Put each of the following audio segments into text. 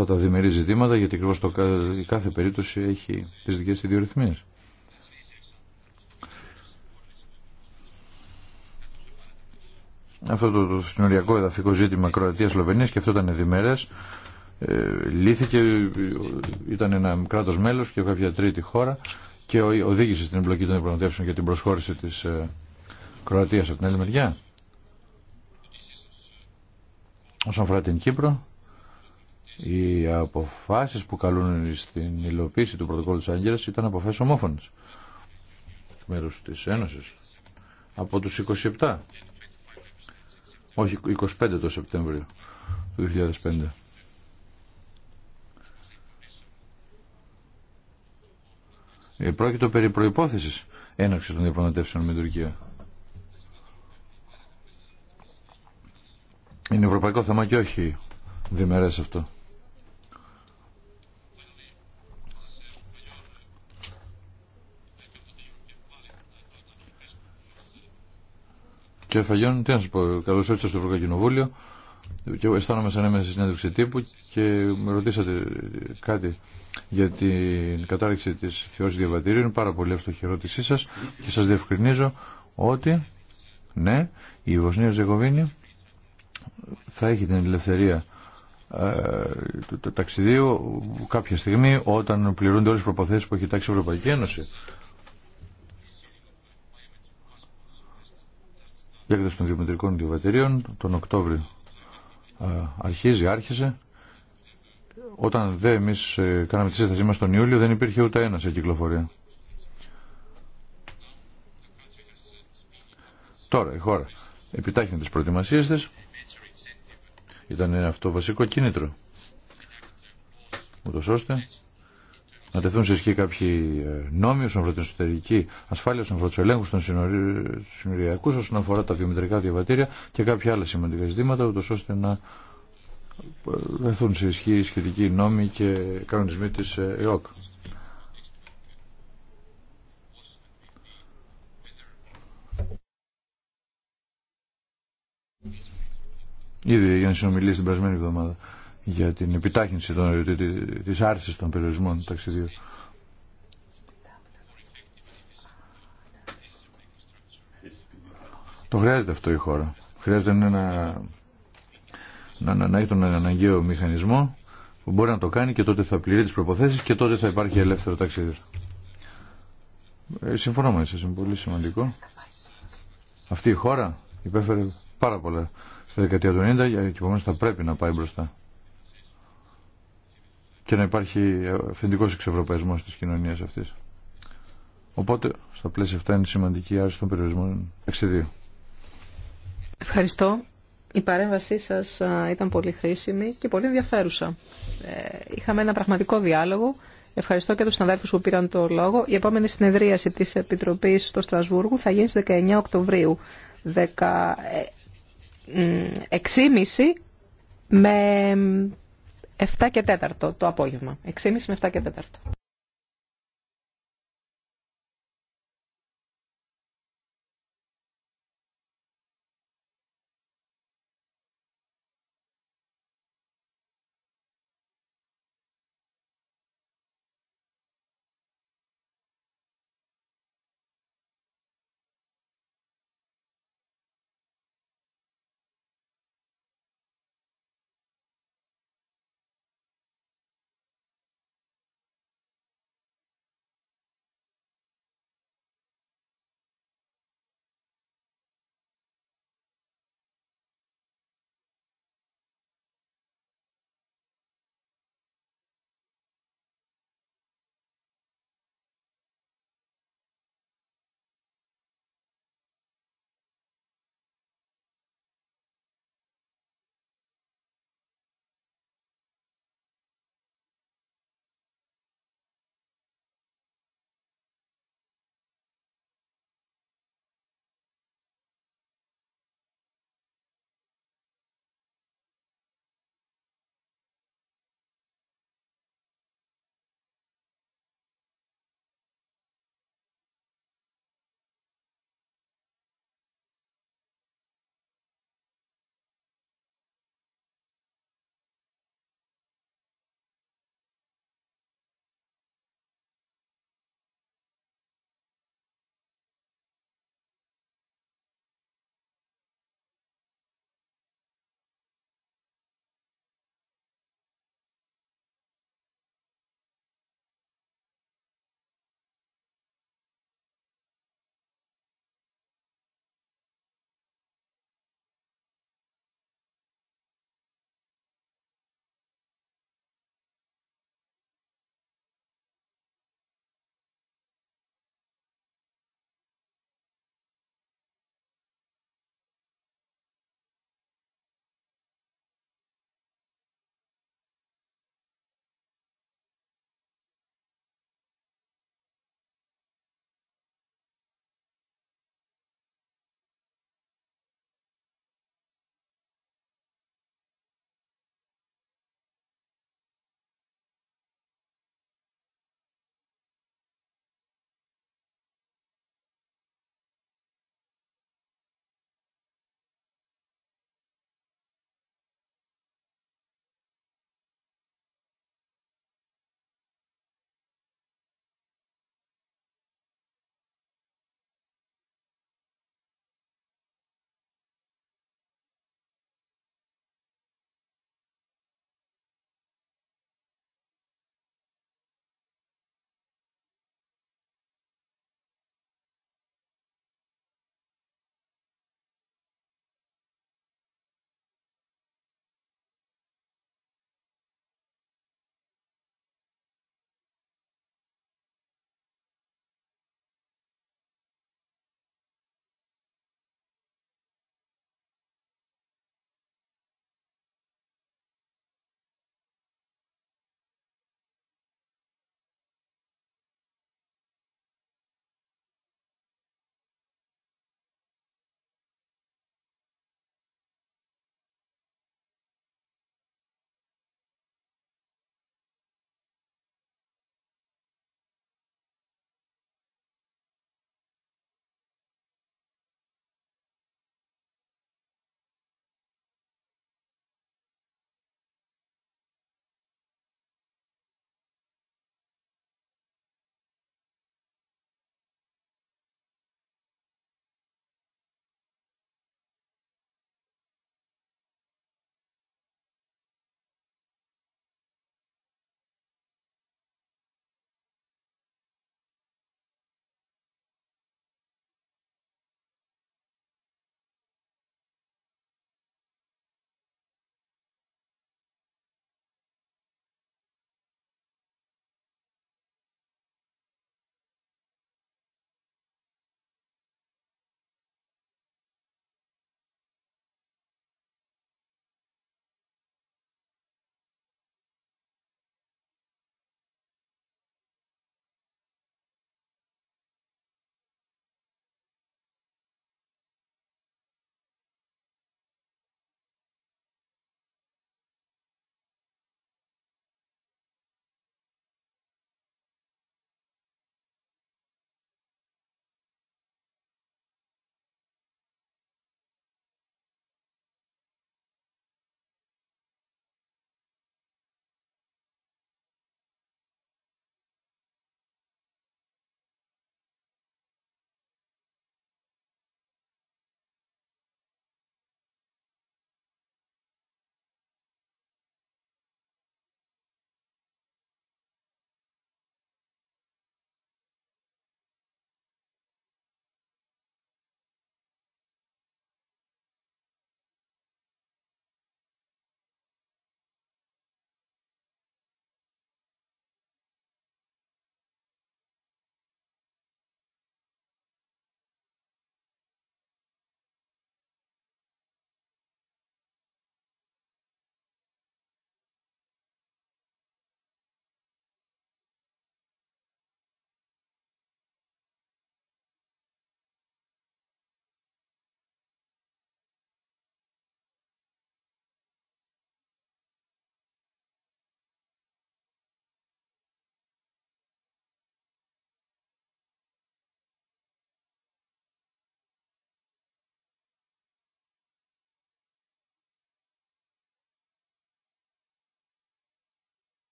αυτά τα διμερεί ζητήματα γιατί ακριβώ η κάθε περίπτωση έχει τις δικές της Αυτό το, το συνοριακό εδαφικό ζήτημα Κροατία-Σλοβενία και αυτό ήταν διμερέ. Ε, λύθηκε, ήταν ένα κράτο μέλο και κάποια τρίτη χώρα και οδήγησε στην εμπλοκή των διαπραγματεύσεων για την προσχώρηση τη ε, Κροατία από την άλλη μεριά. Όσον αφορά την Κύπρο, οι αποφάσει που καλούν στην υλοποίηση του πρωτοκόλλου τη Άγκυρα ήταν αποφάσει ομόφωνε μέρου τη Ένωση από του 27 όχι 25 το Σεπτέμβριο του 2005 ε, Πρόκειτο περί προπόθεση έναρξη των διαπραγματεύσεων με την Τουρκία. Είναι ευρωπαϊκό θέμα και όχι διμερέ αυτό. Και θα γίνουν, τι να σα πω, καλώ ήρθατε στο Κοινοβούλιο Και αισθάνομαι σαν έμεσα συνέντευξη τύπου και με ρωτήσατε κάτι για την κατάρριξη τη θεώρηση διαβατήριων. Είναι πάρα πολύ εύστοχη ερώτησή σα και σα διευκρινίζω ότι ναι, η Βοσνία Ζεγοβίνη θα έχει την ελευθερία ε, του ταξιδίου κάποια στιγμή όταν πληρούνται όλε τι προποθέσει που έχει τάξει η Ευρωπαϊκή Ένωση. Η έκδοση των βιομετρικών διαβατηρίων τον Οκτώβριο αρχίζει, άρχισε. Όταν δε εμεί ε, κάναμε τη σύστασή μα τον Ιούλιο δεν υπήρχε ούτε ένα σε κυκλοφορία. Τώρα η χώρα επιτάχυνε τι προετοιμασίε τη. Ήταν αυτό βασικό κίνητρο. Ούτω ώστε να τεθούν σε ισχύ κάποιοι ε, νόμοι όσον αφορά την εσωτερική ασφάλεια, όσον αφορά του ελέγχου των συνοριακού, όσον αφορά τα βιομετρικά διαβατήρια και κάποια άλλα σημαντικά ζητήματα, ούτω ώστε να ε, τεθούν σε ισχύ σχετικοί νόμοι και κανονισμοί τη ε, ΕΟΚ. Ήδη έγιναν συνομιλίε την περασμένη εβδομάδα για την επιτάχυνση των, της άρσης των περιορισμών ταξιδίων. Το χρειάζεται αυτό η χώρα. Χρειάζεται να, να, να, να έχει τον αναγκαίο μηχανισμό που μπορεί να το κάνει και τότε θα πληρεί τις προποθέσεις και τότε θα υπάρχει ελεύθερο ταξίδι. Ε, συμφωνώ μαζί σας, είναι πολύ σημαντικό. Αυτή η χώρα υπέφερε πάρα πολλά στα δεκαετία του 90 και επομένως θα πρέπει να πάει μπροστά και να υπάρχει αυθεντικό εξευρωπαϊσμό τη κοινωνία αυτή. Οπότε, στα πλαίσια αυτά είναι σημαντική η άρση των περιορισμών 62. Ευχαριστώ. Η παρέμβασή σα ήταν πολύ χρήσιμη και πολύ ενδιαφέρουσα. Ε, είχαμε ένα πραγματικό διάλογο. Ευχαριστώ και τους συναδέλφους που πήραν το λόγο. Η επόμενη συνεδρίαση της Επιτροπής στο Στρασβούργο θα γίνει στις 19 Οκτωβρίου. 6.30 ε, με 7 και 4 το απόγευμα. 6.30 με 7 και 4.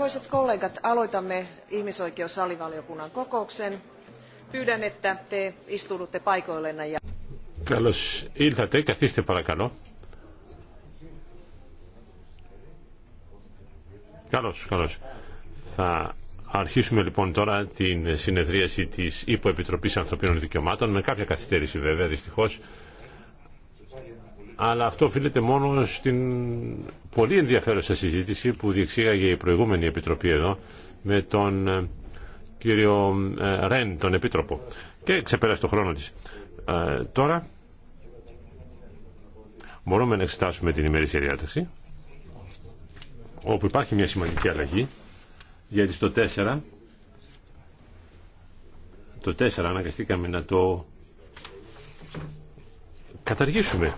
Arvoisat kollegat, Καλώς ήλθατε. Καθίστε παρακαλώ. Καλώς, καλώς. Θα αρχίσουμε λοιπόν τώρα την συνεδρίαση της Υποεπιτροπής Ανθρωπίνων Δικαιωμάτων, με κάποια καθυστέρηση βέβαια δυστυχώς αλλά αυτό οφείλεται μόνο στην πολύ ενδιαφέρουσα συζήτηση που διεξήγαγε η προηγούμενη Επιτροπή εδώ με τον ε, κύριο ε, Ρεν, τον Επίτροπο. Και ξεπέρασε το χρόνο της. Ε, τώρα μπορούμε να εξετάσουμε την ημερήσια διάταξη όπου υπάρχει μια σημαντική αλλαγή γιατί στο 4 το 4 αναγκαστήκαμε να το καταργήσουμε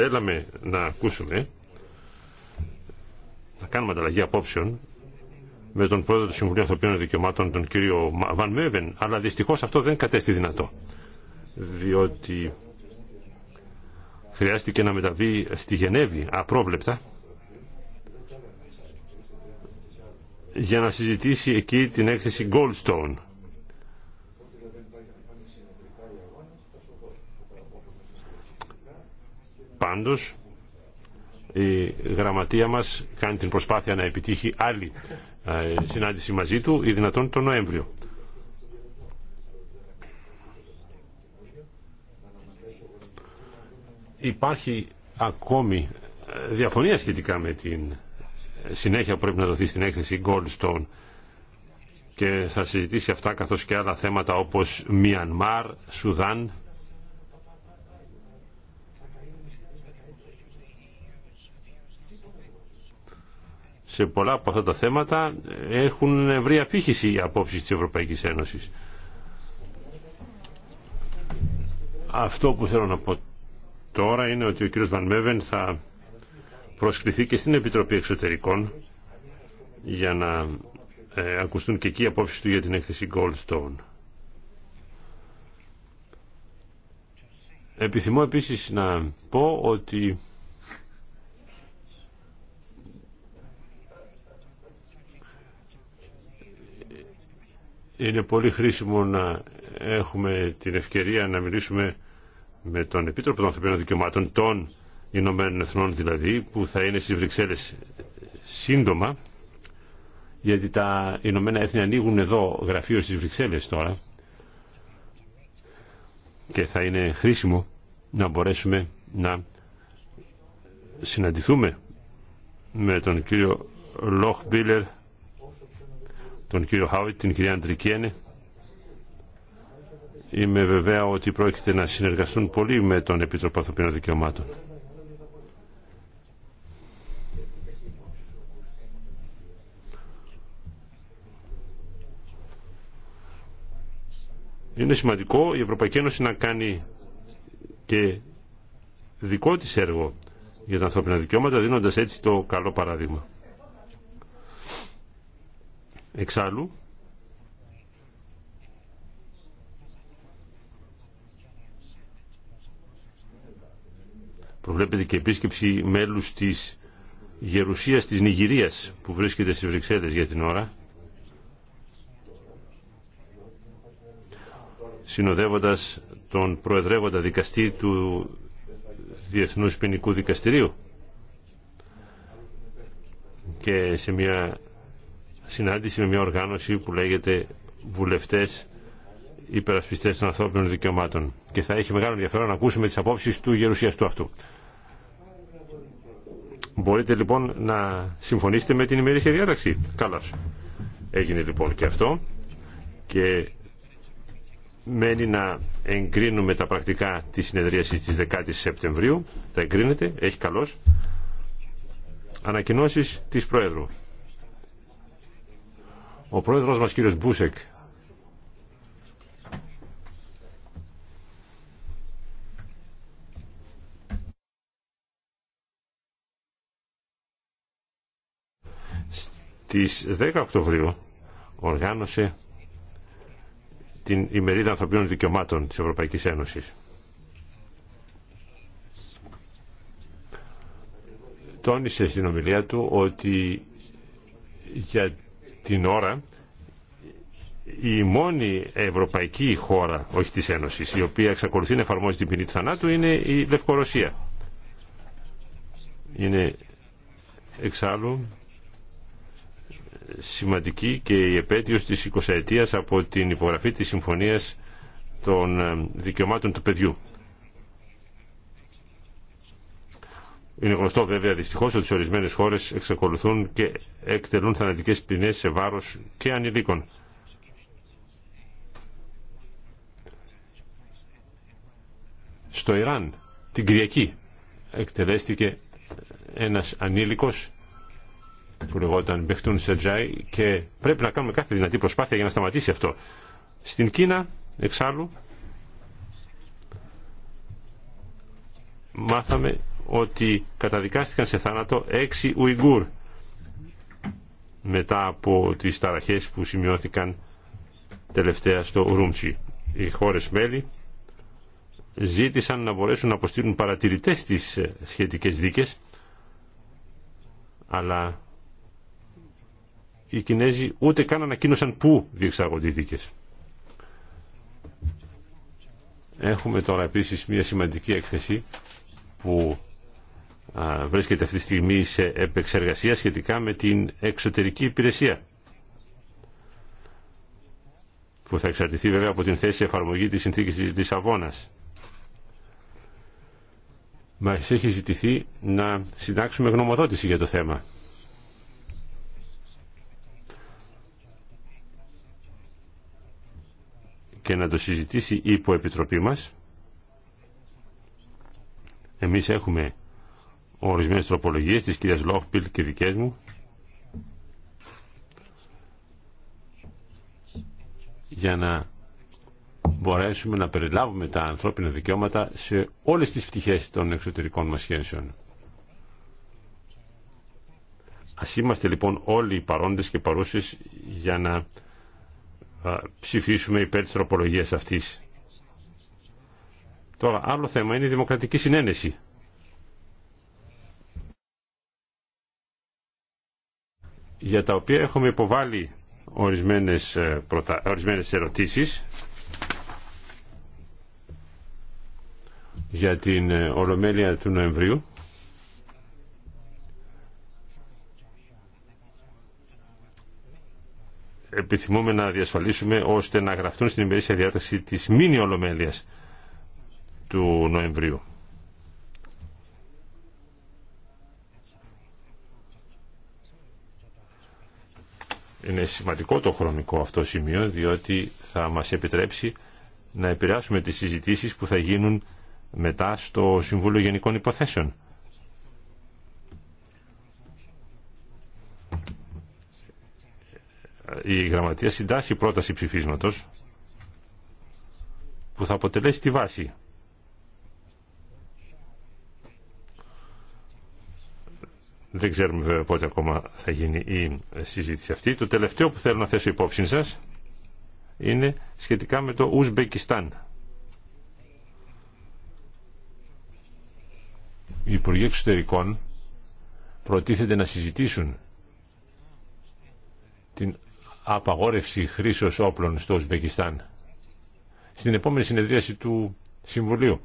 θέλαμε να ακούσουμε, να κάνουμε ανταλλαγή απόψεων με τον πρόεδρο του Συμβουλίου Ανθρωπίνων Δικαιωμάτων, τον κύριο Βαν Μέβεν, αλλά δυστυχώς αυτό δεν κατέστη δυνατό, διότι χρειάστηκε να μεταβεί στη Γενέβη απρόβλεπτα για να συζητήσει εκεί την έκθεση Goldstone Πάντως η γραμματεία μας κάνει την προσπάθεια να επιτύχει άλλη ε, συνάντηση μαζί του, ή δυνατόν τον Νοέμβριο. Υπάρχει ακόμη ε, διαφωνία σχετικά με την συνέχεια που πρέπει να δοθεί στην έκθεση Goldstone και θα συζητήσει αυτά καθώς και άλλα θέματα όπως Μιανμάρ, Σουδάν σε πολλά από αυτά τα θέματα έχουν βρει απήχηση οι απόψεις της Ευρωπαϊκής Ένωσης. Αυτό που θέλω να πω τώρα είναι ότι ο κύριος Βαν Μέβεν θα προσκληθεί και στην Επιτροπή Εξωτερικών για να ε, ακουστούν και εκεί οι απόψεις του για την έκθεση Goldstone. Επιθυμώ επίσης να πω ότι Είναι πολύ χρήσιμο να έχουμε την ευκαιρία να μιλήσουμε με τον Επίτροπο των Ανθρωπίνων Δικαιωμάτων των Ηνωμένων Εθνών δηλαδή, που θα είναι στις Βρυξέλλες σύντομα, γιατί τα Ηνωμένα Έθνη ανοίγουν εδώ γραφείο στις Βρυξέλλες τώρα και θα είναι χρήσιμο να μπορέσουμε να συναντηθούμε με τον κύριο Λόχ Μπίλερ τον κύριο Χάουιτ, την κυρία Αντρικένε. Είμαι βεβαία ότι πρόκειται να συνεργαστούν πολύ με τον Επίτροπο Ανθρωπίνων Δικαιωμάτων. Είναι σημαντικό η Ευρωπαϊκή Ένωση να κάνει και δικό της έργο για τα ανθρώπινα δικαιώματα, δίνοντας έτσι το καλό παράδειγμα. Εξάλλου, προβλέπεται και επίσκεψη μέλους της γερουσίας της Νιγηρίας που βρίσκεται στις Βρυξέλλες για την ώρα συνοδεύοντας τον προεδρεύοντα δικαστή του Διεθνούς Ποινικού Δικαστηρίου και σε μια συνάντηση με μια οργάνωση που λέγεται Βουλευτές Υπερασπιστές των Ανθρώπινων Δικαιωμάτων και θα έχει μεγάλο ενδιαφέρον να ακούσουμε τις απόψεις του γερουσιαστού αυτού. Μπορείτε λοιπόν να συμφωνήσετε με την ημερήσια διάταξη. Καλώς. Έγινε λοιπόν και αυτό και μένει να εγκρίνουμε τα πρακτικά της συνεδρίασης της 10 η Σεπτεμβρίου. Τα εγκρίνεται, έχει καλώς. Ανακοινώσεις της Προέδρου. Ο πρόεδρος μας κύριος Μπούσεκ στις 10 Οκτωβρίου οργάνωσε την ημερίδα ανθρωπίνων δικαιωμάτων της Ευρωπαϊκής Ένωσης. Τόνισε στην ομιλία του ότι για την ώρα η μόνη ευρωπαϊκή χώρα, όχι της Ένωσης, η οποία εξακολουθεί να εφαρμόζει την ποινή του θανάτου είναι η Λευκορωσία. Είναι εξάλλου σημαντική και η επέτειος της 20 ετίας από την υπογραφή της Συμφωνίας των Δικαιωμάτων του Παιδιού. Είναι γνωστό βέβαια δυστυχώ ότι σε ορισμένε χώρε εξακολουθούν και εκτελούν θανατικέ ποινέ σε βάρο και ανηλίκων. Στο Ιράν την Κυριακή εκτελέστηκε ένα ανήλικο που λεγόταν Μπεχτούν Σετζάι και πρέπει να κάνουμε κάθε δυνατή προσπάθεια για να σταματήσει αυτό. Στην Κίνα εξάλλου μάθαμε ότι καταδικάστηκαν σε θάνατο έξι Ουιγκούρ μετά από τις ταραχές που σημειώθηκαν τελευταία στο Ουρούμτσι. Οι χώρες μέλη ζήτησαν να μπορέσουν να αποστείλουν παρατηρητές στις σχετικές δίκες αλλά οι Κινέζοι ούτε καν ανακοίνωσαν πού διεξάγονται οι δίκες. Έχουμε τώρα επίσης μια σημαντική έκθεση που βρίσκεται αυτή τη στιγμή σε επεξεργασία σχετικά με την εξωτερική υπηρεσία που θα εξαρτηθεί βέβαια από την θέση εφαρμογή της συνθήκης της Λισαβόνας. Μας έχει ζητηθεί να συντάξουμε γνωμοδότηση για το θέμα. και να το συζητήσει η υποεπιτροπή μας. Εμείς έχουμε ορισμένες τροπολογίες της κυρίας Λόχπιλ και δικές μου για να μπορέσουμε να περιλάβουμε τα ανθρώπινα δικαιώματα σε όλες τις πτυχές των εξωτερικών μας σχέσεων. Ας είμαστε λοιπόν όλοι οι παρόντες και παρούσες για να ψηφίσουμε υπέρ της τροπολογίας αυτής. Τώρα, άλλο θέμα είναι η δημοκρατική συνένεση. για τα οποία έχουμε υποβάλει ορισμένες, ε, προτα... ορισμένες ερωτήσεις για την ε, Ολομέλεια του Νοεμβρίου. Επιθυμούμε να διασφαλίσουμε ώστε να γραφτούν στην ημερήσια διάταξη της μήνυ Ολομέλειας του Νοεμβρίου. Είναι σημαντικό το χρονικό αυτό σημείο διότι θα μας επιτρέψει να επηρεάσουμε τις συζητήσεις που θα γίνουν μετά στο Συμβούλιο Γενικών Υποθέσεων. Η Γραμματεία συντάσσει πρόταση ψηφίσματος που θα αποτελέσει τη βάση Δεν ξέρουμε βέβαια πότε ακόμα θα γίνει η συζήτηση αυτή. Το τελευταίο που θέλω να θέσω υπόψη σας είναι σχετικά με το Ουσμπεκιστάν. Οι Υπουργοί Εξωτερικών προτίθεται να συζητήσουν την απαγόρευση χρήσεως όπλων στο Ουσμπεκιστάν στην επόμενη συνεδρίαση του Συμβουλίου.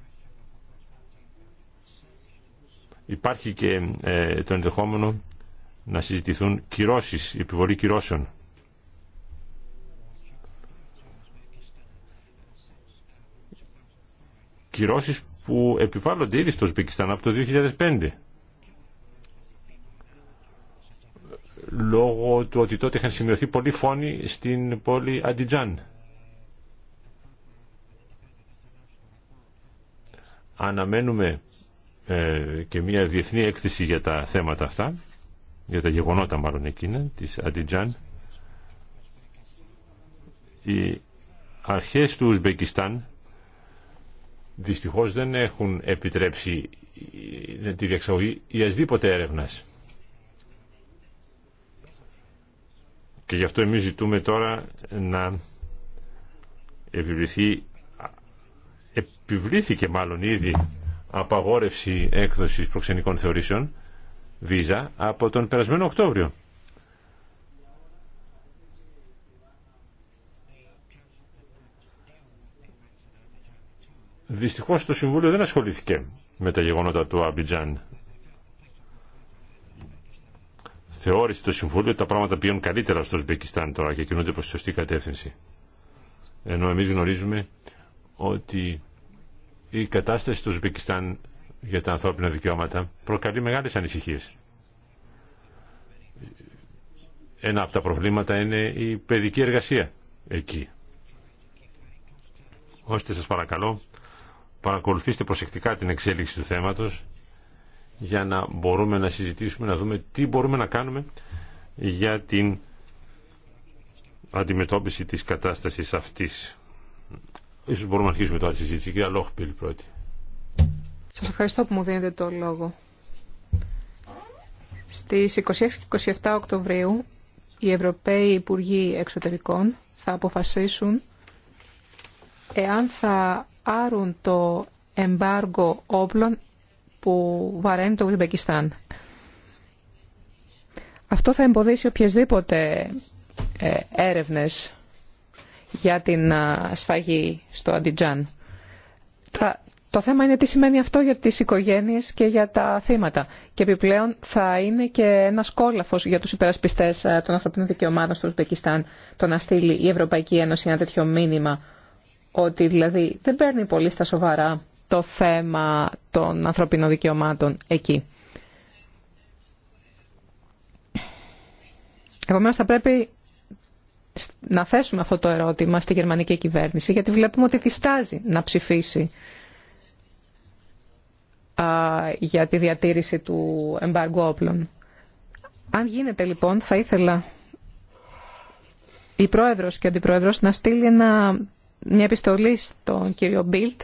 Υπάρχει και ε, το ενδεχόμενο να συζητηθούν κυρώσεις, επιβολή κυρώσεων. Κυρώσεις που επιβάλλονται ήδη στο Σμπικιστάν από το 2005. Λόγω του ότι τότε είχαν σημειωθεί πολύ φόνοι στην πόλη Αντιτζάν. Αναμένουμε ε, και μια διεθνή έκθεση για τα θέματα αυτά, για τα γεγονότα μάλλον εκείνα, της Αντιτζάν. Οι αρχές του Ουσμπεκιστάν δυστυχώς δεν έχουν επιτρέψει ε, τη διεξαγωγή ιασδήποτε έρευνας. Και γι' αυτό εμείς ζητούμε τώρα να επιβληθεί, επιβλήθηκε μάλλον ήδη απαγόρευση έκδοσης προξενικών θεωρήσεων βίζα από τον περασμένο Οκτώβριο. Δυστυχώς το Συμβούλιο δεν ασχολήθηκε με τα γεγονότα του Αμπιτζάν. Θεώρησε το Συμβούλιο ότι τα πράγματα πηγαίνουν καλύτερα στο Σμπεκιστάν τώρα και κινούνται προς τη σωστή κατεύθυνση. Ενώ εμείς γνωρίζουμε ότι η κατάσταση του Ζουμπικιστάν για τα ανθρώπινα δικαιώματα προκαλεί μεγάλες ανησυχίες. Ένα από τα προβλήματα είναι η παιδική εργασία εκεί. Ώστε σας παρακαλώ παρακολουθήστε προσεκτικά την εξέλιξη του θέματος για να μπορούμε να συζητήσουμε, να δούμε τι μπορούμε να κάνουμε για την αντιμετώπιση της κατάστασης αυτής. Ίσως μπορούμε να αρχίσουμε τώρα τη συζήτηση. Κυρία Λόχπιλ πρώτη. Σας ευχαριστώ που μου δίνετε το λόγο. Στις 26 και 27 Οκτωβρίου οι Ευρωπαίοι Υπουργοί Εξωτερικών θα αποφασίσουν εάν θα άρουν το εμπάργο όπλων που βαραίνει το Ουσμπεκιστάν. Αυτό θα εμποδίσει οποιασδήποτε ε, έρευνες για την σφαγή στο Αντιτζάν. Το θέμα είναι τι σημαίνει αυτό για τις οικογένειες και για τα θύματα. Και επιπλέον θα είναι και ένα κόλαφος για τους υπερασπιστές των ανθρωπίνων δικαιωμάτων στο Ουσμπεκιστάν το να στείλει η Ευρωπαϊκή Ένωση ένα τέτοιο μήνυμα ότι δηλαδή δεν παίρνει πολύ στα σοβαρά το θέμα των ανθρωπίνων δικαιωμάτων εκεί. Επομένως θα πρέπει να θέσουμε αυτό το ερώτημα στη γερμανική κυβέρνηση, γιατί βλέπουμε ότι διστάζει να ψηφίσει για τη διατήρηση του εμπάργου όπλων. Αν γίνεται λοιπόν, θα ήθελα η Πρόεδρος και ο Αντιπρόεδρος να στείλει μια επιστολή στον κύριο Μπίλτ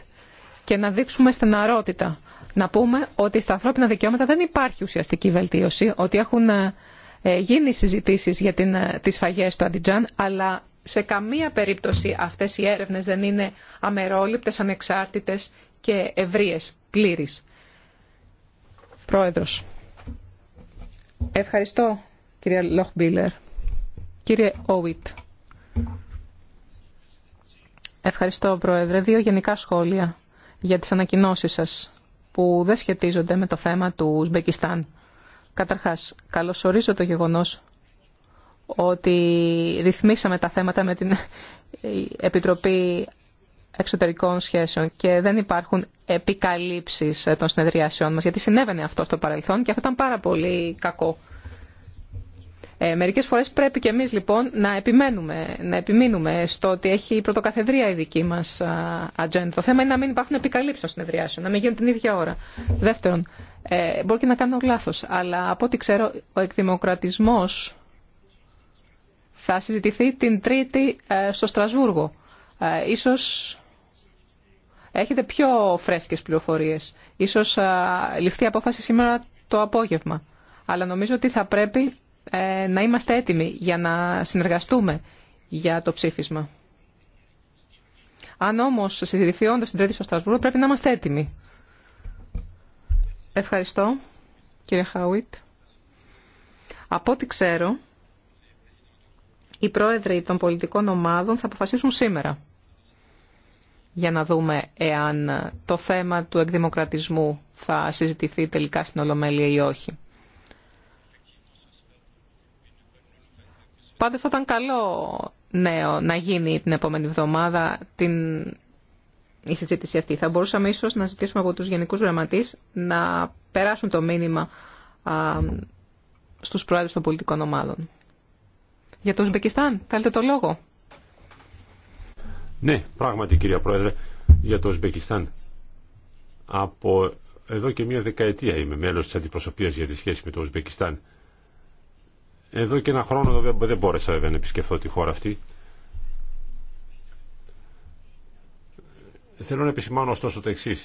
και να δείξουμε στεναρότητα. Να πούμε ότι στα ανθρώπινα δικαιώματα δεν υπάρχει ουσιαστική βελτίωση, ότι έχουν ε, ε, γίνει συζητήσεις για την, ε, τις φαγές του Αντιτζάν, αλλά σε καμία περίπτωση αυτές οι έρευνες δεν είναι αμερόληπτες, ανεξάρτητες και ευρείες, πλήρεις. Πρόεδρος. Ευχαριστώ, κυρία Λοχμπίλερ. Κύριε Όουιτ. Ευχαριστώ, Πρόεδρε. Δύο γενικά σχόλια για τις ανακοινώσεις σας που δεν σχετίζονται με το θέμα του Ουσμπεκιστάν. Καταρχάς, καλωσορίζω το γεγονός ότι ρυθμίσαμε τα θέματα με την Επιτροπή Εξωτερικών Σχέσεων και δεν υπάρχουν επικαλύψεις των συνεδριάσεών μας, γιατί συνέβαινε αυτό στο παρελθόν και αυτό ήταν πάρα πολύ κακό. Ε, μερικές φορές πρέπει και εμείς λοιπόν να επιμένουμε, να επιμείνουμε στο ότι έχει η πρωτοκαθεδρία η δική μας ατζέντα. Το θέμα είναι να μην υπάρχουν επικαλύψεις των συνεδριάσεων, να μην γίνουν την ίδια ώρα. Δεύτερον, ε, μπορεί και να κάνω λάθος, αλλά από ό,τι ξέρω ο εκδημοκρατισμός θα συζητηθεί την Τρίτη ε, στο Στρασβούργο. Ε, ίσως έχετε πιο φρέσκες πληροφορίες. Ίσως ε, ληφθεί απόφαση σήμερα το απόγευμα. Αλλά νομίζω ότι θα πρέπει να είμαστε έτοιμοι για να συνεργαστούμε για το ψήφισμα. Αν όμως συζητηθεί όντως την Τρίτη στο Στρασβούργο πρέπει να είμαστε έτοιμοι. Ευχαριστώ, κύριε Χάουιτ. Από ό,τι ξέρω, οι πρόεδροι των πολιτικών ομάδων θα αποφασίσουν σήμερα για να δούμε εάν το θέμα του εκδημοκρατισμού θα συζητηθεί τελικά στην Ολομέλεια ή όχι. Πάντως θα ήταν καλό νέο να γίνει την επόμενη εβδομάδα την η συζήτηση αυτή. Θα μπορούσαμε ίσως να ζητήσουμε από τους γενικού Γραμματεί να περάσουν το μήνυμα α, στους πρόεδρους των πολιτικών ομάδων. Για το Ουσμπεκιστάν, θέλετε το λόγο. Ναι, πράγματι κυρία Πρόεδρε, για το Ουσμπεκιστάν. Από εδώ και μία δεκαετία είμαι μέλος της αντιπροσωπείας για τη σχέση με το Ουσμπεκιστάν. Εδώ και ένα χρόνο δεν μπόρεσα βέβαια να επισκεφθώ τη χώρα αυτή. Θέλω να επισημάνω ωστόσο το εξή.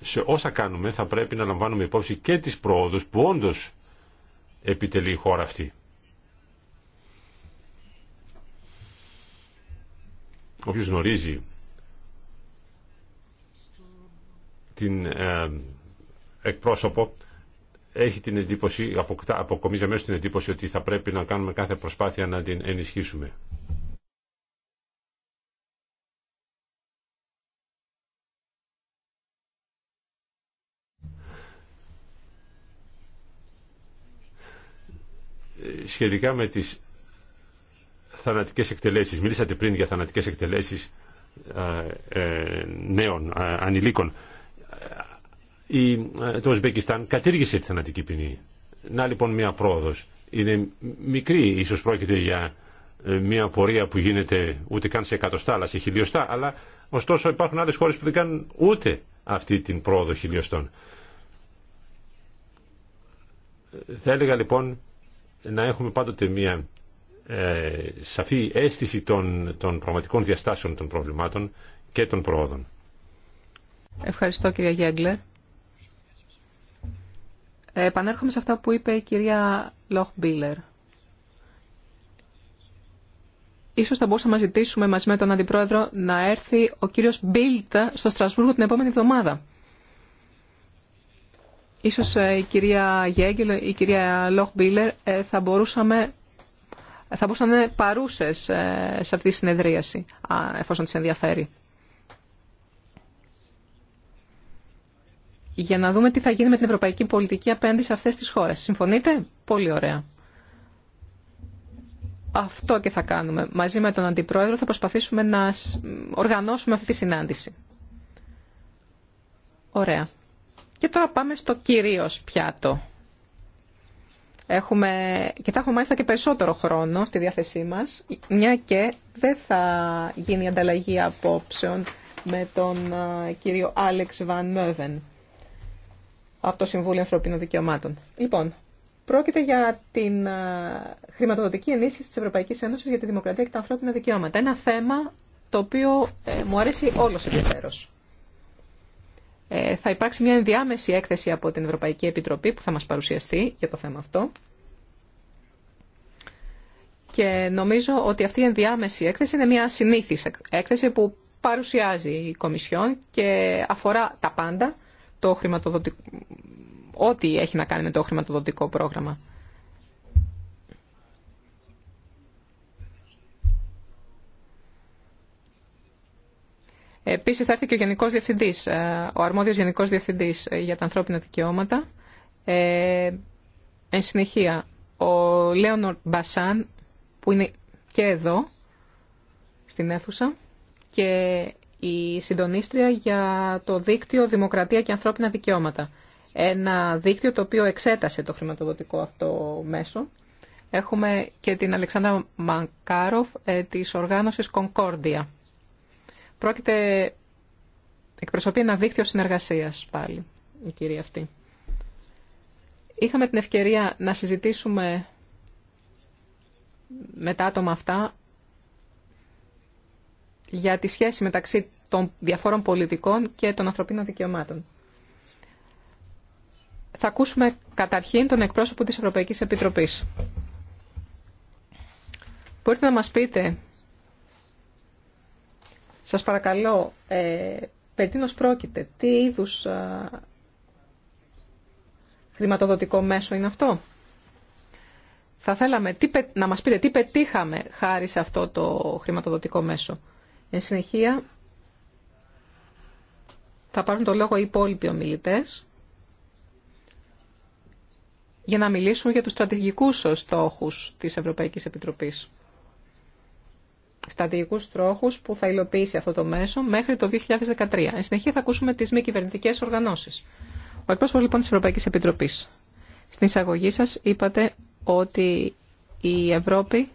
Σε όσα κάνουμε θα πρέπει να λαμβάνουμε υπόψη και τις πρόοδους που όντως επιτελεί η χώρα αυτή. Όποιος γνωρίζει την ε, εκπρόσωπο έχει την εντύπωση, αποκομίζει αμέσως την εντύπωση ότι θα πρέπει να κάνουμε κάθε προσπάθεια να την ενισχύσουμε. σχετικά με τις θανατικές εκτελέσεις. Μιλήσατε πριν για θανατικές εκτελέσεις ε, νέων ανηλίκων. Το Ουσμπεκιστάν κατήργησε τη θανατική ποινή. Να λοιπόν μια πρόοδος. Είναι μικρή, ίσως πρόκειται για ε, μια πορεία που γίνεται ούτε καν σε εκατοστά αλλά σε χιλιοστά αλλά ωστόσο υπάρχουν άλλες χώρες που δεν κάνουν ούτε αυτή την πρόοδο χιλιοστών. Θα έλεγα λοιπόν να έχουμε πάντοτε μια ε, σαφή αίσθηση των, των πραγματικών διαστάσεων των προβλημάτων και των προόδων. Ευχαριστώ κυρία Γέγκλερ. Ε, επανέρχομαι σε αυτά που είπε η κυρία Λόχ Μπίλερ. Ίσως θα μπορούσαμε να ζητήσουμε μαζί με τον Αντιπρόεδρο να έρθει ο κύριος Μπίλτα στο Στρασβούργο την επόμενη εβδομάδα. Ίσως ε, η κυρία Γέγγελ, η κυρία Μπίλερ ε, θα μπορούσαμε θα μπορούσαν να είναι παρούσες ε, σε αυτή τη συνεδρίαση, εφόσον τις ενδιαφέρει. Για να δούμε τι θα γίνει με την ευρωπαϊκή πολιτική απέναντι σε αυτές τις χώρες. Συμφωνείτε? Πολύ ωραία. Αυτό και θα κάνουμε. Μαζί με τον Αντιπρόεδρο θα προσπαθήσουμε να οργανώσουμε αυτή τη συνάντηση. Ωραία. Και τώρα πάμε στο κυρίω πιάτο. Έχουμε, και θα έχουμε μάλιστα και περισσότερο χρόνο στη διάθεσή μας, μια και δεν θα γίνει ανταλλαγή απόψεων με τον κύριο Άλεξ Βαν Μεύεν από το Συμβούλιο Ανθρωπίνων Δικαιωμάτων. Λοιπόν, πρόκειται για την χρηματοδοτική ενίσχυση της Ευρωπαϊκής Ένωσης για τη Δημοκρατία και τα ανθρώπινα δικαιώματα. Ένα θέμα το οποίο ε, μου αρέσει όλος ιδιαίτερος. Ε, θα υπάρξει μια ενδιάμεση έκθεση από την Ευρωπαϊκή Επιτροπή που θα μας παρουσιαστεί για το θέμα αυτό. Και νομίζω ότι αυτή η ενδιάμεση έκθεση είναι μια συνήθις έκθεση που παρουσιάζει η Κομισιόν και αφορά τα πάντα, το χρηματοδοτικό, ό,τι έχει να κάνει με το χρηματοδοτικό πρόγραμμα. Επίσης θα έρθει και ο Γενικός Διευθυντής, ε, ο αρμόδιος Γενικός Διευθυντής ε, για τα ανθρώπινα δικαιώματα. Ε, εν συνεχεία, ο Λέωνορ Μπασάν, που είναι και εδώ, στην αίθουσα, και η συντονίστρια για το δίκτυο Δημοκρατία και Ανθρώπινα Δικαιώματα. Ένα δίκτυο το οποίο εξέτασε το χρηματοδοτικό αυτό μέσο. Έχουμε και την Αλεξάνδρα Μανκάροφ ε, της οργάνωσης Κονκόρντια. Πρόκειται, εκπροσωπεί ένα δίκτυο συνεργασίας πάλι η κυρία αυτή. Είχαμε την ευκαιρία να συζητήσουμε με τα άτομα αυτά για τη σχέση μεταξύ των διαφόρων πολιτικών και των ανθρωπίνων δικαιωμάτων. Θα ακούσουμε καταρχήν τον εκπρόσωπο της Ευρωπαϊκής Επιτροπής. Μπορείτε να μας πείτε σας παρακαλώ, ε, περί τίνος πρόκειται, τι είδους χρηματοδοτικό μέσο είναι αυτό. Θα θέλαμε τι, να μας πείτε τι πετύχαμε χάρη σε αυτό το χρηματοδοτικό μέσο. Εν συνεχεία, θα πάρουν το λόγο οι υπόλοιποι ομιλητές για να μιλήσουν για τους στρατηγικούς στόχους της Ευρωπαϊκής Επιτροπής στρατηγικούς τρόχους που θα υλοποιήσει αυτό το μέσο μέχρι το 2013. Εν συνεχεία θα ακούσουμε τις μη κυβερνητικέ οργανώσεις. Ο εκπρόσωπος λοιπόν της Ευρωπαϊκής Επιτροπής. Στην εισαγωγή σας είπατε ότι η Ευρώπη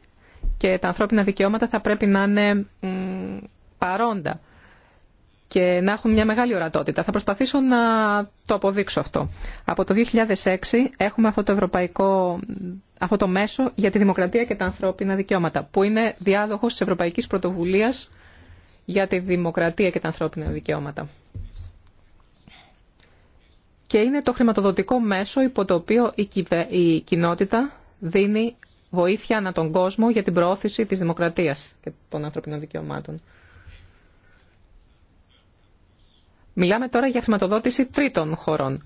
και τα ανθρώπινα δικαιώματα θα πρέπει να είναι παρόντα και να έχουν μια μεγάλη ορατότητα. Θα προσπαθήσω να το αποδείξω αυτό. Από το 2006 έχουμε αυτό το ευρωπαϊκό, αυτό το μέσο για τη δημοκρατία και τα ανθρώπινα δικαιώματα, που είναι διάδοχος της Ευρωπαϊκής Πρωτοβουλίας για τη δημοκρατία και τα ανθρώπινα δικαιώματα. Και είναι το χρηματοδοτικό μέσο υπό το οποίο η κοινότητα δίνει βοήθεια ανά τον κόσμο για την προώθηση της δημοκρατίας και των ανθρωπινών δικαιωμάτων. Μιλάμε τώρα για χρηματοδότηση τρίτων χωρών.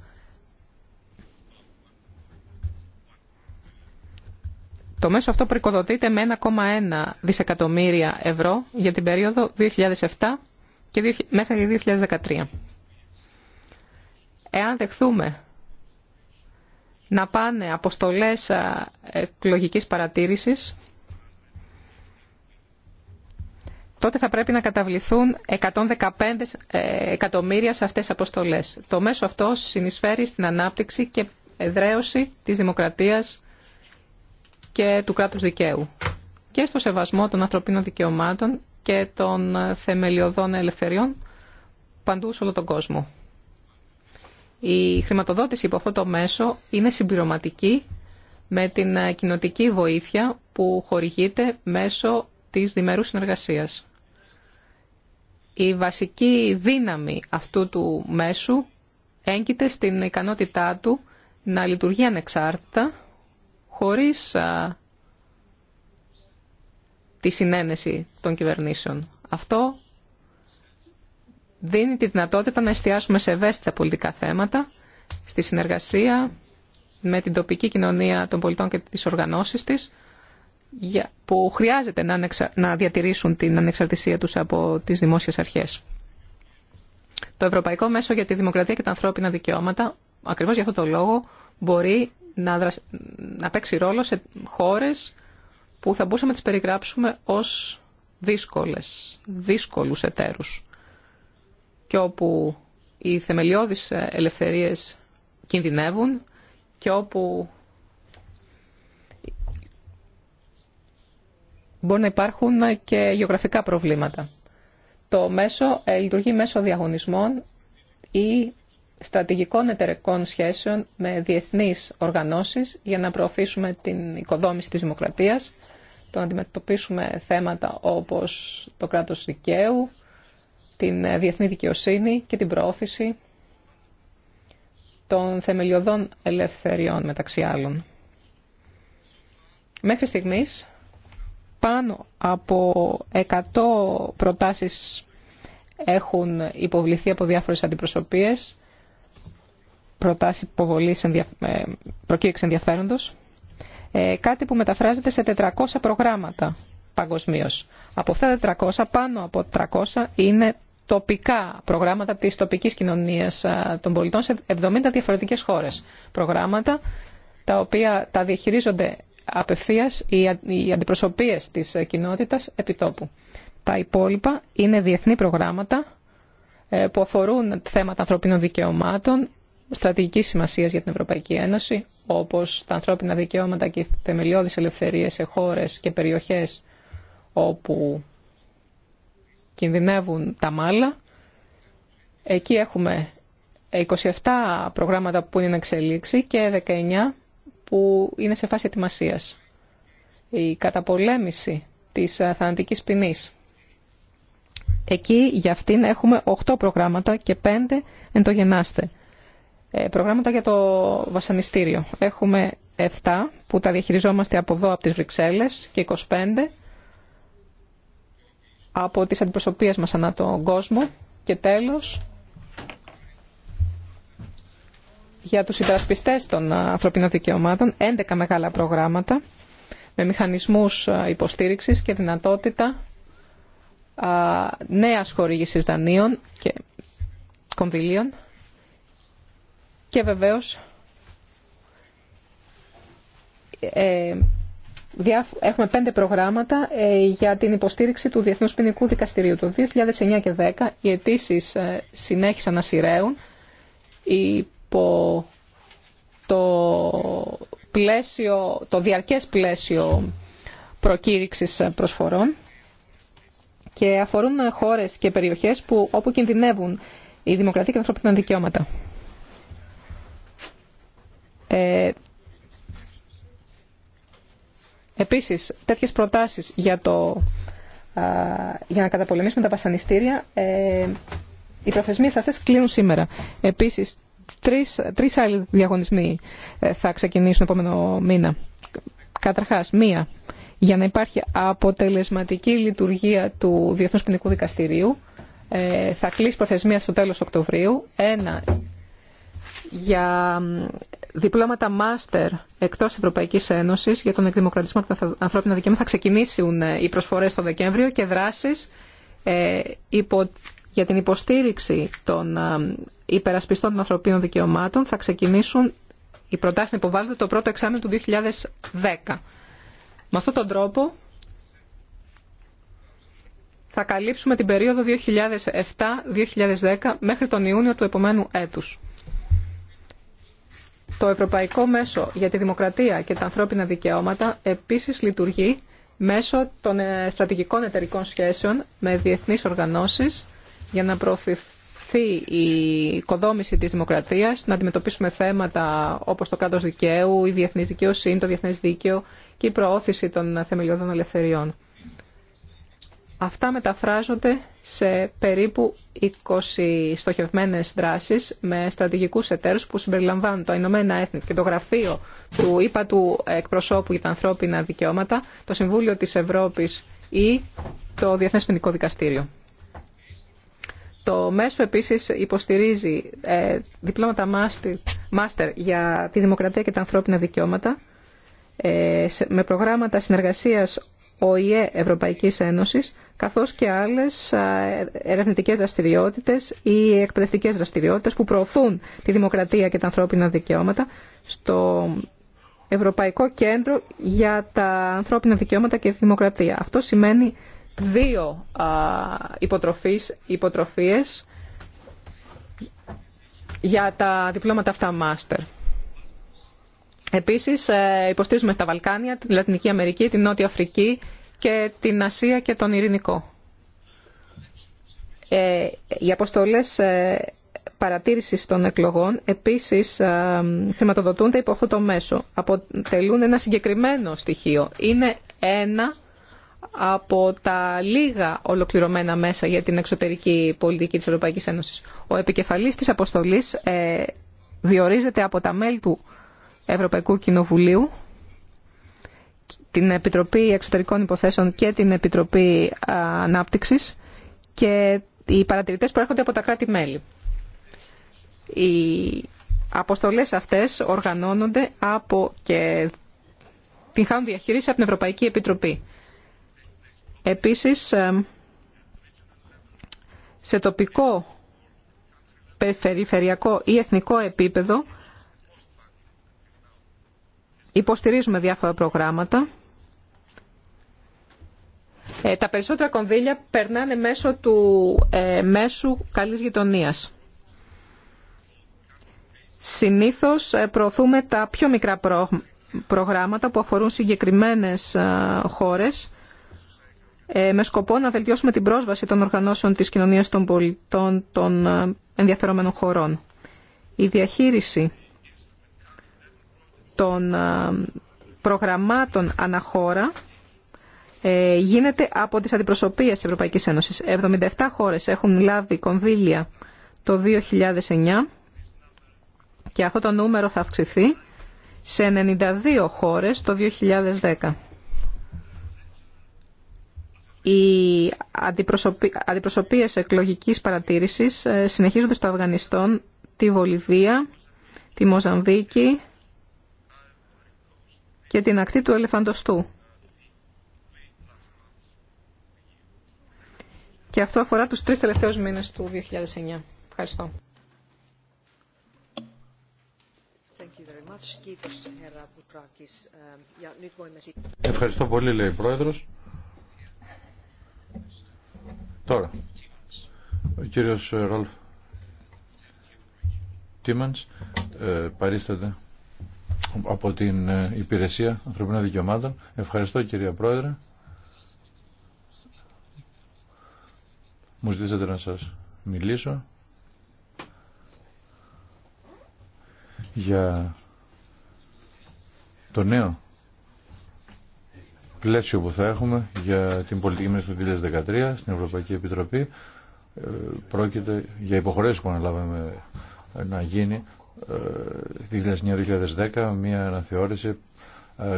Το μέσο αυτό προοικοδοτείται με 1,1 δισεκατομμύρια ευρώ για την περίοδο 2007 και μέχρι 2013. Εάν δεχθούμε να πάνε αποστολές ε, εκλογικής παρατήρησης τότε θα πρέπει να καταβληθούν 115 ε, εκατομμύρια σε αυτές τις αποστολές. Το μέσο αυτό συνεισφέρει στην ανάπτυξη και εδραίωση της δημοκρατίας και του κράτους δικαίου και στο σεβασμό των ανθρωπίνων δικαιωμάτων και των θεμελιωδών ελευθεριών παντού σε όλο τον κόσμο. Η χρηματοδότηση υπό αυτό το μέσο είναι συμπληρωματική με την κοινοτική βοήθεια που χορηγείται μέσω της διμερούς συνεργασίας η βασική δύναμη αυτού του μέσου έγκυται στην ικανότητά του να λειτουργεί ανεξάρτητα, χωρίς τη συνένεση των κυβερνήσεων. Αυτό δίνει τη δυνατότητα να εστιάσουμε σε ευαίσθητα πολιτικά θέματα, στη συνεργασία με την τοπική κοινωνία των πολιτών και τις οργανώσεις της, που χρειάζεται να διατηρήσουν την ανεξαρτησία τους από τις δημόσιες αρχές. Το Ευρωπαϊκό Μέσο για τη Δημοκρατία και τα Ανθρώπινα Δικαιώματα, ακριβώς για αυτό το λόγο, μπορεί να, παίξει ρόλο σε χώρες που θα μπορούσαμε να τις περιγράψουμε ως δύσκολες, δύσκολους εταίρους και όπου οι θεμελιώδεις ελευθερίες κινδυνεύουν και όπου Μπορεί να υπάρχουν και γεωγραφικά προβλήματα. Το μέσο ε, λειτουργεί μέσω διαγωνισμών ή στρατηγικών εταιρικών σχέσεων με διεθνείς οργανώσεις για να προωθήσουμε την οικοδόμηση της δημοκρατίας, το να αντιμετωπίσουμε θέματα όπως το κράτος δικαίου, την ε, διεθνή δικαιοσύνη και την προώθηση των θεμελιωδών ελευθεριών μεταξύ άλλων. Μέχρι στιγμής πάνω από 100 προτάσεις έχουν υποβληθεί από διάφορες αντιπροσωπείες, προτάσεις υποβολής ενδια... Ε, προκήρυξης ενδιαφέροντος, ε, κάτι που μεταφράζεται σε 400 προγράμματα παγκοσμίως. Από αυτά τα 400, πάνω από 300 είναι τοπικά προγράμματα της τοπικής κοινωνίας των πολιτών σε 70 διαφορετικές χώρες. Προγράμματα τα οποία τα διαχειρίζονται απευθείας οι αντιπροσωπείες της κοινότητας επιτόπου. Τα υπόλοιπα είναι διεθνή προγράμματα ε, που αφορούν θέματα ανθρωπίνων δικαιωμάτων, στρατηγικής σημασίας για την Ευρωπαϊκή Ένωση, όπως τα ανθρώπινα δικαιώματα και οι θεμελιώδεις ελευθερίες σε χώρες και περιοχές όπου κινδυνεύουν τα μάλα. Εκεί έχουμε 27 προγράμματα που είναι εξελίξη και 19 που είναι σε φάση ετοιμασίας. Η καταπολέμηση της ε, θανατικής ποινή. Εκεί για αυτήν έχουμε 8 προγράμματα και 5 εντογενάστε. το ε, προγράμματα για το βασανιστήριο. Έχουμε 7 που τα διαχειριζόμαστε από εδώ από τις Βρυξέλλες και 25 από τις αντιπροσωπείες μας ανά τον κόσμο και τέλος για τους υπερασπιστές των ε, ανθρωπίνων δικαιωμάτων, 11 μεγάλα προγράμματα με μηχανισμούς ε, υποστήριξης και δυνατότητα ε, νέας χορήγησης δανείων και κονδυλίων και βεβαίως έχουμε πέντε προγράμματα για την υποστήριξη του Διεθνούς Ποινικού Δικαστηρίου. Το 2009 και 2010 οι αιτήσει συνέχισαν να σειραίουν. Οι από το, πλαίσιο, το διαρκές πλαίσιο προκήρυξης προσφορών και αφορούν χώρες και περιοχές που, όπου κινδυνεύουν η δημοκρατία και τα ανθρωπίνα δικαιώματα. Ε, επίσης, τέτοιες προτάσεις για, το, για να καταπολεμήσουμε τα πασανιστήρια ε, οι προθεσμίες αυτές κλείνουν σήμερα. Επίσης, Τρεις, άλλοι διαγωνισμοί ε, θα ξεκινήσουν επόμενο μήνα. Καταρχάς, μία, για να υπάρχει αποτελεσματική λειτουργία του Διεθνούς Ποινικού Δικαστηρίου, ε, θα κλείσει προθεσμία στο τέλος Οκτωβρίου. Ένα, για διπλώματα μάστερ εκτός Ευρωπαϊκής Ένωσης για τον εκδημοκρατισμό και τα ανθρώπινα δικαιώματα θα ξεκινήσουν ε, οι προσφορές το Δεκέμβριο και δράσεις υπό για την υποστήριξη των ε, υπερασπιστών των ανθρωπίνων δικαιωμάτων θα ξεκινήσουν οι προτάσεις να υποβάλλονται το πρώτο εξάμεινο του 2010. Με αυτόν τον τρόπο θα καλύψουμε την περίοδο 2007-2010 μέχρι τον Ιούνιο του επομένου έτους. Το Ευρωπαϊκό Μέσο για τη Δημοκρατία και τα Ανθρώπινα Δικαιώματα επίσης λειτουργεί μέσω των ε, στρατηγικών εταιρικών σχέσεων με διεθνείς οργανώσεις για να προωθηθεί η οικοδόμηση της δημοκρατίας, να αντιμετωπίσουμε θέματα όπως το κράτο δικαίου, η διεθνής δικαιοσύνη, το διεθνές δίκαιο και η προώθηση των θεμελιώδων ελευθεριών. Αυτά μεταφράζονται σε περίπου 20 στοχευμένες δράσεις με στρατηγικούς εταίρους που συμπεριλαμβάνουν το Ηνωμένα Έθνη και το Γραφείο του ΙΠΑ του Εκπροσώπου για τα Ανθρώπινα Δικαιώματα, το Συμβούλιο της Ευρώπης ή το Διεθνές Ποινικό Δικαστήριο. Το μέσο επίσης υποστηρίζει ε, διπλώματα μάστερ για τη δημοκρατία και τα ανθρώπινα δικαιώματα ε, με προγράμματα συνεργασίας ΟΗΕ Ευρωπαϊκής Ένωσης καθώς και άλλες ερευνητικές δραστηριότητες ή εκπαιδευτικές δραστηριότητες που προωθούν τη δημοκρατία και τα ανθρώπινα δικαιώματα στο Ευρωπαϊκό Κέντρο για τα ανθρώπινα δικαιώματα και τη δημοκρατία. Αυτό σημαίνει δύο υποτροφίες, υποτροφίες για τα διπλώματα αυτά μάστερ. Επίσης, ε, υποστήριζουμε τα Βαλκάνια, την Λατινική Αμερική, την Νότια Αφρική και την Ασία και τον Ειρηνικό. Ε, οι αποστολές ε, παρατήρησης των εκλογών επίσης χρηματοδοτούνται υπό αυτό το μέσο. Αποτελούν ένα συγκεκριμένο στοιχείο. Είναι ένα από τα λίγα ολοκληρωμένα μέσα για την εξωτερική πολιτική της Ευρωπαϊκής Ένωσης. Ο επικεφαλής της αποστολής ε, διορίζεται από τα μέλη του Ευρωπαϊκού Κοινοβουλίου, την Επιτροπή Εξωτερικών Υποθέσεων και την Επιτροπή ε, Ανάπτυξης και οι παρατηρητές προέρχονται από τα κράτη-μέλη. Οι αποστολές αυτές οργανώνονται από και την χάνουν διαχείριση από την Ευρωπαϊκή Επιτροπή. Επίσης, ε, σε τοπικό, περιφερειακό ή εθνικό επίπεδο υποστηρίζουμε διάφορα προγράμματα. Ε, τα περισσότερα κονδύλια περνάνε μέσω του ε, μέσου καλής γειτονίας. Συνήθως προωθούμε τα πιο μικρά προγράμματα που αφορούν συγκεκριμένες χώρες ε, με σκοπό να βελτιώσουμε την πρόσβαση των οργανώσεων της κοινωνίας των πολιτών των ε, ενδιαφερόμενων χωρών. Η διαχείριση των ε, προγραμμάτων αναχώρα γίνεται από τις αντιπροσωπείες της Ευρωπαϊκής Ένωσης. 77 χώρες έχουν λάβει κονδύλια το 2009 και αυτό το νούμερο θα αυξηθεί σε 92 χώρες το 2010. Οι αντιπροσωπείες εκλογικής παρατήρησης ε, συνεχίζονται στο Αφγανιστόν, τη Βολιβία, τη Μοζαμβίκη και την ακτή του Ελεφαντοστού. Και αυτό αφορά τους τρεις τελευταίους μήνες του 2009. Ευχαριστώ. Ε, Ευχαριστώ πολύ, λέει η Πρόεδρος. Τώρα, ο κύριος ε, Ρολφ Τίμανς ε, παρίσταται από την ε, Υπηρεσία Ανθρωπινών Δικαιωμάτων. Ευχαριστώ κυρία Πρόεδρε. Μου ζητήσατε να σας μιλήσω για το νέο πλαίσιο που θα έχουμε για την πολιτική μέσα του 2013 στην Ευρωπαϊκή Επιτροπή ε, πρόκειται για υποχρέωση που αναλάβαμε ε, να γίνει 2009-2010 ε, μια αναθεώρηση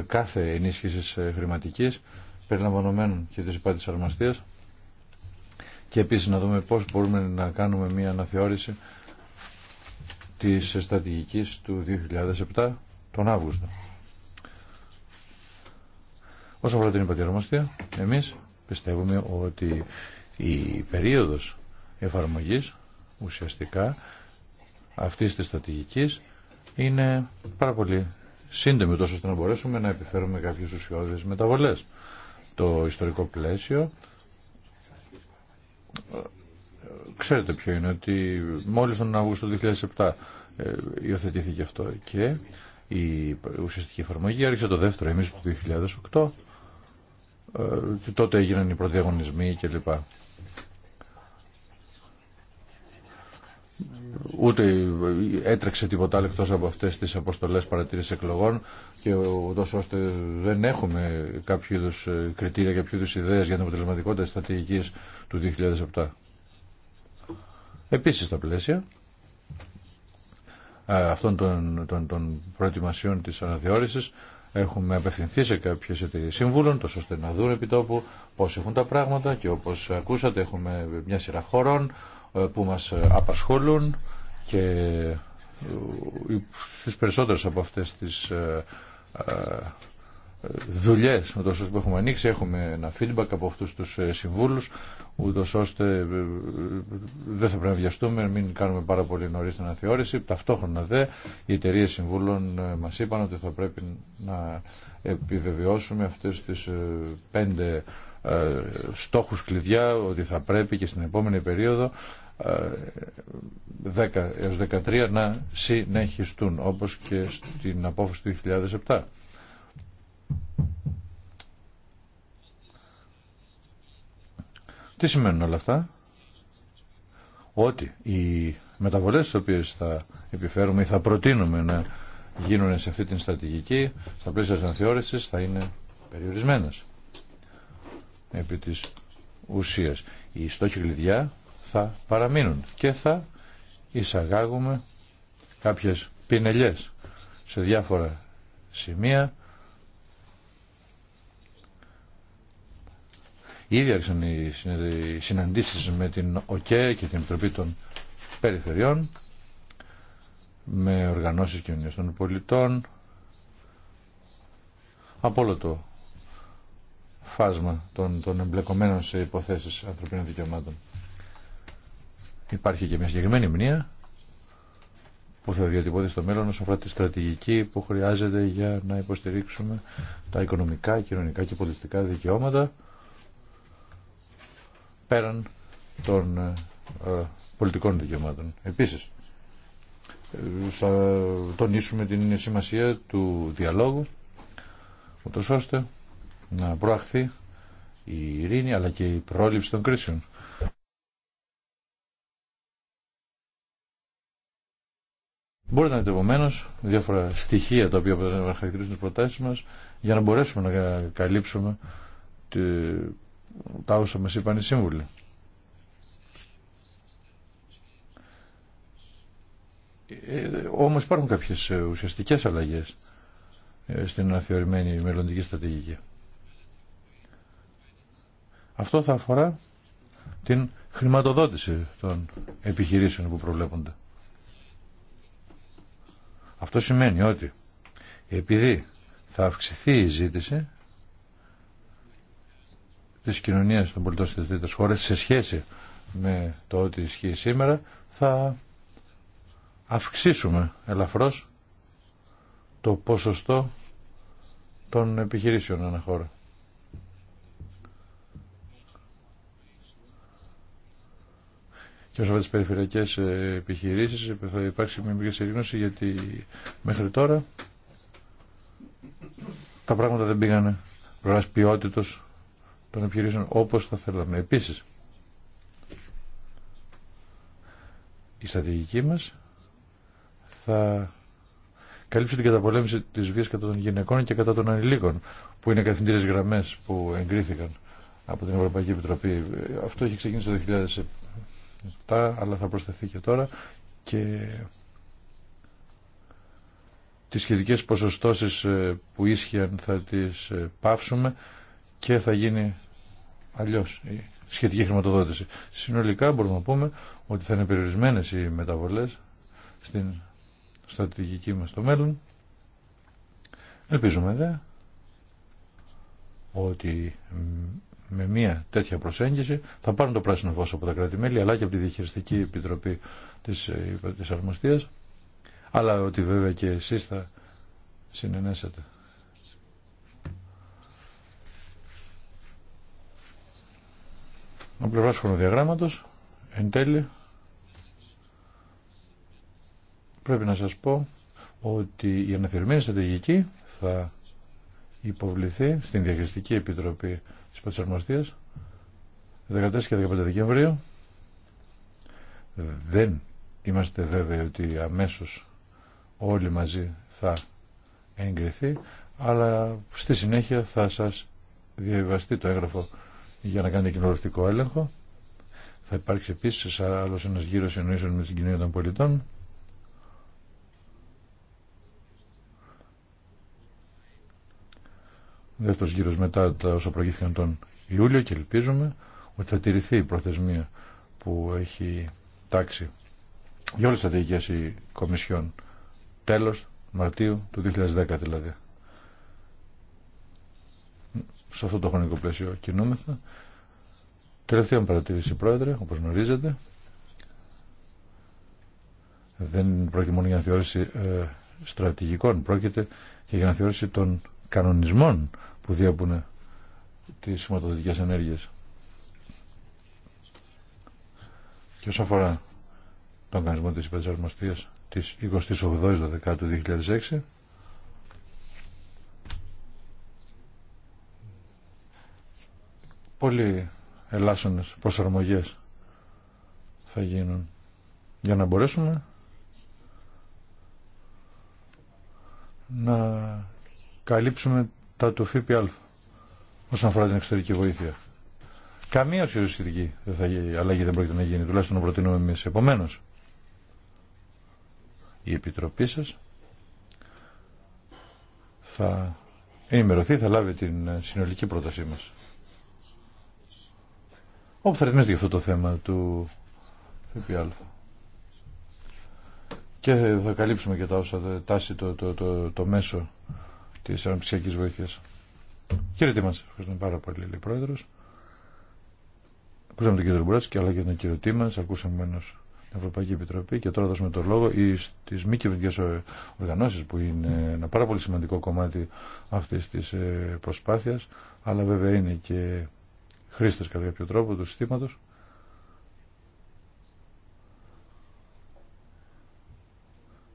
κάθε ενίσχυσης χρηματικής περιλαμβανομένων και της υπάτης αρμαστίας και επίσης να δούμε πώς μπορούμε να κάνουμε μια αναθεώρηση της στρατηγικής του 2007 τον Αύγουστο. Όσο αφορά την υπατηρομοστία, εμείς πιστεύουμε ότι η περίοδος εφαρμογής ουσιαστικά αυτής της στρατηγικής είναι πάρα πολύ σύντομη τόσο ώστε να μπορέσουμε να επιφέρουμε κάποιες ουσιώδεις μεταβολές. Το ιστορικό πλαίσιο ξέρετε ποιο είναι ότι μόλις τον Αύγουστο του 2007 ε, υιοθετήθηκε αυτό και η ουσιαστική εφαρμογή άρχισε το δεύτερο εμείς του 2008 ε, τότε έγιναν οι προδιαγωνισμοί κλπ. Ούτε έτρεξε τίποτα άλλο εκτός από αυτές τις αποστολές παρατήρησης εκλογών και ούτω ώστε δεν έχουμε κάποιο είδου ε, κριτήρια, κάποιο είδου ιδέε για την αποτελεσματικότητα τη στρατηγικής του 2007. Επίσης, στα πλαίσια ε, αυτών των, των, των προετοιμασιών της αναθεώρησης Έχουμε απευθυνθεί σε κάποιε εταιρείε συμβούλων, τόσο ώστε να δουν επί τόπου πώ έχουν τα πράγματα και όπω ακούσατε, έχουμε μια σειρά χωρών ε, που μα απασχολούν και ε, στι περισσότερε από αυτέ τι ε, δουλειέ το ώστε που έχουμε ανοίξει. Έχουμε ένα feedback από αυτού του ε, συμβούλου, ούτω ώστε ε, ε, δεν θα πρέπει να βιαστούμε, μην κάνουμε πάρα πολύ νωρί την αναθεώρηση. Ταυτόχρονα δε οι εταιρείε συμβούλων μα είπαν ότι θα πρέπει να επιβεβαιώσουμε αυτέ τι πέντε στόχου κλειδιά ότι θα πρέπει και στην επόμενη περίοδο 10 έως 13 να συνεχιστούν όπως και στην απόφαση του 2007. Τι σημαίνουν όλα αυτά? Ότι οι μεταβολές τις οποίες θα επιφέρουμε ή θα προτείνουμε να γίνουν σε αυτή την στρατηγική, στα πλαίσια της τα θα είναι περιορισμένες επί της ουσίας. Οι στόχοι κλειδιά θα παραμείνουν και θα εισαγάγουμε κάποιες πινελιές σε διάφορα σημεία Ήδη άρχισαν οι συναντήσεις με την ΟΚΕ και την Επιτροπή των Περιφερειών, με οργανώσεις κοινωνίας των πολιτών, από όλο το φάσμα των, των εμπλεκομένων σε υποθέσεις ανθρωπίνων δικαιωμάτων. Υπάρχει και μια συγκεκριμένη μνήμα που θα διατυπώσει στο μέλλον όσον αφορά τη στρατηγική που χρειάζεται για να υποστηρίξουμε τα οικονομικά, κοινωνικά και πολιτιστικά δικαιώματα πέραν των ε, ε, πολιτικών δικαιωμάτων. Επίσης, ε, θα τονίσουμε την σημασία του διαλόγου, ούτως ώστε να προαχθεί η ειρήνη αλλά και η πρόληψη των κρίσεων. Μπορείτε να δείτε επομένω διάφορα στοιχεία τα οποία θα χαρακτηρίσουν τι προτάσει μα για να μπορέσουμε να καλύψουμε τα όσα μας είπαν οι σύμβουλοι. Ε, όμως υπάρχουν κάποιες ε, ουσιαστικές αλλαγές ε, στην αναθεωρημένη μελλοντική στρατηγική. Αυτό θα αφορά την χρηματοδότηση των επιχειρήσεων που προβλέπονται. Αυτό σημαίνει ότι επειδή θα αυξηθεί η ζήτηση της κοινωνίας των πολιτών στις τρίτες χώρες σε σχέση με το ότι ισχύει σήμερα θα αυξήσουμε ελαφρώς το ποσοστό των επιχειρήσεων αναχώρα. Και όσο με τι περιφερειακές ε, επιχειρήσεις ε, θα υπάρξει μια μικρή συγγνώση γιατί μέχρι τώρα τα πράγματα δεν πήγανε προς ποιότητος των επιχειρήσεων όπως θα θέλαμε. Επίσης, η στρατηγική μας θα καλύψει την καταπολέμηση της βίας κατά των γυναικών και κατά των ανηλίκων, που είναι καθημερινές γραμμές που εγκρίθηκαν από την Ευρωπαϊκή Επιτροπή. Αυτό έχει ξεκινήσει το 2007, αλλά θα προσθεθεί και τώρα και τις σχετικές ποσοστώσεις ε, που ίσχυαν θα τις ε, πάυσουμε και θα γίνει αλλιώς η σχετική χρηματοδότηση. Συνολικά μπορούμε να πούμε ότι θα είναι περιορισμένες οι μεταβολές στην στρατηγική μας στο μέλλον. Ελπίζουμε δε ότι με μια τέτοια προσέγγιση θα πάρουν το πράσινο φως από τα κράτη-μέλη αλλά και από τη Διαχειριστική Επιτροπή της, της Αρμοστίας αλλά ότι βέβαια και εσείς θα συνενέσετε. Ο πλευράς χρονοδιαγράμματος, εν τέλει, πρέπει να σας πω ότι η αναθεωρημένη στρατηγική θα υποβληθεί στην Διαχειριστική Επιτροπή της Πατσαρμοστίας 14 και 15 Δεκεμβρίου. Δεν είμαστε βέβαιοι ότι αμέσως όλοι μαζί θα εγκριθεί, αλλά στη συνέχεια θα σας διαβιβαστεί το έγγραφο για να κάνει κοινοβουλευτικό έλεγχο. Θα υπάρξει επίσης άλλο ένας γύρος εννοήσεων με την κοινωνία των πολιτών. Δεύτερο γύρος μετά τα όσα προηγήθηκαν τον Ιούλιο και ελπίζουμε ότι θα τηρηθεί η προθεσμία που έχει τάξει για όλε τι αδικίε η Κομισιόν τέλος Μαρτίου του 2010 δηλαδή σε αυτό το χρονικό πλαίσιο κινούμεθα. Τελευταία μου παρατήρηση, Πρόεδρε, όπως γνωρίζετε. Δεν πρόκειται μόνο για αναθεώρηση ε, στρατηγικών, πρόκειται και για αναθεώρηση των κανονισμών που διέπουν τις σηματοδοτικές ενέργειες. Και όσον αφορά τον κανονισμό της υπερσαρμοστίας της 28 Δεκάτου 2006, πολύ ελάσσονες προσαρμογές θα γίνουν για να μπορέσουμε να καλύψουμε τα του ΦΠΑ όσον αφορά την εξωτερική βοήθεια. Καμία ουσιαστική θα γίνει, αλλαγή δεν πρόκειται να γίνει, τουλάχιστον να προτείνουμε εμεί. Επομένω, η Επιτροπή σα θα ενημερωθεί, θα λάβει την συνολική πρότασή μας όπου θα για αυτό το θέμα του ΦΠΑ. Και θα καλύψουμε και τα όσα τάσει το, το, το, μέσο της αναπτυξιακής βοήθειας. Κύριε Τίμαν, ευχαριστούμε πάρα πολύ, λέει Πρόεδρος. Ακούσαμε τον κύριο και αλλά και τον κύριο Τίμαν, ακούσαμε μένω την Ευρωπαϊκή Επιτροπή και τώρα δώσουμε το λόγο στι μη κυβερνητικέ οργανώσει που είναι ένα πάρα πολύ σημαντικό κομμάτι αυτή τη ε, προσπάθεια αλλά βέβαια είναι και χρήστες κατά κάποιο τρόπο του συστήματος.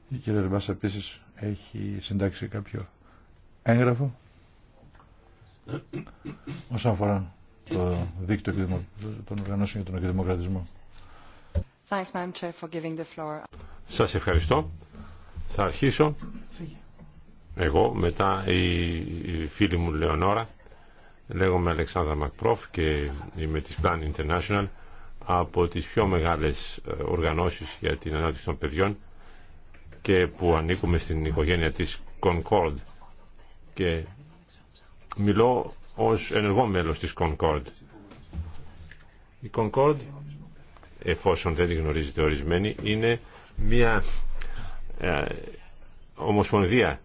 Η κυρία Ρεμπάς επίσης έχει συντάξει κάποιο έγγραφο όσον αφορά το δίκτυο των οργανώσεων για τον εκδημοκρατισμό. Σας ευχαριστώ. Θα αρχίσω εγώ, μετά η φίλη μου Λεωνόρα Λέγομαι Αλεξάνδρα Μακπρόφ και είμαι της Plan International από τις πιο μεγάλες ε, οργανώσεις για την ανάπτυξη των παιδιών και που ανήκουμε στην οικογένεια της Concord και μιλώ ως ενεργό μέλος της Concord. Η Concord, εφόσον δεν τη γνωρίζετε ορισμένη, είναι μια ε, ομοσπονδία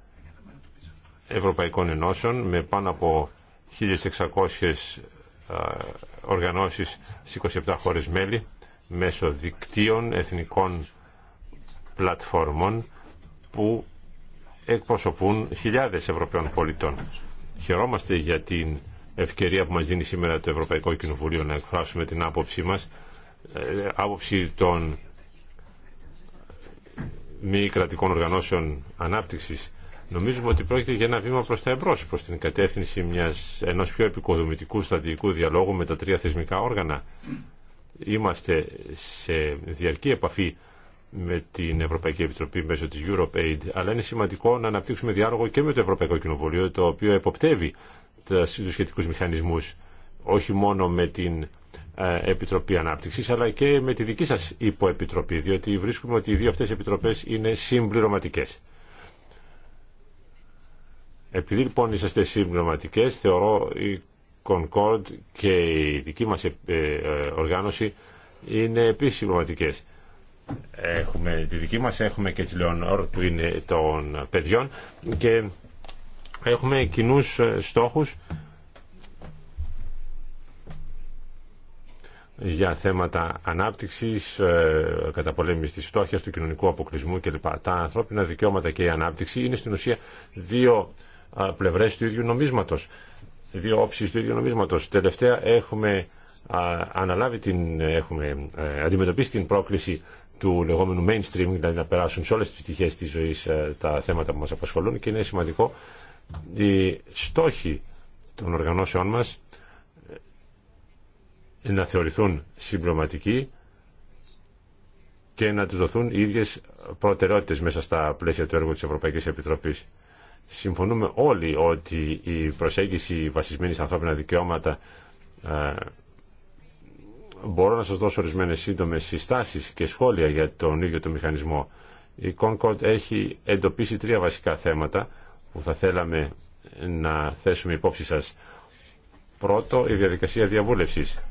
Ευρωπαϊκών Ενώσεων με πάνω από 1.600 οργανώσεις στις 27 χώρες μέλη μέσω δικτύων εθνικών πλατφόρμων που εκπροσωπούν χιλιάδες Ευρωπαίων πολιτών. Χαιρόμαστε για την ευκαιρία που μας δίνει σήμερα το Ευρωπαϊκό Κοινοβουλίο να εκφράσουμε την άποψή μας, ε, άποψη των μη κρατικών οργανώσεων ανάπτυξης Νομίζουμε ότι πρόκειται για ένα βήμα προ τα εμπρό, προ την κατεύθυνση ενό πιο επικοδομητικού στρατηγικού διαλόγου με τα τρία θεσμικά όργανα. Είμαστε σε διαρκή επαφή με την Ευρωπαϊκή Επιτροπή μέσω της EuropeAid, αλλά είναι σημαντικό να αναπτύξουμε διάλογο και με το Ευρωπαϊκό Κοινοβουλίο, το οποίο εποπτεύει του σχετικού μηχανισμού, όχι μόνο με την ε, Επιτροπή Ανάπτυξης, αλλά και με τη δική σας υποεπιτροπή, διότι βρίσκουμε ότι οι δύο αυτές επιτροπές είναι συμπληρωματικές. Επειδή λοιπόν είσαστε συμπληρωματικέ, θεωρώ η Concord και η δική μας ε, ε, οργάνωση είναι επίσης συμπληρωματικέ. Έχουμε τη δική μας, έχουμε και τη Λεωνόρ που είναι των παιδιών και έχουμε κοινού ε, στόχους για θέματα ανάπτυξης, καταπολέμησης της φτώχειας, του κοινωνικού αποκλεισμού κλπ. Τα ανθρώπινα δικαιώματα και η ανάπτυξη είναι στην ουσία δύο Πλευρέ του ίδιου νομίσματος, δύο όψει του ίδιου νομίσματος. Τελευταία έχουμε αναλάβει την, έχουμε ε, αντιμετωπίσει την πρόκληση του λεγόμενου mainstream, δηλαδή να περάσουν σε όλες τις πτυχέ της ζωής ε, τα θέματα που μας απασχολούν και είναι σημαντικό οι στόχοι των οργανώσεών μας ε, να θεωρηθούν συμπληρωματικοί και να τους δοθούν οι ίδιες προτεραιότητες μέσα στα πλαίσια του έργου της Ευρωπαϊκής Επιτροπής συμφωνούμε όλοι ότι η προσέγγιση βασισμένη ανθρώπινα δικαιώματα ε, μπορώ να σας δώσω ορισμένες σύντομες συστάσεις και σχόλια για τον ίδιο το μηχανισμό. Η Concord έχει εντοπίσει τρία βασικά θέματα που θα θέλαμε να θέσουμε υπόψη σας. Πρώτο, η διαδικασία διαβούλευσης.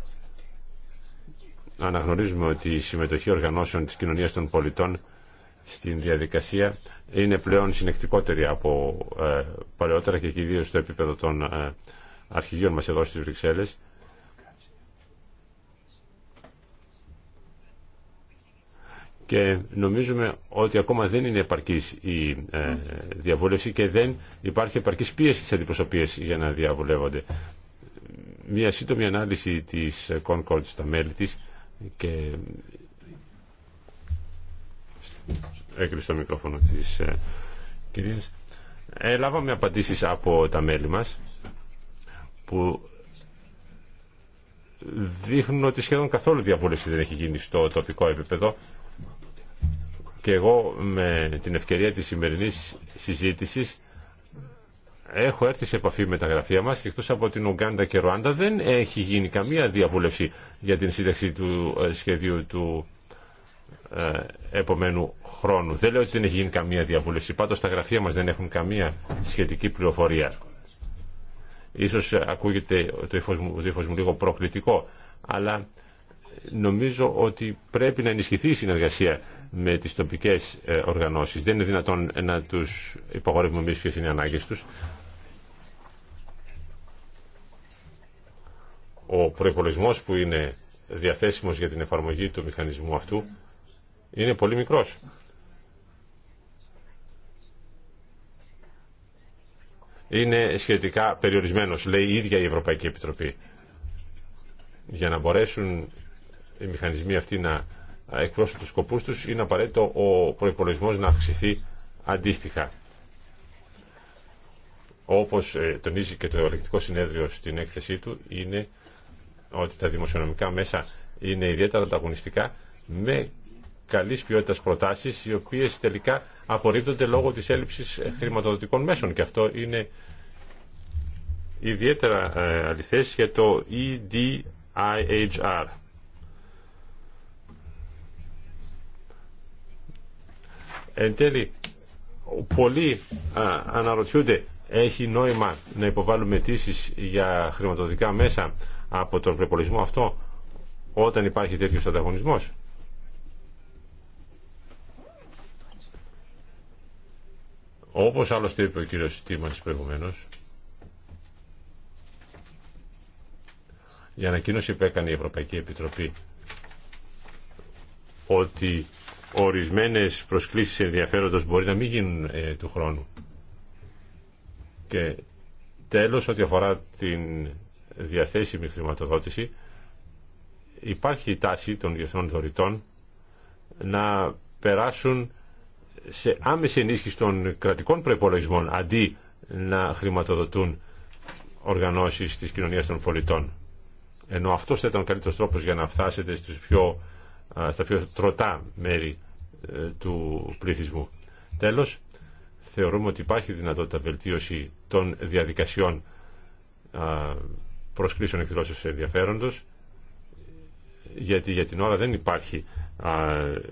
Αναγνωρίζουμε ότι η συμμετοχή οργανώσεων της κοινωνίας των πολιτών στην διαδικασία είναι πλέον συνεκτικότερη από ε, παλαιότερα και κυρίως στο επίπεδο των ε, αρχηγείων μας εδώ στις Βρυξέλλες. και νομίζουμε ότι ακόμα δεν είναι επαρκής η ε, διαβούλευση και δεν υπάρχει επαρκής πίεση στις αντιπροσωπείες για να διαβουλεύονται. Μία σύντομη ανάλυση της Concord στα μέλη της και έκλεισε το μικρόφωνο της ε, κυρίας. Ε, λάβαμε απαντήσεις από τα μέλη μας που δείχνουν ότι σχεδόν καθόλου διαβούλευση δεν έχει γίνει στο τοπικό επίπεδο και εγώ με την ευκαιρία της σημερινής συζήτησης έχω έρθει σε επαφή με τα γραφεία μας και εκτός από την Ουγγάντα και Ρουάντα δεν έχει γίνει καμία διαβούλευση για την σύνταξη του ε, σχεδίου του ε, επομένου χρόνου. Δεν λέω ότι δεν έχει γίνει καμία διαβούλευση. Πάντω τα γραφεία μας δεν έχουν καμία σχετική πληροφορία. Ίσως ακούγεται το ύφος μου, μου λίγο προκλητικό, αλλά νομίζω ότι πρέπει να ενισχυθεί η συνεργασία με τις τοπικές ε, οργανώσεις. Δεν είναι δυνατόν να τους υπαγορεύουμε εμεί ποιε είναι οι ανάγκε τους. Ο προπολογισμό που είναι διαθέσιμος για την εφαρμογή του μηχανισμού αυτού είναι πολύ μικρός. Είναι σχετικά περιορισμένος, λέει η ίδια η Ευρωπαϊκή Επιτροπή. Για να μπορέσουν οι μηχανισμοί αυτοί να εκπρόσουν τους σκοπούς τους, είναι απαραίτητο ο προϋπολογισμός να αυξηθεί αντίστοιχα. Όπως ε, τονίζει και το Ελεκτικό Συνέδριο στην έκθεσή του, είναι ότι τα δημοσιονομικά μέσα είναι ιδιαίτερα ανταγωνιστικά με Καλή ποιότητα προτάσει, οι οποίες τελικά απορρίπτονται λόγω της έλλειψης ε, χρηματοδοτικών μέσων και αυτό είναι ιδιαίτερα ε, αληθέ για το EDIHR. Εν τέλει, πολλοί αναρωτιούνται έχει νόημα να υποβάλουμε αιτήσει για χρηματοδοτικά μέσα από τον προπολογισμό αυτό όταν υπάρχει τέτοιος ανταγωνισμός. Όπως άλλωστε είπε ο κύριος Τίμανς προηγουμένως, η ανακοίνωση που έκανε η Ευρωπαϊκή Επιτροπή ότι ορισμένες προσκλήσεις ενδιαφέροντος μπορεί να μην γίνουν ε, του χρόνου. Και τέλος, ό,τι αφορά την διαθέσιμη χρηματοδότηση, υπάρχει η τάση των διεθνών δωρητών να περάσουν σε άμεση ενίσχυση των κρατικών προπολογισμών αντί να χρηματοδοτούν οργανώσεις τη κοινωνία των πολιτών. Ενώ αυτό θα ήταν ο καλύτερος τρόπος για να φτάσετε στους πιο, στα πιο τροτά μέρη ε, του πληθυσμού. Τέλος, θεωρούμε ότι υπάρχει δυνατότητα βελτίωση των διαδικασιών προσκλήσεων εκδηλώσεως ενδιαφέροντο, γιατί για την ώρα δεν υπάρχει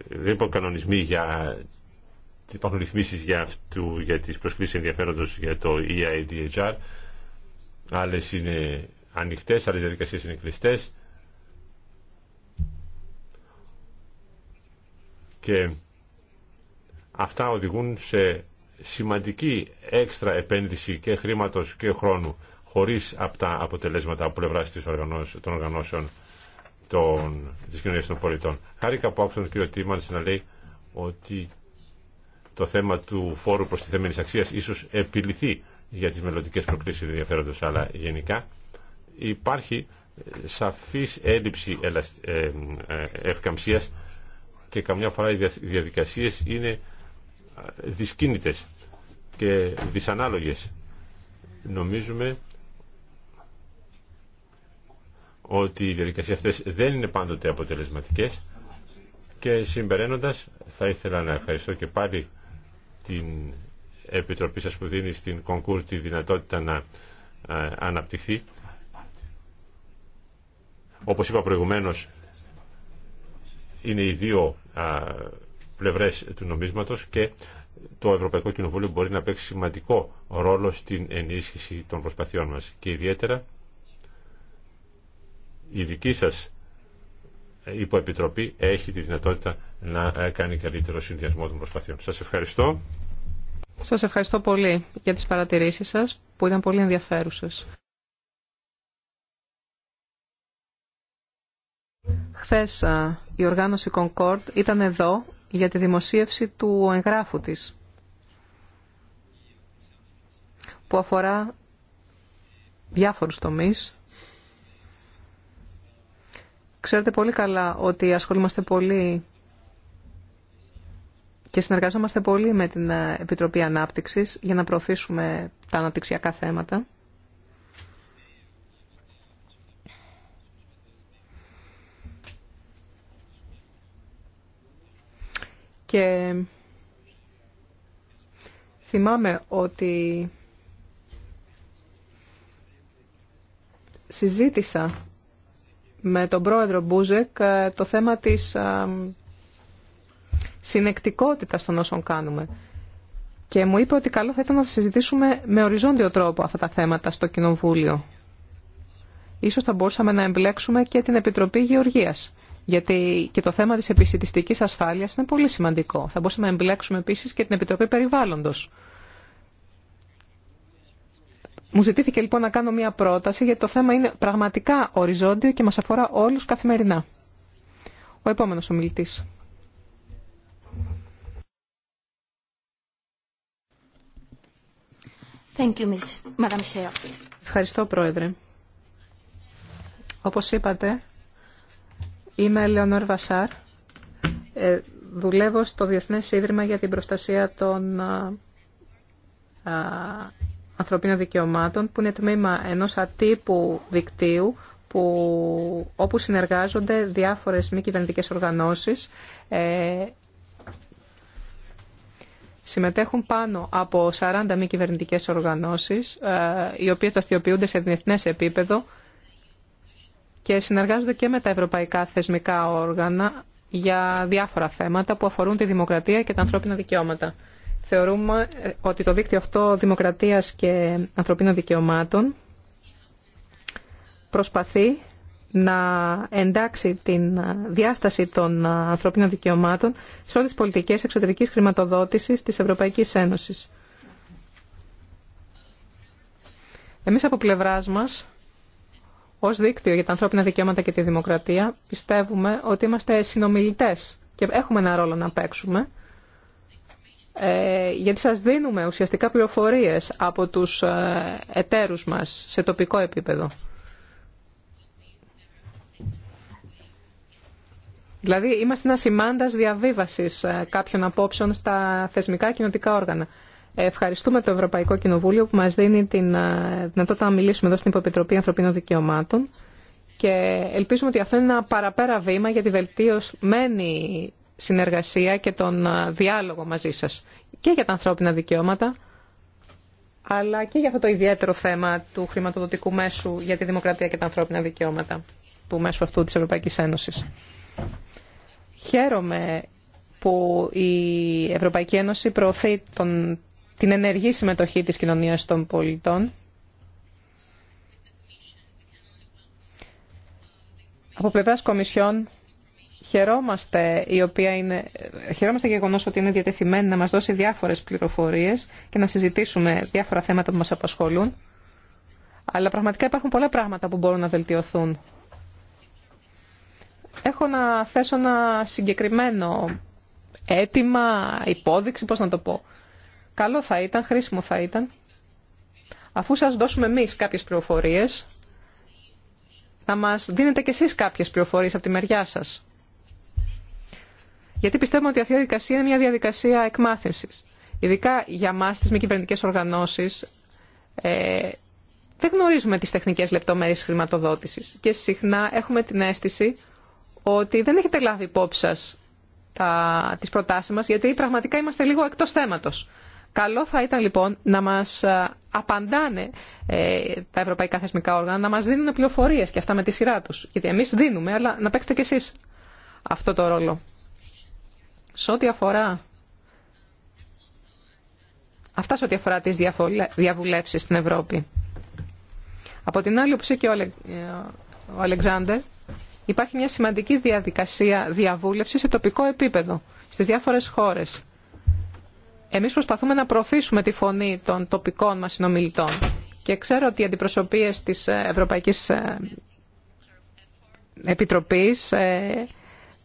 δεν υπάρχουν κανονισμοί για υπάρχουν ρυθμίσει για, αυτού, για τις προσκλήσεις ενδιαφέροντος για το EIDHR. Άλλε είναι ανοιχτέ, άλλε διαδικασίε είναι κλειστέ. Και αυτά οδηγούν σε σημαντική έξτρα επένδυση και χρήματος και χρόνου χωρίς τα αποτελέσματα από πλευρά των οργανώσεων των, της κοινωνίας των πολιτών. Χάρηκα που άκουσα τον κύριο Τίμανς να λέει ότι το θέμα του φόρου προς τη θέμενη αξία ίσως επιληθεί για τις μελλοντικές προκλήσεις ενδιαφέροντος, αλλά γενικά υπάρχει σαφής έλλειψη ε, ε, ευκαμψίας και καμιά φορά οι διαδικασίες είναι δυσκίνητες και δυσανάλογες. Νομίζουμε ότι οι διαδικασίες αυτές δεν είναι πάντοτε αποτελεσματικές και συμπεραίνοντας θα ήθελα να ευχαριστώ και πάλι την Επιτροπή σας που δίνει στην Κονκούρ τη δυνατότητα να ε, αναπτυχθεί. Όπως είπα προηγουμένως, είναι οι δύο ε, πλευρές του νομίσματος και το Ευρωπαϊκό Κοινοβούλιο μπορεί να παίξει σημαντικό ρόλο στην ενίσχυση των προσπαθειών μας και ιδιαίτερα η δική σας υποεπιτροπή έχει τη δυνατότητα να ε, κάνει καλύτερο συνδυασμό των προσπαθειών. Σας ευχαριστώ. Σας ευχαριστώ πολύ για τις παρατηρήσεις σας που ήταν πολύ ενδιαφέρουσες. Χθες ε, η οργάνωση Concord ήταν εδώ για τη δημοσίευση του εγγράφου της που αφορά διάφορους τομείς Ξέρετε πολύ καλά ότι ασχολούμαστε πολύ και συνεργαζόμαστε πολύ με την ε, Επιτροπή Ανάπτυξης για να προωθήσουμε τα αναπτυξιακά θέματα. Και θυμάμαι ότι συζήτησα με τον πρόεδρο Μπούζεκ ε, το θέμα της ε, συνεκτικότητας των όσων κάνουμε. Και μου είπε ότι καλό θα ήταν να συζητήσουμε με οριζόντιο τρόπο αυτά τα θέματα στο Κοινοβούλιο. Ίσως θα μπορούσαμε να εμπλέξουμε και την Επιτροπή Γεωργίας. Γιατί και το θέμα της επισητιστικής ασφάλειας είναι πολύ σημαντικό. Θα μπορούσαμε να εμπλέξουμε επίσης και την Επιτροπή Περιβάλλοντος. Μου ζητήθηκε λοιπόν να κάνω μία πρόταση γιατί το θέμα είναι πραγματικά οριζόντιο και μας αφορά όλους καθημερινά. Ο επόμενος ομιλητής. Thank Ευχαριστώ, Πρόεδρε. Όπως είπατε, είμαι Λεωνόρ Βασάρ. Ε, δουλεύω στο Διεθνές Ίδρυμα για την Προστασία των ανθρωπίνων δικαιωμάτων που είναι τμήμα ενός ατύπου δικτύου που, όπου συνεργάζονται διάφορες μη κυβερνητικές οργανώσεις ε, Συμμετέχουν πάνω από 40 μη κυβερνητικέ οργανώσεις, ε, οι οποίες δραστηριοποιούνται σε διεθνές επίπεδο και συνεργάζονται και με τα ευρωπαϊκά θεσμικά όργανα για διάφορα θέματα που αφορούν τη δημοκρατία και τα ανθρώπινα δικαιώματα. Θεωρούμε ε, ότι το δίκτυο αυτό δημοκρατίας και ανθρωπίνων δικαιωμάτων προσπαθεί να εντάξει την ε, διάσταση των ε, ανθρωπίνων δικαιωμάτων σε όλες τις πολιτικές εξωτερικής χρηματοδότησης της Ευρωπαϊκής Ένωσης. Εμείς από πλευράς μας, ως δίκτυο για τα ανθρώπινα δικαιώματα και τη δημοκρατία, πιστεύουμε ότι είμαστε συνομιλητές και έχουμε ένα ρόλο να παίξουμε ε, γιατί σας δίνουμε ουσιαστικά πληροφορίες από τους ε, εταίρους μας σε τοπικό επίπεδο. Δηλαδή είμαστε ένα σημάντας διαβίβασης ε, κάποιων απόψεων στα θεσμικά κοινοτικά όργανα. Ευχαριστούμε το Ευρωπαϊκό Κοινοβούλιο που μας δίνει την δυνατότητα να μιλήσουμε εδώ στην Υποπιτροπή Ανθρωπίνων Δικαιωμάτων και ελπίζουμε ότι αυτό είναι ένα παραπέρα βήμα για τη βελτίωσμένη συνεργασία και τον ε, διάλογο μαζί σας και για τα ανθρώπινα δικαιώματα αλλά και για αυτό το ιδιαίτερο θέμα του χρηματοδοτικού μέσου για τη δημοκρατία και τα ανθρώπινα δικαιώματα του μέσου αυτού της Ευρωπαϊκής Ένωσης. Χαίρομαι που η Ευρωπαϊκή Ένωση προωθεί τον, την ενεργή συμμετοχή της κοινωνίας των πολιτών από πλευράς Κομισιόν Χαιρόμαστε, η οποία είναι, χαιρόμαστε γεγονός ότι είναι διατεθειμένη να μας δώσει διάφορες πληροφορίες και να συζητήσουμε διάφορα θέματα που μας απασχολούν. Αλλά πραγματικά υπάρχουν πολλά πράγματα που μπορούν να βελτιωθούν. Έχω να θέσω ένα συγκεκριμένο αίτημα, υπόδειξη, πώς να το πω. Καλό θα ήταν, χρήσιμο θα ήταν, αφού σας δώσουμε εμείς κάποιες πληροφορίες, να μας δίνετε κι εσείς κάποιες πληροφορίες από τη μεριά σας. Γιατί πιστεύουμε ότι αυτή η διαδικασία είναι μια διαδικασία εκμάθηση. Ειδικά για εμά, τι μη κυβερνητικέ οργανώσεις ε, δεν γνωρίζουμε τις τεχνικές λεπτομέρειε χρηματοδότηση. και συχνά έχουμε την αίσθηση ότι δεν έχετε λάβει υπόψη σας τι τις προτάσεις γιατί πραγματικά είμαστε λίγο εκτό θέματο. Καλό θα ήταν λοιπόν να μα ε, απαντάνε ε, τα ευρωπαϊκά θεσμικά όργανα, να μα δίνουν πληροφορίε και αυτά με τη σειρά του. Γιατί εμεί δίνουμε, αλλά να παίξετε κι εσεί αυτό το ρόλο. Σε ό,τι αφορά... Αυτά σε ό,τι αφορά τις διαβουλεύσεις στην Ευρώπη. Από την άλλη που και ο, Αλε... ο υπάρχει μια σημαντική διαδικασία διαβούλευση σε τοπικό επίπεδο, στις διάφορες χώρες. Εμείς προσπαθούμε να προωθήσουμε τη φωνή των τοπικών μας συνομιλητών. Και ξέρω ότι οι αντιπροσωπείες της ε, Ευρωπαϊκής ε, Επιτροπής ε,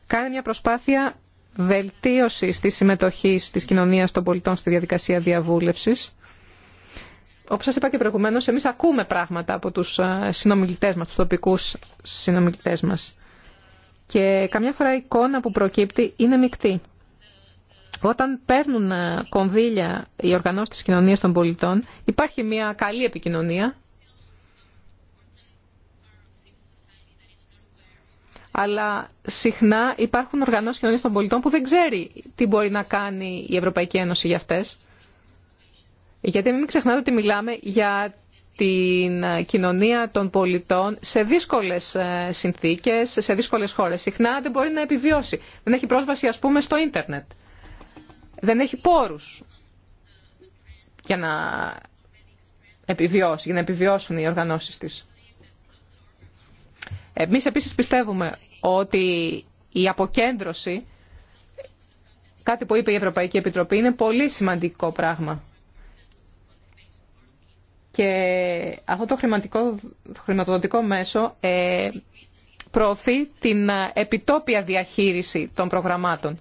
κάνει μια προσπάθεια βελτίωση της συμμετοχής της κοινωνίας των πολιτών στη διαδικασία διαβούλευσης. Όπως σας είπα και προηγουμένως, εμείς ακούμε πράγματα από τους ε, συνομιλητές μας, τους τοπικούς συνομιλητές μας. Και καμιά φορά η εικόνα που προκύπτει είναι μεικτή. Όταν παίρνουν ε, κονδύλια οι οργανώσεις της κοινωνίας των πολιτών, υπάρχει μια καλή επικοινωνία αλλά συχνά υπάρχουν οργανώσεις κοινωνίας των πολιτών που δεν ξέρει τι μπορεί να κάνει η Ευρωπαϊκή Ένωση για αυτές. Γιατί μην ξεχνάτε ότι μιλάμε για την κοινωνία των πολιτών σε δύσκολες ε, συνθήκες, σε δύσκολες χώρες. Συχνά δεν μπορεί να επιβιώσει. Δεν έχει πρόσβαση, ας πούμε, στο ίντερνετ. Δεν έχει πόρους για να επιβιώσει, για να επιβιώσουν οι οργανώσεις της. Εμείς επίσης πιστεύουμε ότι η αποκέντρωση, κάτι που είπε η Ευρωπαϊκή Επιτροπή, είναι πολύ σημαντικό πράγμα. Και αυτό το χρηματοδοτικό μέσο ε, προωθεί την ε, επιτόπια διαχείριση των προγραμμάτων.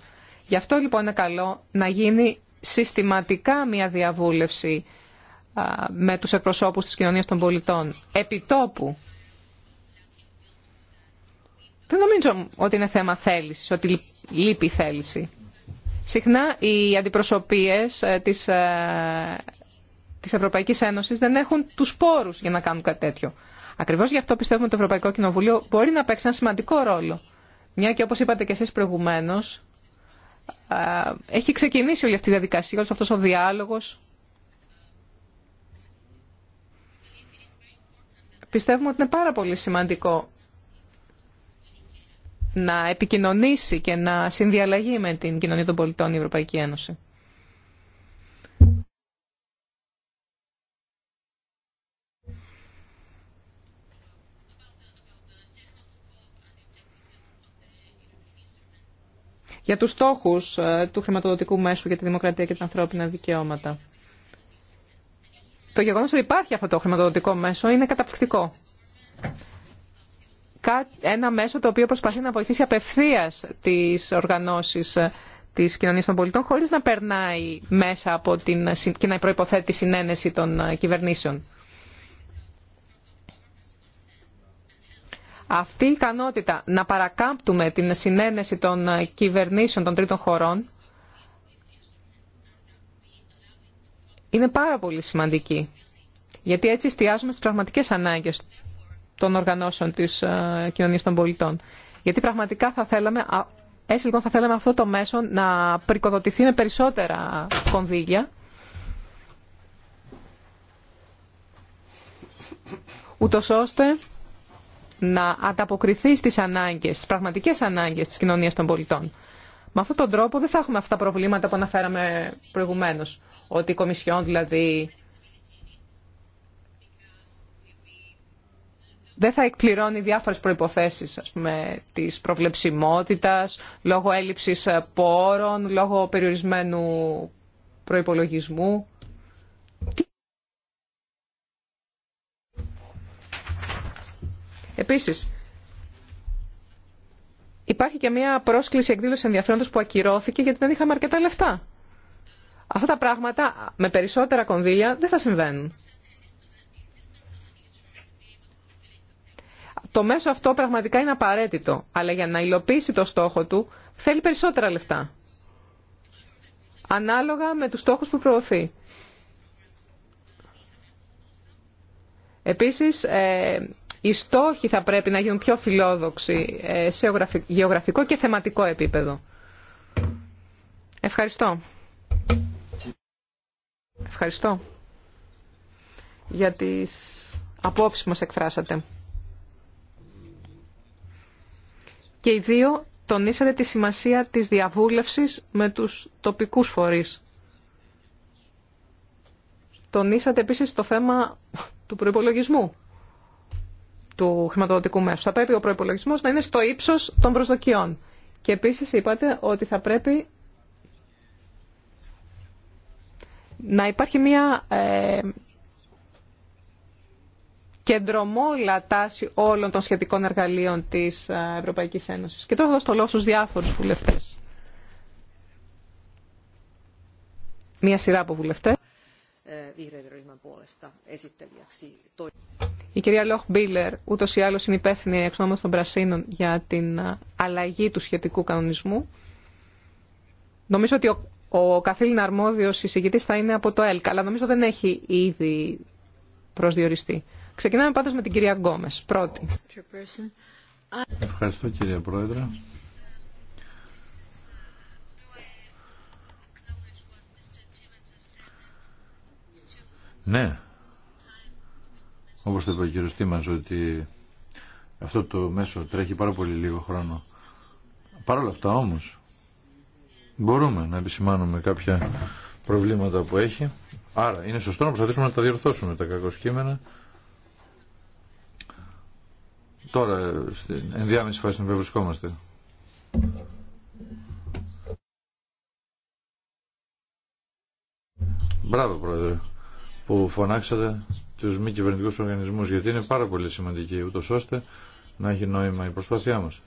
Γι' αυτό λοιπόν είναι καλό να γίνει συστηματικά μια διαβούλευση με τους εκπροσώπους της κοινωνίας των πολιτών επιτόπου δεν νομίζω ότι είναι θέμα θέλησης, ότι λείπει η θέληση. Συχνά οι αντιπροσωπείες ε, της, ε, της Ευρωπαϊκής Ένωσης δεν έχουν τους πόρους για να κάνουν κάτι τέτοιο. Ακριβώς γι' αυτό πιστεύουμε ότι το Ευρωπαϊκό Κοινοβούλιο μπορεί να παίξει ένα σημαντικό ρόλο. Μια και όπως είπατε και εσείς προηγουμένως, ε, έχει ξεκινήσει όλη αυτή η διαδικασία, όλος αυτός ο διάλογος. Πιστεύουμε ότι είναι πάρα πολύ σημαντικό να επικοινωνήσει και να συνδιαλλαγεί με την κοινωνία των πολιτών η Ευρωπαϊκή Ένωση. για τους στόχους ε, του χρηματοδοτικού μέσου για τη δημοκρατία και τα ανθρώπινα δικαιώματα. Το γεγονός ότι υπάρχει αυτό το χρηματοδοτικό μέσο είναι καταπληκτικό ένα μέσο το οποίο προσπαθεί να βοηθήσει απευθεία τις οργανώσεις ε, τη κοινωνία των πολιτών, χωρί να περνάει μέσα από την και να προποθέτει τη συνένεση των ε, κυβερνήσεων. Αυτή η ικανότητα να παρακάμπτουμε την συνένεση των ε, κυβερνήσεων των τρίτων χωρών είναι πάρα πολύ σημαντική. Γιατί έτσι εστιάζουμε στις πραγματικές ανάγκες των οργανώσεων της ε, κοινωνία των πολιτών. Γιατί πραγματικά θα θέλαμε, έτσι λοιπόν θα θέλαμε αυτό το μέσο να πρικοδοτηθεί με περισσότερα κονδύλια. Ούτω ώστε να ανταποκριθεί στις ανάγκες, στις πραγματικές ανάγκες της κοινωνίας των πολιτών. Με αυτόν τον τρόπο δεν θα έχουμε αυτά τα προβλήματα που αναφέραμε προηγουμένως, ότι η Κομισιόν δηλαδή δεν θα εκπληρώνει διάφορες προϋποθέσεις, ας πούμε, της προβλεψιμότητας, λόγω έλλειψης πόρων, λόγω περιορισμένου προϋπολογισμού. Επίσης, υπάρχει και μια πρόσκληση εκδήλωση ενδιαφέροντος που ακυρώθηκε γιατί δεν είχαμε αρκετά λεφτά. Αυτά τα πράγματα με περισσότερα κονδύλια δεν θα συμβαίνουν. Το μέσο αυτό πραγματικά είναι απαραίτητο, αλλά για να υλοποιήσει το στόχο του θέλει περισσότερα λεφτά. Ανάλογα με τους στόχους που προωθεί. Επίσης, ε, οι στόχοι θα πρέπει να γίνουν πιο φιλόδοξοι ε, σε γεωγραφικό και θεματικό επίπεδο. Ευχαριστώ. Ευχαριστώ για τις απόψεις που μας εκφράσατε. και οι δύο τονίσατε τη σημασία της διαβούλευσης με τους τοπικούς φορείς. Τονίσατε επίσης το θέμα του προϋπολογισμού του χρηματοδοτικού μέσου. Θα πρέπει ο προϋπολογισμός να είναι στο ύψος των προσδοκιών. Και επίσης είπατε ότι θα πρέπει να υπάρχει μια ε, κεντρομόλα τάση όλων των σχετικών εργαλείων της ε, Ευρωπαϊκής Ένωσης. Και τώρα θα δώσω το λόγο στους διάφορους βουλευτές. Μία σειρά από βουλευτές. Η κυρία Λόχ Μπίλερ ούτω ή άλλω είναι υπεύθυνη εξ των Πρασίνων για την ε, αλλαγή του σχετικού κανονισμού. Νομίζω ότι ο, ο καθήλυνα αρμόδιο εισηγητή θα είναι από το ΕΛΚ, αλλά νομίζω δεν έχει ήδη προσδιοριστεί. Ξεκινάμε πάντως με την κυρία Γκόμε. πρώτη. Ευχαριστώ κύριε Πρόεδρε. Ναι, όπως το είπε ο κύριος Τίμας, ότι αυτό το μέσο τρέχει πάρα πολύ λίγο χρόνο. Παρ' όλα αυτά όμως, μπορούμε να επισημάνουμε κάποια προβλήματα που έχει. Άρα είναι σωστό να προσπαθήσουμε να τα διορθώσουμε τα κακοσκήμενα τώρα στην ενδιάμεση φάση στην οποία βρισκόμαστε. Μπράβο, Πρόεδρε, που φωνάξατε τους μη κυβερνητικούς οργανισμούς, γιατί είναι πάρα πολύ σημαντική, ούτως ώστε να έχει νόημα η προσπάθειά μας.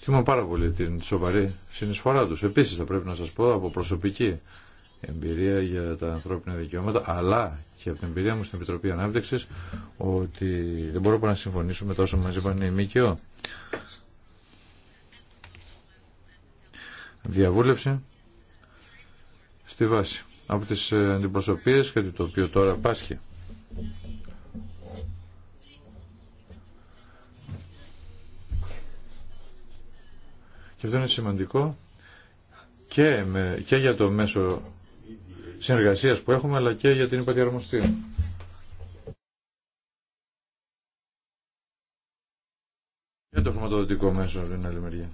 Θυμώ πάρα πολύ την σοβαρή συνεισφορά τους. Επίσης θα πρέπει να σας πω από προσωπική εμπειρία για τα ανθρώπινα δικαιώματα, αλλά και από την εμπειρία μου στην Επιτροπή Ανάπτυξη ότι δεν μπορώ να συμφωνήσω με τόσο μαζί είπαν οι ΜΚΟ. Διαβούλευση στη βάση από τις αντιπροσωπείες και το οποίο τώρα πάσχει. Και αυτό είναι σημαντικό και, με, και για το μέσο συνεργασία που έχουμε αλλά και για την υπαδιαρμοστία. Για το χρηματοδοτικό μέσο από την άλλη μεριά.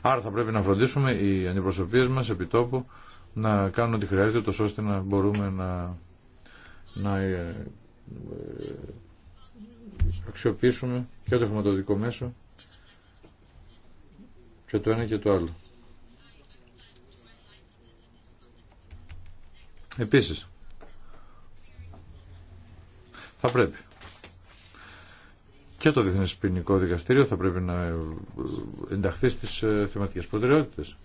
Άρα θα πρέπει να φροντίσουμε οι αντιπροσωπείες μας επί τόπου να κάνουν ό,τι χρειάζεται τόσο ώστε να μπορούμε να, να ε, ε, αξιοποιήσουμε και το χρηματοδοτικό μέσο το ένα και το άλλο. Επίσης, θα πρέπει και το Διεθνές Ποινικό Δικαστήριο θα πρέπει να ενταχθεί στις ε, θεματικές προτεραιότητες.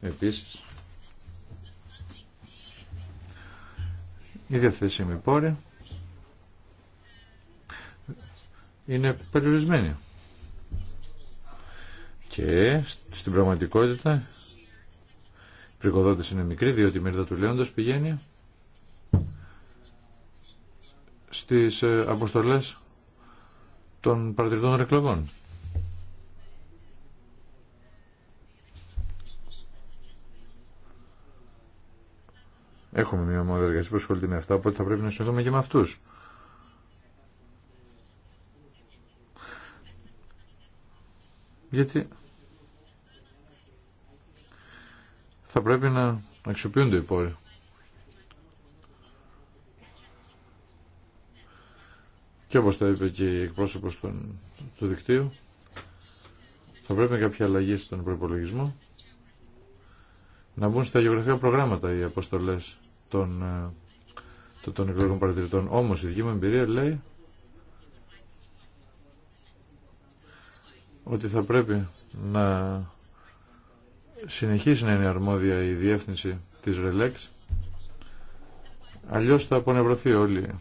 Επίσης, η διαθέσιμη πόρη είναι περιορισμένη. Και στην πραγματικότητα η πρικοδότηση είναι μικρή διότι η Μύρδα του λέοντος πηγαίνει στις ε, αποστολές των παρατηρητών εκλογών. Έχουμε μια ομάδα εργασία που ασχολείται με αυτά, οπότε θα πρέπει να συνοδούμε και με αυτού. Γιατί θα πρέπει να αξιοποιούνται οι πόροι. Και όπως τα είπε και η εκπρόσωπος του δικτύου, θα πρέπει κάποια αλλαγή στον προπολογισμό να μπουν στα γεωγραφικά προγράμματα οι αποστολές ε, των, των εκλογικών παρατηρητών. Όμως η δική μου εμπειρία λέει ότι θα πρέπει να συνεχίσει να είναι αρμόδια η διεύθυνση της ΡΕΛΕΚΣ αλλιώς θα απονευρωθεί όλη η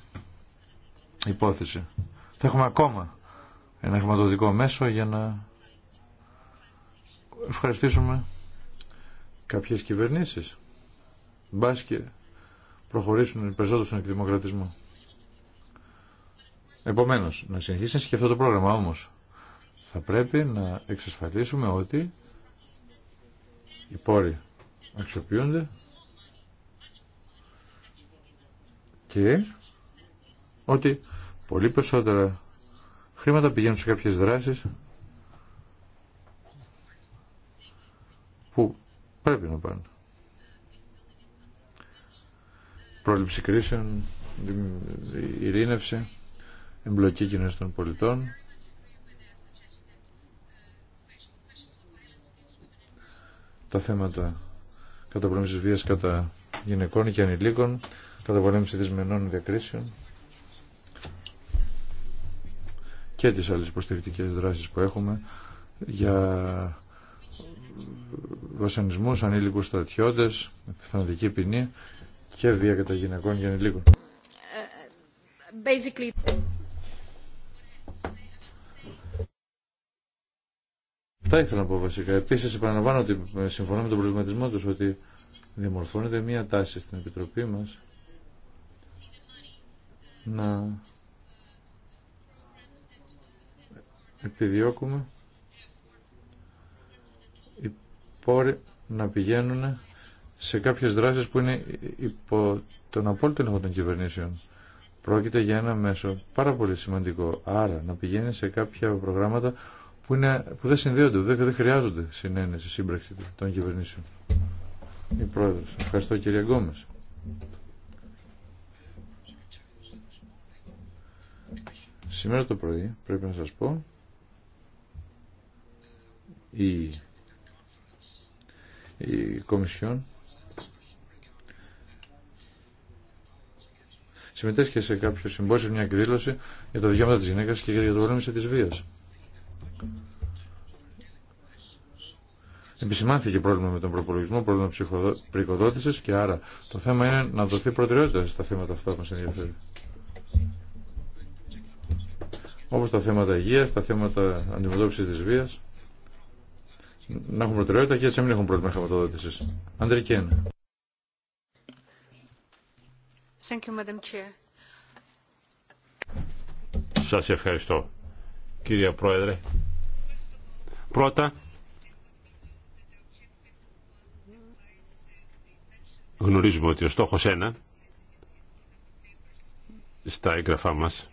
υπόθεση. Θα έχουμε ακόμα ένα χρηματοδοτικό μέσο για να ευχαριστήσουμε κάποιες κυβερνήσεις. Μπάσκετ προχωρήσουν περισσότερο στον εκδημοκρατισμό. Επομένως, να συνεχίσει και αυτό το πρόγραμμα Όμω, Θα πρέπει να εξασφαλίσουμε ότι οι πόροι αξιοποιούνται και ότι πολύ περισσότερα χρήματα πηγαίνουν σε κάποιες δράσεις που πρέπει να πάνε. πρόληψη κρίσεων, ειρήνευση, εμπλοκή κοινωνίας των πολιτών. Τα θέματα καταπολέμησης βίας κατά γυναικών και ανηλίκων, καταπολέμηση δυσμενών διακρίσεων και τις άλλες υποστηρικτικές δράσεις που έχουμε για βασανισμούς, ανήλικους στρατιώτες, πιθανωτική ποινή και βία κατά γυναικών και ανηλίκων. Basically... Αυτά ήθελα να πω βασικά. Επίσης επαναλαμβάνω ότι συμφωνώ με τον προβληματισμό τους ότι διαμορφώνεται μία τάση στην Επιτροπή μας να επιδιώκουμε οι πόροι να πηγαίνουν σε κάποιες δράσεις που είναι υπό τον απόλυτο έλεγχο των κυβερνήσεων. Πρόκειται για ένα μέσο πάρα πολύ σημαντικό. Άρα να πηγαίνει σε κάποια προγράμματα που, είναι, που δεν συνδέονται, δεν, δεν χρειάζονται συνένεση, σύμπραξη των κυβερνήσεων. Η Πρόεδρος. Ευχαριστώ κύριε Γκόμες. Σήμερα το πρωί πρέπει να σας πω η, η Κομισιόν συμμετέσχε σε κάποιο συμπόσιο, μια εκδήλωση για τα δικαιώματα τη γυναίκα και για το πρόβλημα τη βία. Επισημάνθηκε πρόβλημα με τον προπολογισμό, πρόβλημα ψυχοπρικοδότηση και άρα το θέμα είναι να δοθεί προτεραιότητα στα θέματα αυτά που μα ενδιαφέρει. Όπω τα θέματα υγεία, τα θέματα αντιμετώπιση τη βία. Να έχουν προτεραιότητα και έτσι να μην έχουν πρόβλημα χρηματοδότηση. Αντρικέν. Σας ευχαριστώ, κύριε Πρόεδρε. Πρώτα, γνωρίζουμε ότι ο στόχος 1 στα έγγραφά μας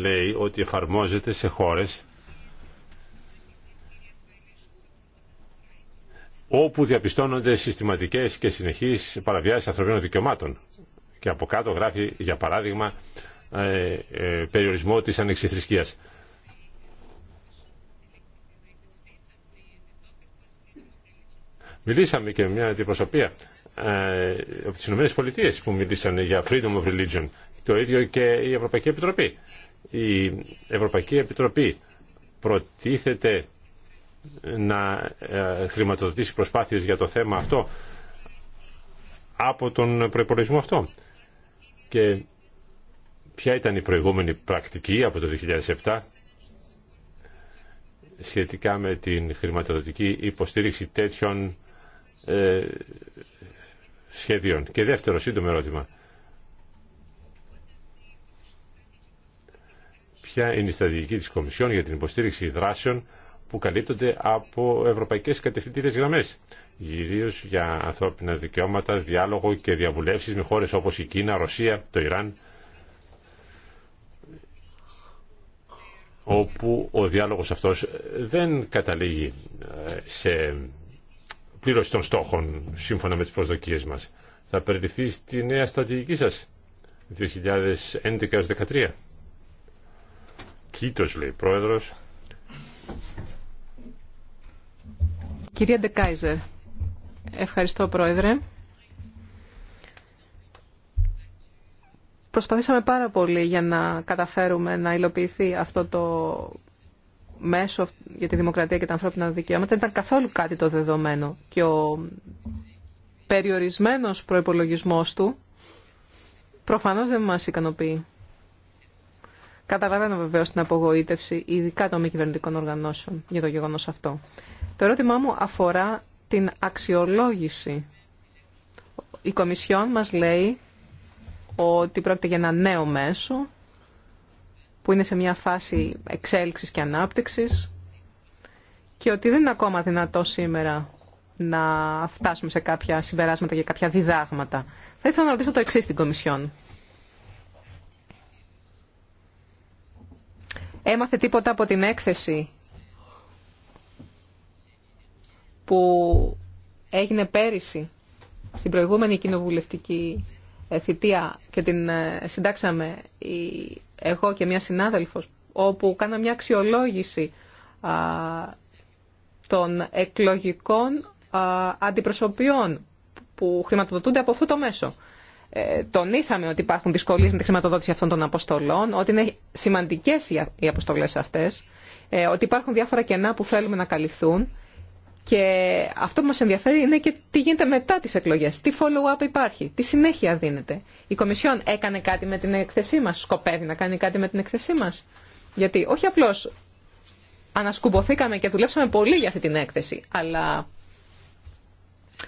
λέει ότι εφαρμόζεται σε χώρες όπου διαπιστώνονται συστηματικές και συνεχείς παραβιάσεις ανθρωπίνων δικαιωμάτων και από κάτω γράφει για παράδειγμα ε, ε, περιορισμό της ανεξιθρησκείας. Μιλήσαμε και με μια αντιπροσωπεία ε, από τις Ηνωμένες που μιλήσανε για freedom of religion. Το ίδιο και η Ευρωπαϊκή Επιτροπή. Η Ευρωπαϊκή Επιτροπή προτίθεται να ε, χρηματοδοτήσει προσπάθειες για το θέμα αυτό από τον προπολογισμό αυτό και ποια ήταν η προηγούμενη πρακτική από το 2007 σχετικά με την χρηματοδοτική υποστήριξη τέτοιων ε, σχέδιων. Και δεύτερο σύντομο ερώτημα. Ποια είναι η στρατηγική της Κομισιόν για την υποστήριξη δράσεων που καλύπτονται από ευρωπαϊκές κατευθυντήρες γραμμές ιδίω για ανθρώπινα δικαιώματα, διάλογο και διαβουλεύσεις με χώρες όπως η Κίνα, η Ρωσία, το Ιράν, όπου ο διάλογος αυτός δεν καταλήγει ε, σε πλήρωση των στόχων σύμφωνα με τις προσδοκίες μας. Θα περιληφθεί στη νέα στρατηγική σας 2011-2013. Κίτος λέει πρόεδρος. Κυρία Ντεκάιζερ, Ευχαριστώ, Πρόεδρε. Προσπαθήσαμε πάρα πολύ για να καταφέρουμε να υλοποιηθεί αυτό το μέσο για τη δημοκρατία και τα ανθρώπινα δικαιώματα. Δεν ήταν καθόλου κάτι το δεδομένο. Και ο περιορισμένος προϋπολογισμός του προφανώς δεν μας ικανοποιεί. Καταλαβαίνω βεβαίω την απογοήτευση, ειδικά των μη κυβερνητικών οργανώσεων, για το γεγονό αυτό. Το ερώτημά μου αφορά την αξιολόγηση. Η Κομισιόν μας λέει ότι πρόκειται για ένα νέο μέσο που είναι σε μια φάση εξέλιξης και ανάπτυξης και ότι δεν είναι ακόμα δυνατό σήμερα να φτάσουμε σε κάποια συμπεράσματα και κάποια διδάγματα. Θα ήθελα να ρωτήσω το εξής στην Κομισιόν. Έμαθε τίποτα από την έκθεση που έγινε πέρυσι στην προηγούμενη κοινοβουλευτική ε, θητεία και την ε, συντάξαμε εγώ και μια συνάδελφος όπου καναμε μια αξιολόγηση των εκλογικών αντιπροσωπιών που χρηματοδοτούνται από αυτό το μέσο. Ε, τονίσαμε ότι υπάρχουν δυσκολίες με τη χρηματοδότηση αυτών των αποστολών, ότι είναι σημαντικές οι αποστολές αυτές, ε, ότι υπάρχουν διάφορα κενά που θέλουμε να καλυφθούν και αυτό που μα ενδιαφέρει είναι και τι γίνεται μετά τι εκλογέ, τι follow-up υπάρχει, τι συνέχεια δίνεται. Η Κομισιόν έκανε κάτι με την εκθεσή μα, σκοπεύει να κάνει κάτι με την εκθεσή μα. Γιατί όχι απλώ ανασκουμποθήκαμε και δουλέψαμε πολύ για αυτή την έκθεση, αλλά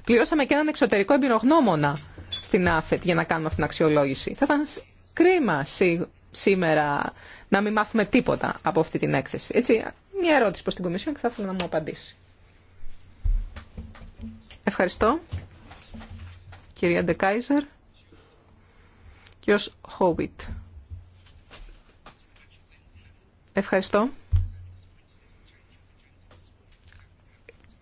πληρώσαμε και έναν εξωτερικό εμπειρογνώμονα στην ΑΦΕΤ για να κάνουμε αυτή την αξιολόγηση. Θα ήταν κρίμα σήμερα να μην μάθουμε τίποτα από αυτή την έκθεση. Έτσι, μια ερώτηση προς την Κομισιόν και θα ήθελα να μου απαντήσει. Ευχαριστώ. Κυρία Ντεκάιζερ. Κύριος Χόβιτ. Ευχαριστώ.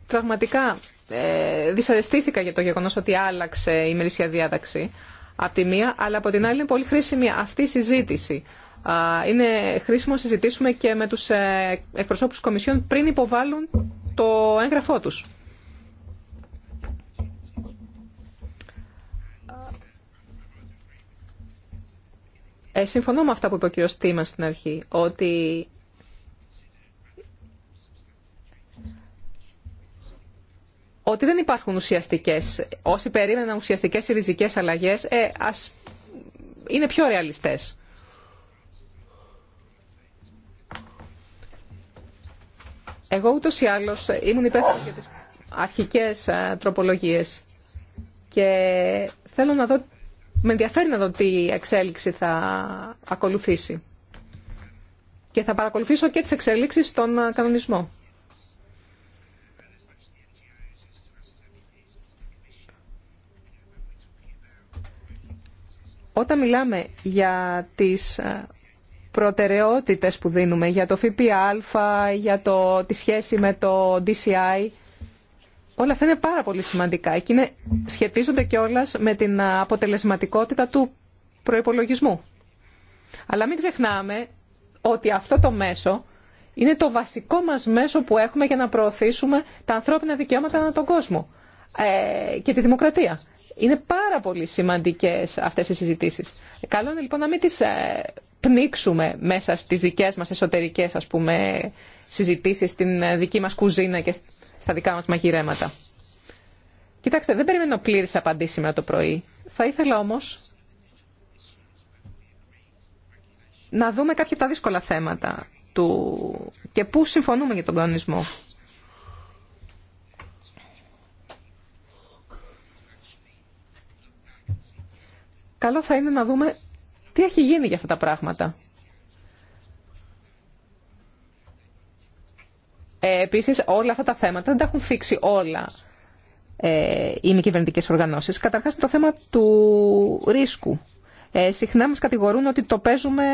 Πραγματικά ε, δυσαρεστήθηκα για το γεγονός ότι άλλαξε η ημερήσια διάταξη από τη μία, αλλά από την άλλη είναι πολύ χρήσιμη αυτή η συζήτηση. Είναι χρήσιμο να συζητήσουμε και με τους ε, εκπροσώπους της Κομισιόν πριν υποβάλουν το έγγραφό τους. Ε, συμφωνώ με αυτά που είπε ο κύριος Τίμα στην αρχή, ότι ότι δεν υπάρχουν ουσιαστικές, όσοι περίμεναν ουσιαστικές ή ριζικές αλλαγές, ε, ας, είναι πιο ρεαλιστές. Εγώ ούτως ή άλλως ήμουν υπεύθυνη για τις αρχικές ε, τροπολογίες και θέλω να δω με ενδιαφέρει να δω τι εξέλιξη θα ακολουθήσει. Και θα παρακολουθήσω και τις εξέλιξεις στον κανονισμό. Όταν μιλάμε για τις ε, προτεραιότητες που δίνουμε, για το ΦΠΑ, για το, τη σχέση με το DCI, Όλα αυτά είναι πάρα πολύ σημαντικά και είναι, σχετίζονται κιόλα με την αποτελεσματικότητα του προϋπολογισμού. Αλλά μην ξεχνάμε ότι αυτό το μέσο είναι το βασικό μας μέσο που έχουμε για να προωθήσουμε τα ανθρώπινα δικαιώματα ανά τον κόσμο ε, και τη δημοκρατία. Είναι πάρα πολύ σημαντικές αυτές οι συζητήσεις. Καλό είναι λοιπόν να μην τις ε, πνίξουμε μέσα στις δικές μας εσωτερικές ας πούμε, συζητήσεις, στην ε, δική μας κουζίνα και στα δικά μας μαγειρέματα. Κοιτάξτε, δεν περιμένω πλήρης απαντή σήμερα το πρωί. Θα ήθελα όμως να δούμε κάποια από τα δύσκολα θέματα του και πού συμφωνούμε για τον κανονισμό. Καλό θα είναι να δούμε τι έχει γίνει για αυτά τα πράγματα. Ε, επίσης όλα αυτά τα θέματα δεν τα έχουν φύξει όλα ε, οι μη κυβερνητικέ οργανώσεις. Καταρχάς το θέμα του ρίσκου. Ε, συχνά μας κατηγορούν ότι το παίζουμε,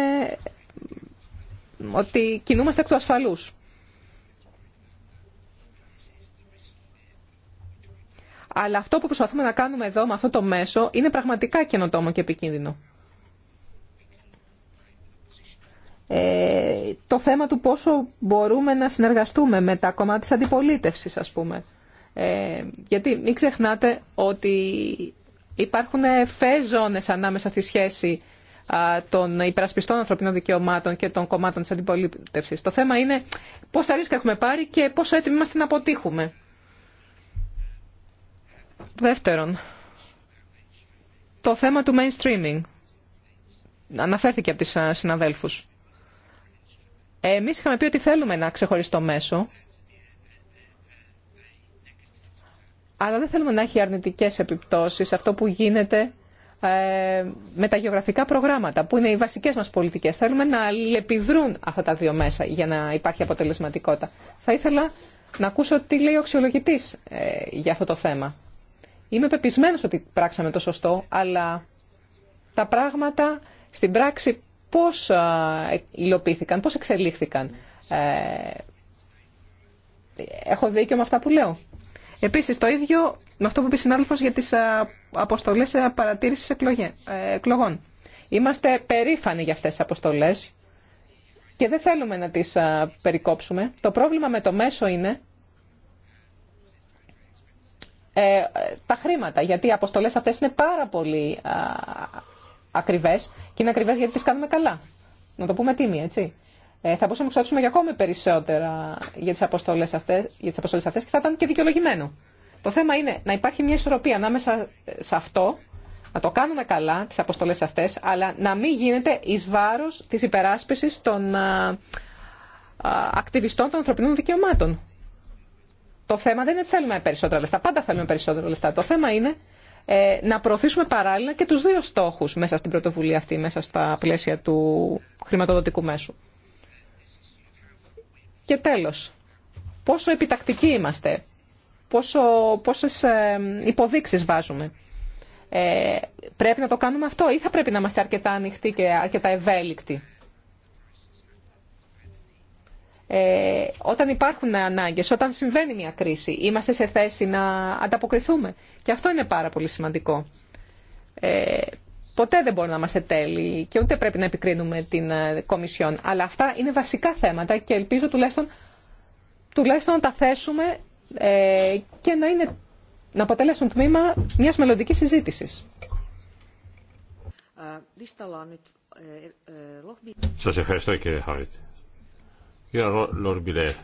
ότι κινούμαστε εκ του ασφαλού. Αλλά αυτό που προσπαθούμε να κάνουμε εδώ με αυτό το μέσο είναι πραγματικά καινοτόμο και επικίνδυνο. Ε, το θέμα του πόσο μπορούμε να συνεργαστούμε με τα κομμάτια της αντιπολίτευσης, ας πούμε. Ε, γιατί μην ξεχνάτε ότι υπάρχουν φεζόνες ανάμεσα στη σχέση των υπερασπιστών ανθρωπίνων δικαιωμάτων και των κομμάτων της αντιπολίτευσης. Το θέμα είναι πόσα ρίσκα έχουμε πάρει και πόσο έτοιμοι είμαστε να αποτύχουμε. Δεύτερον, το θέμα του mainstreaming. Αναφέρθηκε από τις συναδέλφους. Εμείς είχαμε πει ότι θέλουμε ένα ξεχωριστό μέσο, αλλά δεν θέλουμε να έχει αρνητικές επιπτώσεις αυτό που γίνεται ε, με τα γεωγραφικά προγράμματα, που είναι οι βασικές μας πολιτικές. Θέλουμε να αλληλεπιδρούν αυτά τα δύο μέσα για να υπάρχει αποτελεσματικότητα. Θα ήθελα να ακούσω τι λέει ο αξιολογητής ε, για αυτό το θέμα. Είμαι πεπισμένος ότι πράξαμε το σωστό, αλλά τα πράγματα στην πράξη πώς ε, υλοποιήθηκαν, πώς εξελίχθηκαν. Ε, έχω δίκιο με αυτά που λέω. Επίσης, το ίδιο με αυτό που είπε η συνάδελφος για τις ε, αποστολές παρατήρησης εκλογών. Είμαστε περήφανοι για αυτές τις αποστολές και δεν θέλουμε να τις περικόψουμε. Το πρόβλημα με το μέσο είναι τα χρήματα, γιατί οι αποστολές αυτές είναι πάρα πολύ ακριβέ και είναι ακριβέ γιατί τι κάνουμε καλά. Να το πούμε τίμη, έτσι. Ε, θα μπορούσαμε να ξοδέψουμε και ακόμη περισσότερα για τι αποστολέ αυτέ και θα ήταν και δικαιολογημένο. Το θέμα είναι να υπάρχει μια ισορροπία ανάμεσα ε, σε αυτό, να το κάνουμε καλά, τι αποστολέ αυτέ, αλλά να μην γίνεται ει βάρο τη υπεράσπιση των α, ε, α, ε, ακτιβιστών των ανθρωπινών δικαιωμάτων. Το θέμα δεν είναι ότι θέλουμε περισσότερα λεφτά. Πάντα θέλουμε περισσότερα λεφτά. Το θέμα είναι ε, να προωθήσουμε παράλληλα και τους δύο στόχους μέσα στην πρωτοβουλία αυτή, μέσα στα πλαίσια του χρηματοδοτικού μέσου. Και τέλος, πόσο επιτακτικοί είμαστε, πόσο, πόσες ε, υποδείξεις βάζουμε. Ε, πρέπει να το κάνουμε αυτό ή θα πρέπει να είμαστε αρκετά ανοιχτοί και αρκετά ευέλικτοι. Ε, όταν υπάρχουν ανάγκες, όταν συμβαίνει μια κρίση, είμαστε σε θέση να ανταποκριθούμε. Και αυτό είναι πάρα πολύ σημαντικό. Ε, ποτέ δεν μπορούμε να είμαστε τέλειοι και ούτε πρέπει να επικρίνουμε την ε, Κομισιόν. Αλλά αυτά είναι βασικά θέματα και ελπίζω τουλάχιστον, τουλάχιστον να τα θέσουμε ε, και να, είναι, να αποτελέσουν τμήμα μιας μελλοντικής συζήτησης. Σας ευχαριστώ κύριε Χάριτ. Κύριε Λορμπιλέ,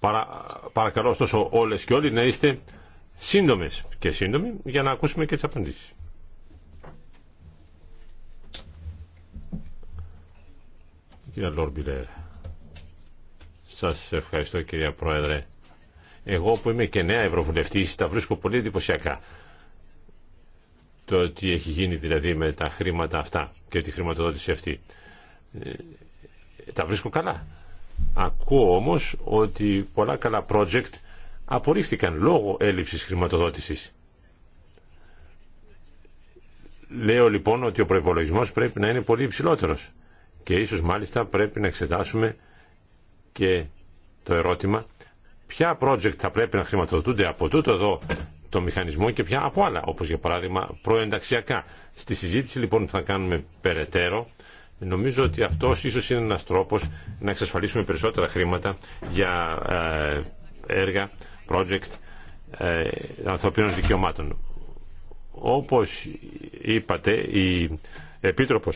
παρα, παρακαλώ ωστόσο όλες και όλοι να είστε σύντομες και σύντομοι για να ακούσουμε και τις απαντήσεις. Κύριε Λόρμπιλερ, σας ευχαριστώ κυρία Πρόεδρε. Εγώ που είμαι και νέα Ευρωβουλευτής τα βρίσκω πολύ εντυπωσιακά το τι έχει γίνει δηλαδή με τα χρήματα αυτά και τη χρηματοδότηση αυτή. Ε, τα βρίσκω καλά. Ακούω όμως ότι πολλά καλά project απορρίφθηκαν λόγω έλλειψης χρηματοδότησης. Λέω λοιπόν ότι ο προϋπολογισμός πρέπει να είναι πολύ υψηλότερος και ίσως μάλιστα πρέπει να εξετάσουμε και το ερώτημα ποια project θα πρέπει να χρηματοδοτούνται από τούτο εδώ το μηχανισμό και ποια από άλλα, όπως για παράδειγμα προενταξιακά. Στη συζήτηση λοιπόν που θα κάνουμε περαιτέρω Νομίζω ότι αυτό ίσως είναι ένας τρόπος να εξασφαλίσουμε περισσότερα χρήματα για ε, έργα, project ε, ανθρωπίνων δικαιωμάτων. Όπως είπατε, η επίτροπο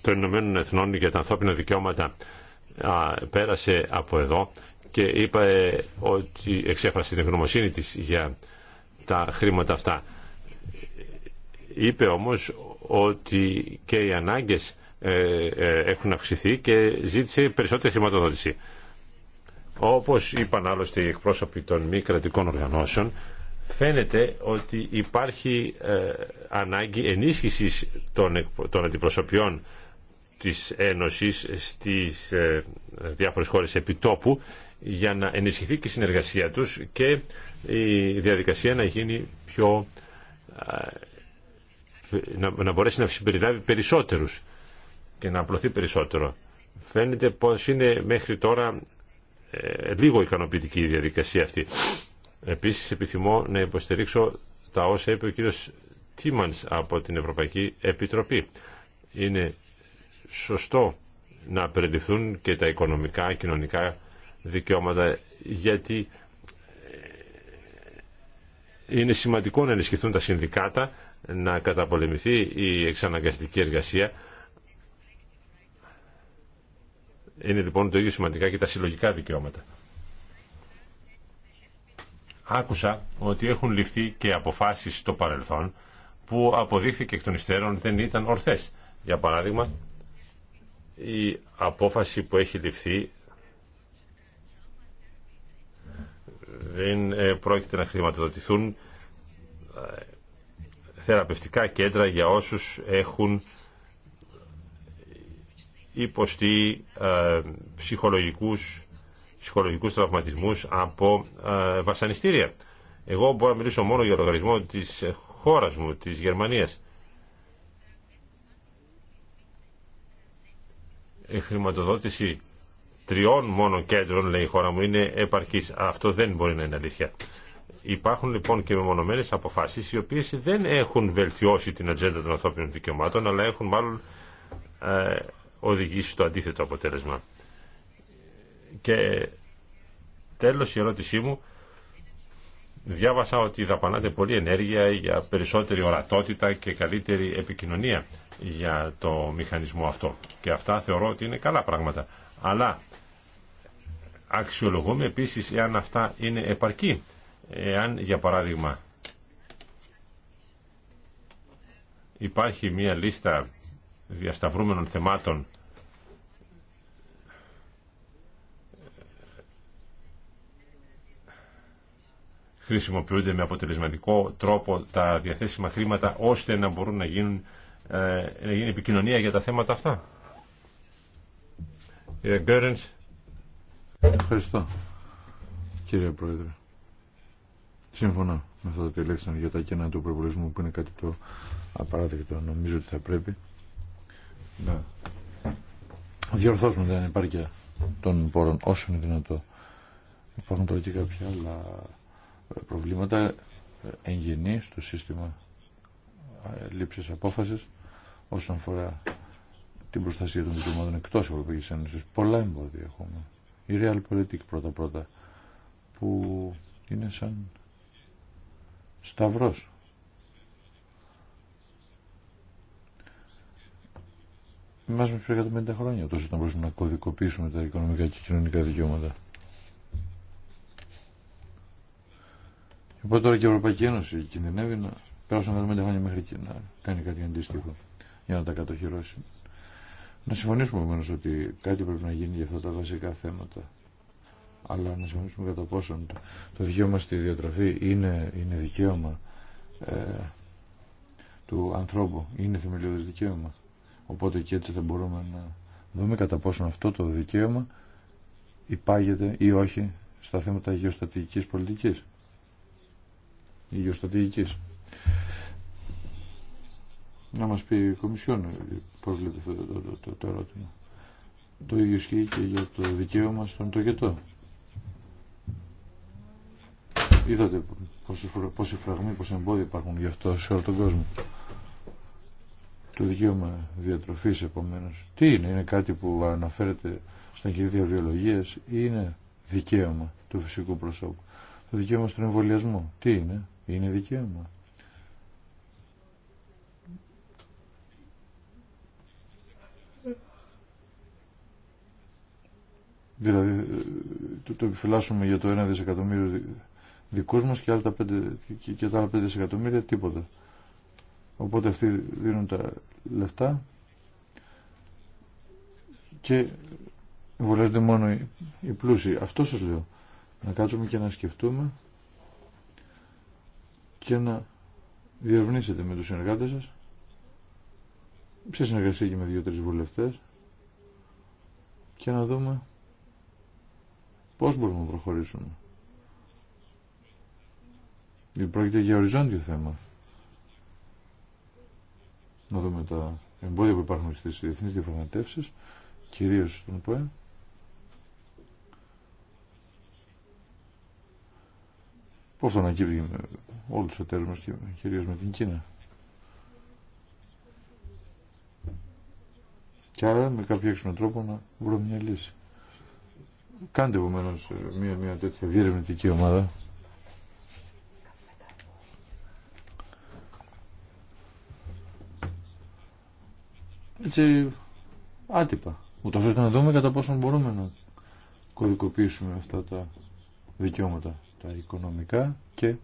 των Ηνωμένων Εθνών για τα ανθρώπινα δικαιώματα πέρασε από εδώ και είπα ε, ότι εξέφρασε την ευγνωμοσύνη της για τα χρήματα αυτά. Είπε όμως ότι και οι ανάγκες ε, ε, έχουν αυξηθεί και ζήτησε περισσότερη χρηματοδότηση. Όπως είπαν άλλωστε οι εκπρόσωποι των μη κρατικών οργανώσεων, φαίνεται ότι υπάρχει ε, ανάγκη ενίσχυσης των αντιπροσωπιών της Ένωσης στις διάφορες χώρες επιτόπου για να ενισχυθεί και η συνεργασία τους και η διαδικασία να γίνει πιο να μπορέσει να συμπεριλάβει περισσότερους και να απλωθεί περισσότερο. Φαίνεται πως είναι μέχρι τώρα ε, λίγο ικανοποιητική η διαδικασία αυτή. Επίσης επιθυμώ να υποστηρίξω τα όσα είπε ο κύριος Τίμανς από την Ευρωπαϊκή Επιτροπή. Είναι σωστό να περιληφθούν και τα οικονομικά, κοινωνικά δικαιώματα γιατί ε, είναι σημαντικό να ενισχυθούν τα συνδικάτα, να καταπολεμηθεί η εξαναγκαστική εργασία είναι λοιπόν το ίδιο σημαντικά και τα συλλογικά δικαιώματα. Άκουσα ότι έχουν ληφθεί και αποφάσεις στο παρελθόν που αποδείχθηκε εκ των υστέρων δεν ήταν ορθές. Για παράδειγμα, η απόφαση που έχει ληφθεί δεν ε, πρόκειται να χρηματοδοτηθούν ε, θεραπευτικά κέντρα για όσους έχουν υποστεί ε, ψυχολογικούς, ψυχολογικούς τραυματισμούς από ε, βασανιστήρια. Εγώ μπορώ να μιλήσω μόνο για λογαριασμό της χώρας μου, της Γερμανίας. Η χρηματοδότηση τριών μόνο κέντρων, λέει η χώρα μου, είναι επαρκής. Αυτό δεν μπορεί να είναι αλήθεια. Υπάρχουν λοιπόν και μεμονωμένε αποφάσει οι οποίε δεν έχουν βελτιώσει την ατζέντα των ανθρώπινων δικαιωμάτων αλλά έχουν μάλλον ε, οδηγήσει στο αντίθετο αποτέλεσμα. Και τέλος η ερώτησή μου, διάβασα ότι δαπανάτε πολλή ενέργεια για περισσότερη ορατότητα και καλύτερη επικοινωνία για το μηχανισμό αυτό. Και αυτά θεωρώ ότι είναι καλά πράγματα. Αλλά αξιολογούμε επίσης εάν αυτά είναι επαρκή. Εάν για παράδειγμα υπάρχει μια λίστα διασταυρούμενων θεμάτων χρησιμοποιούνται με αποτελεσματικό τρόπο τα διαθέσιμα χρήματα ώστε να μπορούν να γίνουν ε, να γίνει επικοινωνία για τα θέματα αυτά. Γκέρενς. Ευχαριστώ κύριε Πρόεδρε. Σύμφωνα με αυτό το τελέξαν για τα κενά του προβολισμού που είναι κάτι το απαράδεκτο νομίζω ότι θα πρέπει να διορθώσουμε την ανεπάρκεια των πόρων όσο είναι δυνατό. Υπάρχουν τώρα και κάποια άλλα ε, προβλήματα ε, εγγενή στο σύστημα ε, λήψης απόφαση όσον αφορά την προστασία των δικαιωμάτων εκτό Ευρωπαϊκή Ένωση. Πολλά εμπόδια έχουμε. Η Real Politik πρώτα-πρώτα που είναι σαν σταυρός Μα με 150 χρόνια τόσο να μπορούσαμε να κωδικοποιήσουμε τα οικονομικά και κοινωνικά δικαιώματα. Οπότε τώρα και η Ευρωπαϊκή Ένωση κινδυνεύει να πέρασαν 150 χρόνια μέχρι και να κάνει κάτι αντίστοιχο για να τα κατοχυρώσει. Να συμφωνήσουμε επομένω ότι κάτι πρέπει να γίνει για αυτά τα βασικά θέματα. Αλλά να συμφωνήσουμε κατά πόσο το δικαίωμα στη διατροφή είναι, είναι δικαίωμα ε, του ανθρώπου, είναι θεμελιώδες δικαίωμα. Οπότε και έτσι θα μπορούμε να δούμε κατά πόσον αυτό το δικαίωμα υπάγεται ή όχι στα θέματα γεωστατικής πολιτικής. Η οχι στα θεματα γεωστατικης πολιτικης η Να μας πει η Κομισιόν πώς βλέπει αυτό το, το, το, το, ερώτημα. Το ίδιο ισχύει και για το δικαίωμα στον τογετό. Είδατε πόσοι φραγμοί, πόσοι εμπόδια υπάρχουν γι' αυτό σε όλο τον κόσμο. Το δικαίωμα διατροφής επομένως. Τι είναι, είναι κάτι που αναφέρεται στα εγχειρίδια βιολογίας είναι δικαίωμα του φυσικού προσώπου. Το δικαίωμα στον εμβολιασμό, τι είναι, είναι δικαίωμα. Δηλαδή το, το επιφυλάσσουμε για το ένα δισεκατομμύριο δικούς μας και, άλλα και, και τα άλλα πέντε δισεκατομμύρια τίποτα. Οπότε αυτοί δίνουν τα λεφτά και βολεύονται μόνο οι πλούσιοι. Αυτό σας λέω. Να κάτσουμε και να σκεφτούμε και να διερευνήσετε με τους συνεργάτες σας σε συνεργασία και με δύο-τρεις βουλευτές και να δούμε πώς μπορούμε να προχωρήσουμε. Πρόκειται για οριζόντιο θέμα να δούμε τα εμπόδια που υπάρχουν στι διεθνεί διαπραγματεύσει, κυρίω στον ΠΟΕ. Πώ θα να με όλους τους εταίρους μας και κυρίως με την Κίνα. Και άρα με κάποιο έξυπνο τρόπο να βρω μια λύση. Κάντε επομένω ε, μια, μια τέτοια διερευνητική ομάδα. έτσι άτυπα. Ούτως ώστε να δούμε κατά πόσο μπορούμε να κωδικοποιήσουμε αυτά τα δικαιώματα, τα οικονομικά και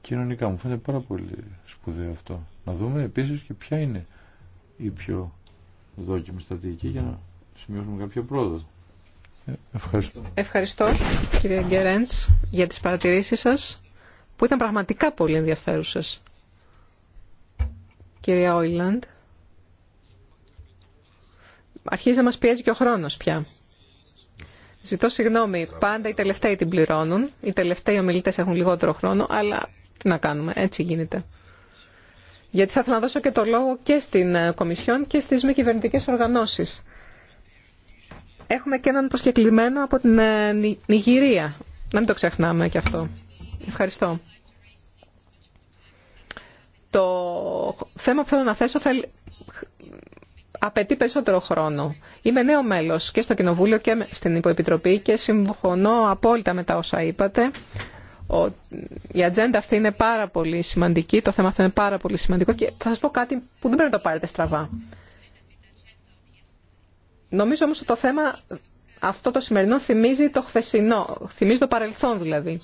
κοινωνικά. Μου φαίνεται πάρα πολύ σπουδαίο αυτό. Να δούμε επίσης και ποια είναι η πιο δόκιμη στρατηγική για να σημειώσουμε κάποιο πρόοδο. Ε, ευχαριστώ. Ευχαριστώ κύριε Γκέρεντς για τις παρατηρήσεις σας που ήταν πραγματικά πολύ ενδιαφέρουσες. Κυρία Όιλαντ αρχίζει να μας πιέζει και ο χρόνος πια. Ζητώ συγγνώμη, πάντα οι τελευταίοι την πληρώνουν, οι τελευταίοι ομιλητές έχουν λιγότερο χρόνο, αλλά τι να κάνουμε, έτσι γίνεται. Γιατί θα ήθελα να δώσω και το λόγο και στην ε, Κομισιόν και στις μη κυβερνητικέ οργανώσεις. Έχουμε και έναν προσκεκλημένο από την ε, Νιγηρία. Να μην το ξεχνάμε και αυτό. Ευχαριστώ. Το θέμα που θέλω να θέσω απαιτεί περισσότερο χρόνο. Είμαι νέο μέλος και στο Κοινοβούλιο και στην Υποεπιτροπή και συμφωνώ απόλυτα με τα όσα είπατε. Η ατζέντα αυτή είναι πάρα πολύ σημαντική, το θέμα αυτό είναι πάρα πολύ σημαντικό και θα σας πω κάτι που δεν πρέπει να το πάρετε στραβά. Νομίζω όμως ότι το θέμα αυτό το σημερινό θυμίζει το χθεσινό, θυμίζει το παρελθόν δηλαδή.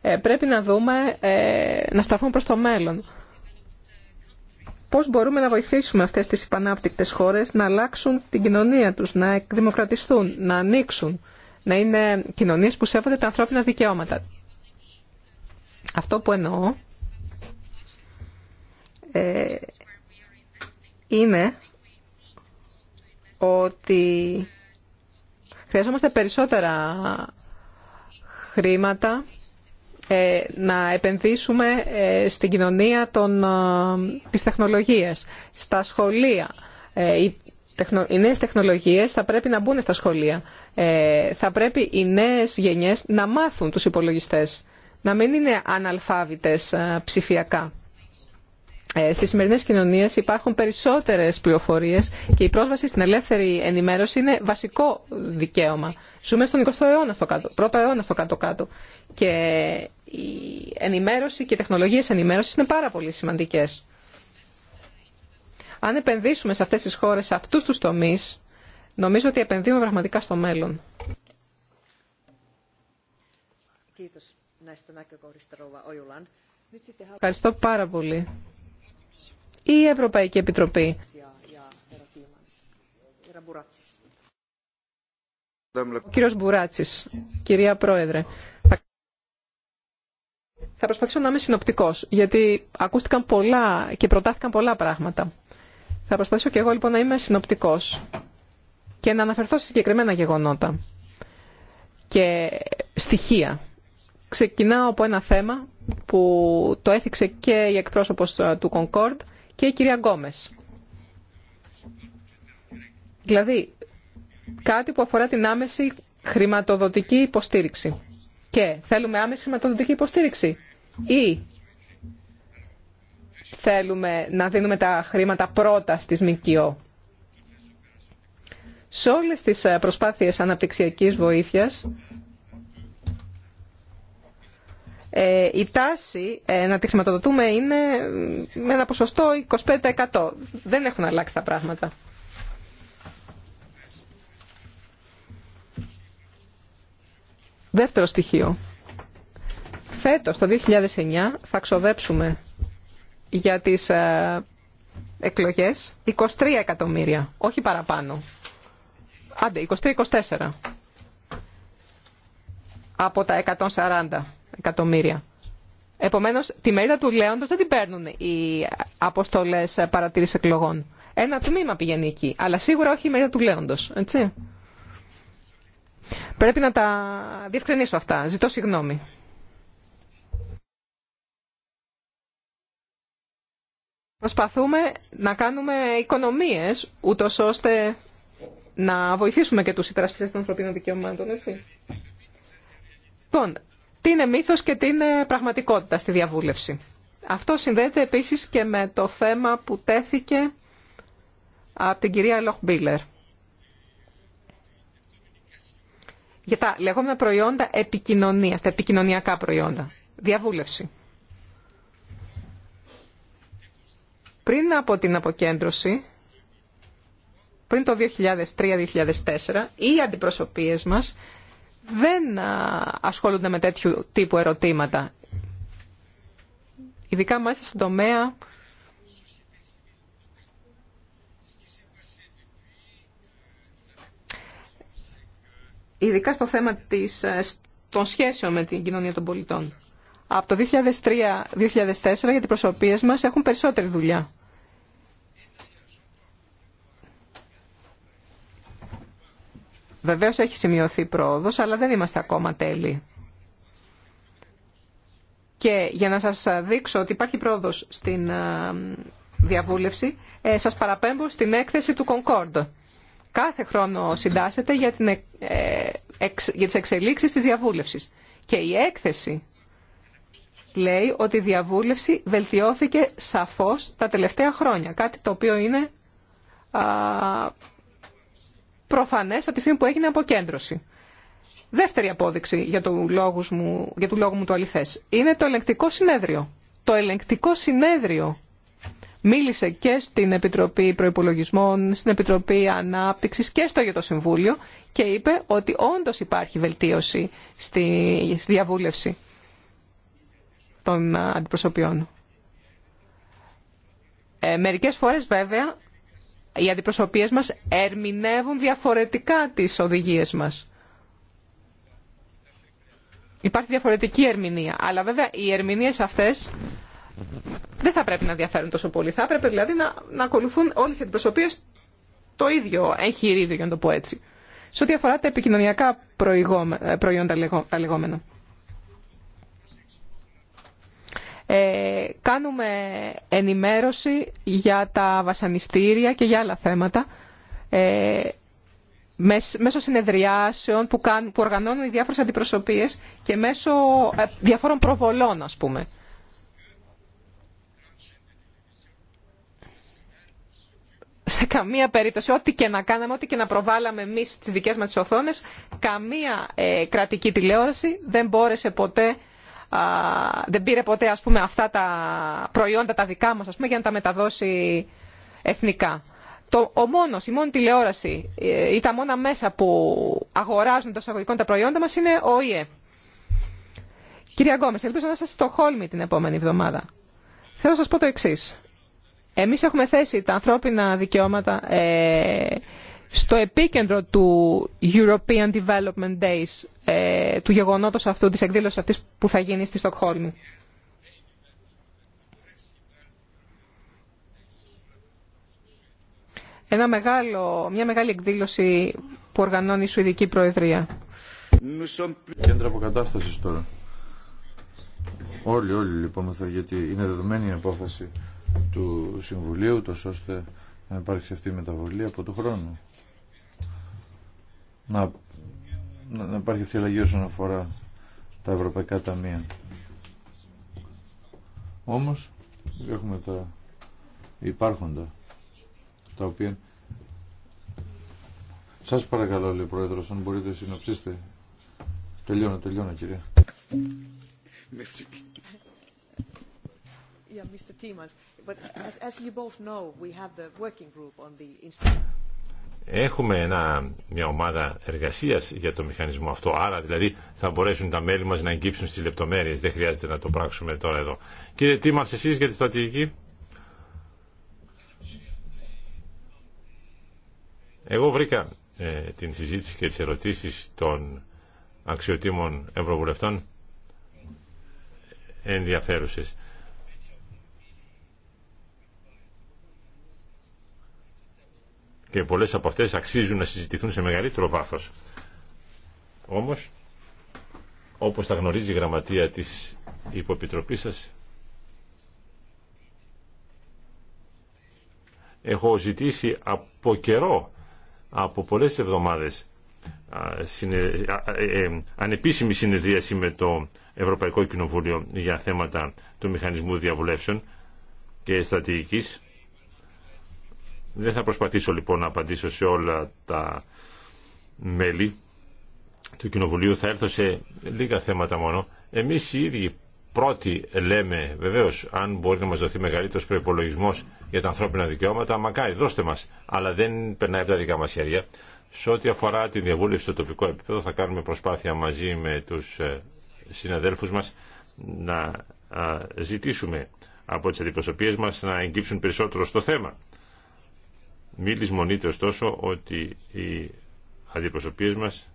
Ε, πρέπει να δούμε, ε, να στραφούμε προς το μέλλον πώς μπορούμε να βοηθήσουμε αυτές τις υπανάπτυκτες χώρες να αλλάξουν την κοινωνία τους, να εκδημοκρατιστούν, να ανοίξουν, να είναι κοινωνίες που σέβονται τα ανθρώπινα δικαιώματα. Αυτό που εννοώ ε, είναι ότι χρειαζόμαστε περισσότερα χρήματα ε, να επενδύσουμε ε, στην κοινωνία των, ε, της τεχνολογίας, στα σχολεία. Οι, οι νέες τεχνολογίες θα πρέπει να μπουν στα σχολεία. Θα πρέπει οι νέες γενιές να μάθουν τους υπολογιστές, να μην είναι αναλφάβητες ψηφιακά. Ε, στις σημερινές κοινωνίες υπάρχουν περισσότερες πληροφορίες και η πρόσβαση στην ελεύθερη ενημέρωση είναι βασικό δικαίωμα. Ζούμε στον 20ο αιώνα στο κάτω, πρώτο αιώνα στο κάτω-κάτω. Και η ενημέρωση και οι τεχνολογίες ενημέρωσης είναι πάρα πολύ σημαντικές. Αν επενδύσουμε σε αυτές τις χώρες, σε αυτούς τους τομείς, νομίζω ότι επενδύουμε πραγματικά στο μέλλον. Ευχαριστώ πάρα πολύ η Ευρωπαϊκή Επιτροπή. Ο κύριος Μπουράτσης, κυρία Πρόεδρε. Θα προσπαθήσω να είμαι συνοπτικός, γιατί ακούστηκαν πολλά και προτάθηκαν πολλά πράγματα. Θα προσπαθήσω και εγώ λοιπόν να είμαι συνοπτικός και να αναφερθώ σε συγκεκριμένα γεγονότα και στοιχεία. Ξεκινάω από ένα θέμα που το έθιξε και η εκπρόσωπος ε, του Concord και η κυρία Γκόμες. Δηλαδή, κάτι που αφορά την άμεση χρηματοδοτική υποστήριξη. Και θέλουμε άμεση χρηματοδοτική υποστήριξη ή θέλουμε να δίνουμε τα χρήματα πρώτα στις ΜΚΟ. Σε όλες τις ε, προσπάθειες αναπτυξιακής βοήθειας ε, η τάση ε, να τη χρηματοδοτούμε είναι με ένα ποσοστό 25%. Δεν έχουν αλλάξει τα πράγματα. Δεύτερο στοιχείο. Φέτος, το 2009, θα ξοδέψουμε για τις ε, εκλογές 23 εκατομμύρια, όχι παραπάνω. Άντε, 23-24 από τα 140 εκατομμύρια. Επομένω, τη μερίδα του λέοντο δεν την παίρνουν οι αποστολέ παρατήρηση εκλογών. Ένα τμήμα πηγαίνει εκεί, αλλά σίγουρα όχι η μερίδα του λέοντο. Πρέπει να τα διευκρινίσω αυτά. Ζητώ συγγνώμη. Προσπαθούμε να κάνουμε οικονομίες, ούτω ώστε να βοηθήσουμε και τους υπερασπιστές των ανθρωπίνων δικαιωμάτων, έτσι. Λοιπόν, τι είναι μύθος και τι είναι πραγματικότητα στη διαβούλευση. Αυτό συνδέεται επίσης και με το θέμα που τέθηκε από την κυρία Μπίλερ. Για τα λεγόμενα προϊόντα επικοινωνίας, τα επικοινωνιακά προϊόντα. Διαβούλευση. Πριν από την αποκέντρωση, πριν το 2003-2004, οι αντιπροσωπείες μας δεν ασχολούνται με τέτοιου τύπου ερωτήματα. Ειδικά μάλιστα στον τομέα ειδικά στο θέμα της, των σχέσεων με την κοινωνία των πολιτών. Από το 2003-2004 για την προσωπίες μας έχουν περισσότερη δουλειά. Βεβαίως έχει σημειωθεί πρόοδος, αλλά δεν είμαστε ακόμα τέλειοι. Και για να σας δείξω ότι υπάρχει πρόοδος στην ε, διαβούλευση, ε, σας παραπέμπω στην έκθεση του Concord. Κάθε χρόνο συντάσσεται για, την, ε, για τις εξελίξεις της διαβούλευσης. Και η έκθεση λέει ότι η διαβούλευση βελτιώθηκε σαφώς τα τελευταία χρόνια. Κάτι το οποίο είναι προφανές από τη στιγμή που έγινε αποκέντρωση. Δεύτερη απόδειξη για του λόγου μου, του λόγου μου το αληθές. Είναι το ελεγκτικό συνέδριο. Το ελεγκτικό συνέδριο μίλησε και στην Επιτροπή Προϋπολογισμών, στην Επιτροπή Ανάπτυξης και στο για το Συμβούλιο και είπε ότι όντως υπάρχει βελτίωση στη διαβούλευση των αντιπροσωπιών. Ε, μερικές φορές βέβαια οι αντιπροσωπείες μας ερμηνεύουν διαφορετικά τις οδηγίες μας. Υπάρχει διαφορετική ερμηνεία. Αλλά βέβαια οι ερμηνείες αυτές δεν θα πρέπει να διαφέρουν τόσο πολύ. Θα έπρεπε δηλαδή να, να ακολουθούν όλες οι αντιπροσωπείες το ίδιο εγχειρίδιο, για να το πω έτσι. Σε ό,τι αφορά τα επικοινωνιακά ε, προϊόντα, τα λεγόμενα. Ε, κάνουμε ενημέρωση για τα βασανιστήρια και για άλλα θέματα ε, μέσω συνεδριάσεων που, κάνουν, που οργανώνουν οι διάφορες αντιπροσωπείες και μέσω ε, διαφόρων προβολών, ας πούμε. σε καμία περίπτωση, ό,τι και να κάναμε, ό,τι και να προβάλαμε εμεί τι δικέ μα οθόνε, καμία κρατική τηλεόραση δεν μπόρεσε ποτέ δεν πήρε ποτέ ας πούμε, αυτά τα προϊόντα τα δικά μας ας πούμε, για να τα μεταδώσει εθνικά. Το, ο μόνος, η μόνη τηλεόραση ε, ή τα μόνα μέσα που αγοράζουν το εισαγωγικών τα προϊόντα μας είναι ο ΙΕ. Κυρία Γκόμες, ελπίζω να είστε στο Χόλμη την επόμενη εβδομάδα. Θέλω να σας πω το εξής. Εμείς έχουμε θέσει τα ανθρώπινα δικαιώματα, ε, στο επίκεντρο του European Development Days, ε, του γεγονότος αυτού, της εκδήλωσης αυτής που θα γίνει στη Στοκχόλμη. Ένα μεγάλο, μια μεγάλη εκδήλωση που οργανώνει η Σουηδική Προεδρία. Κέντρα αποκατάσταση τώρα. Όλοι, όλοι λοιπόν γιατί είναι δεδομένη η απόφαση του Συμβουλίου, τόσο ώστε να υπάρξει αυτή η μεταβολή από το χρόνο να, να υπάρχει θυλαγή όσον αφορά τα ευρωπαϊκά ταμεία. Όμως έχουμε τα υπάρχοντα τα οποία σας παρακαλώ λέει ο Πρόεδρος αν μπορείτε συνοψίστε τελειώνω τελειώνω κυρία Merci. Yeah, Mr. Timas, but as, as you both know, we have the working group on the institute. Έχουμε μια ομάδα εργασίας για το μηχανισμό αυτό, άρα δηλαδή θα μπορέσουν τα μέλη μας να εγκύψουν στις λεπτομέρειες. Δεν χρειάζεται να το πράξουμε τώρα εδώ. Κύριε Τίμαρς, εσείς για τη στρατηγική. Εγώ βρήκα ε, την συζήτηση και τις ερωτήσεις των αξιοτήμων ευρωβουλευτών ενδιαφέρουσες. και πολλές από αυτές αξίζουν να συζητηθούν σε μεγαλύτερο βάθος. Όμως, όπως τα γνωρίζει η γραμματεία της υποεπιτροπής σας, έχω ζητήσει από καιρό, από πολλές εβδομάδες, ε, ε, ανεπίσημη συνεδρίαση με το Ευρωπαϊκό Κοινοβούλιο για θέματα του Μηχανισμού Διαβουλεύσεων και Στρατηγικής δεν θα προσπαθήσω λοιπόν να απαντήσω σε όλα τα μέλη του Κοινοβουλίου. Θα έρθω σε λίγα θέματα μόνο. Εμεί οι ίδιοι πρώτοι λέμε βεβαίω αν μπορεί να μα δοθεί μεγαλύτερο προπολογισμό για τα ανθρώπινα δικαιώματα, μακάρι δώστε μα, Αλλά δεν περνάει από τα δικά μα χέρια. Σε ό,τι αφορά τη διαβούλευση στο τοπικό επίπεδο θα κάνουμε προσπάθεια μαζί με του ε, συναδέλφου μα να ζητήσουμε από τις αντιπροσωπείε μα να εγκύψουν περισσότερο στο θέμα. Μη λησμονείτε ωστόσο ότι οι αντιπροσωπείες μας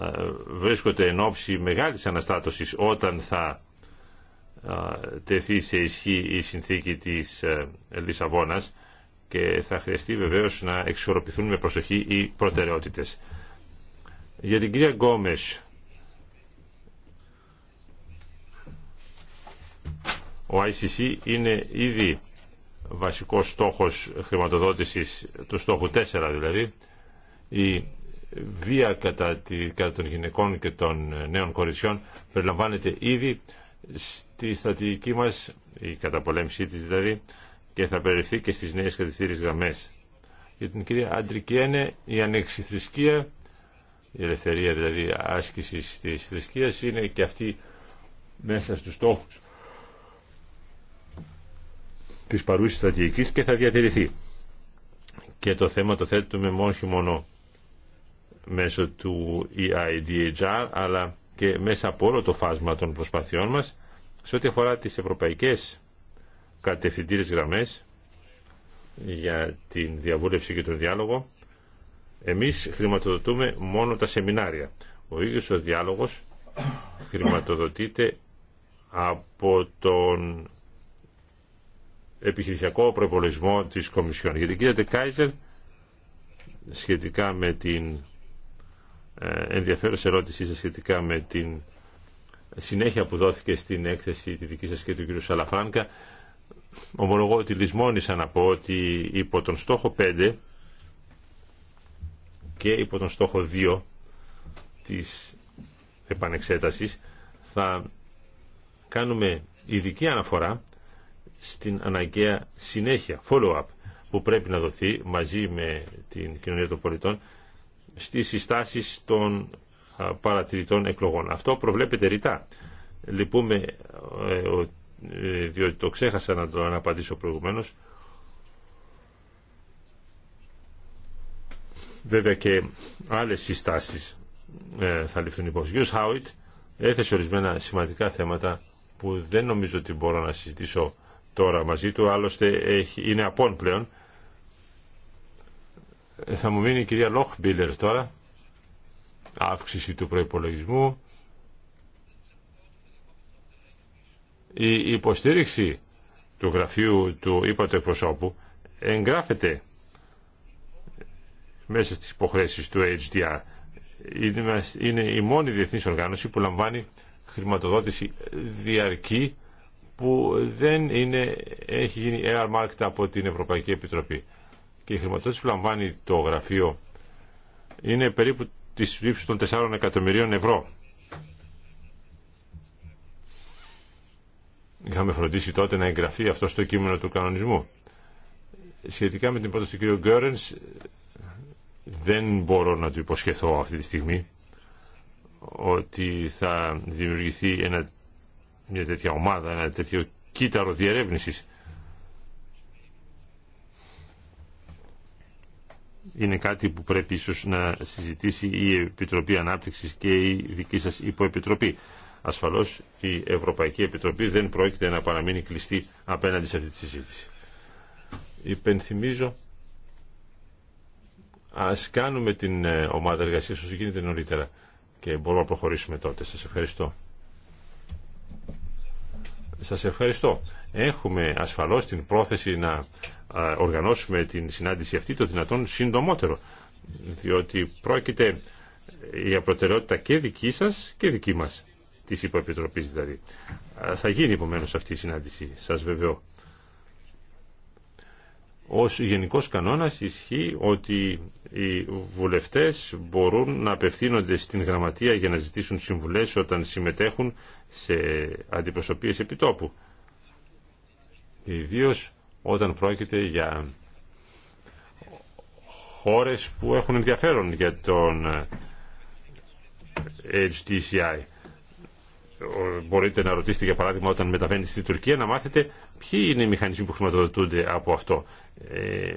ε, βρίσκονται εν ώψη μεγάλης αναστάτωσης όταν θα ε, τεθεί σε ισχύ η συνθήκη της ε, Λισαβόνας και θα χρειαστεί βεβαίως να εξορροπηθούν με προσοχή οι προτεραιότητες. Για την κυρία Γκόμες, ο ICC είναι ήδη βασικός στόχος χρηματοδότησης του στόχου 4 δηλαδή η βία κατά, τη, κατά των γυναικών και των νέων κοριτσιών περιλαμβάνεται ήδη στη στρατηγική μας η καταπολέμησή της δηλαδή και θα περιληφθεί και στις νέες κατευθύνσεις γραμμές για την κυρία Αντρικιένε η θρησκεία, η ελευθερία δηλαδή άσκησης της θρησκείας είναι και αυτή μέσα στους στόχους Τη παρούση στρατηγική και θα διατηρηθεί. Και το θέμα το θέτουμε όχι μόνο μέσω του EIDHR αλλά και μέσα από όλο το φάσμα των προσπαθειών μας σε ό,τι αφορά τις ευρωπαϊκές κατευθυντήρες γραμμές για την διαβούλευση και τον διάλογο εμείς χρηματοδοτούμε μόνο τα σεμινάρια. Ο ίδιος ο διάλογος χρηματοδοτείται από τον επιχειρησιακό προπολογισμό της Κομισιόν. Γιατί την Κάιζερ Τεκάιζερ, σχετικά με την ε, ενδιαφέρουσα ερώτησή σας σχετικά με την συνέχεια που δόθηκε στην έκθεση τη δική σας και του κ. Σαλαφάνκα, ομολογώ ότι λησμόνησα να πω ότι υπό τον στόχο 5 και υπό τον στόχο 2 της επανεξέτασης θα κάνουμε ειδική αναφορά στην αναγκαία συνέχεια, follow-up, που πρέπει να δοθεί μαζί με την κοινωνία των πολιτών στις συστάσεις των παρατηρητών εκλογών. Αυτό προβλέπεται ρητά. Λυπούμε, ε, ε, διότι το ξέχασα να το αναπαντήσω προηγουμένως, βέβαια και άλλες συστάσεις ε, θα ληφθούν υπόψη. Ο Χάουιτ έθεσε ορισμένα σημαντικά θέματα που δεν νομίζω ότι μπορώ να συζητήσω τώρα μαζί του, άλλωστε έχει, είναι απόν πλέον. Ε, θα μου μείνει η κυρία Λόχμπίλερ τώρα, αύξηση του προϋπολογισμού, η υποστήριξη του γραφείου του ύπατου εκπροσώπου εγγράφεται μέσα στις υποχρέσεις του HDR. Είναι η μόνη διεθνής οργάνωση που λαμβάνει χρηματοδότηση διαρκή που δεν είναι, έχει γίνει air marked από την Ευρωπαϊκή Επιτροπή. Και η χρηματοδότηση που λαμβάνει το γραφείο είναι περίπου τη ύψη των 4 εκατομμυρίων ευρώ. Είχαμε φροντίσει τότε να εγγραφεί αυτό στο κείμενο του κανονισμού. Σχετικά με την πρόταση του κ. Γκέρενς, δεν μπορώ να του υποσχεθώ αυτή τη στιγμή ότι θα δημιουργηθεί ένα μια τέτοια ομάδα, ένα τέτοιο κύτταρο διερεύνησης. Είναι κάτι που πρέπει ίσως να συζητήσει η Επιτροπή Ανάπτυξης και η δική σας υποεπιτροπή. Ασφαλώς η Ευρωπαϊκή Επιτροπή δεν πρόκειται να παραμείνει κλειστή απέναντι σε αυτή τη συζήτηση. Υπενθυμίζω, ας κάνουμε την ε, ομάδα εργασίας όσο γίνεται νωρίτερα και μπορούμε να προχωρήσουμε τότε. Σας ευχαριστώ. Σας ευχαριστώ. Έχουμε ασφαλώς την πρόθεση να οργανώσουμε την συνάντηση αυτή το δυνατόν συντομότερο, διότι πρόκειται η προτεραιότητα και δική σας και δική μας, της Υποεπιτροπής δηλαδή. Θα γίνει επομένω αυτή η συνάντηση, σας βεβαιώ. Ως γενικός κανόνας ισχύει ότι οι βουλευτές μπορούν να απευθύνονται στην γραμματεία για να ζητήσουν συμβουλές όταν συμμετέχουν σε αντιπροσωπείες επιτόπου. Ιδίω όταν πρόκειται για χώρες που έχουν ενδιαφέρον για τον HTCI μπορείτε να ρωτήσετε για παράδειγμα όταν μεταβαίνετε στη Τουρκία να μάθετε ποιοι είναι οι μηχανισμοί που χρηματοδοτούνται από αυτό. Ε,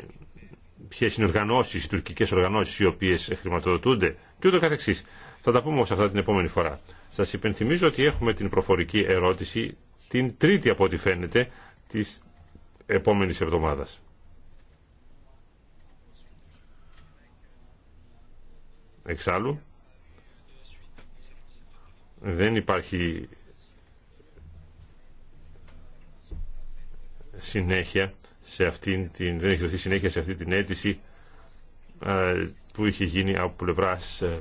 Ποιε είναι οι οργανώσει, οι τουρκικέ οργανώσει οι οποίε χρηματοδοτούνται και ούτω καθεξής. Θα τα πούμε όμω αυτά την επόμενη φορά. Σα υπενθυμίζω ότι έχουμε την προφορική ερώτηση την τρίτη από ό,τι φαίνεται τη επόμενη εβδομάδα. Εξάλλου. Δεν υπάρχει συνέχεια σε την, δεν έχει συνέχεια σε αυτή την αίτηση που είχε γίνει από πλευρά ε,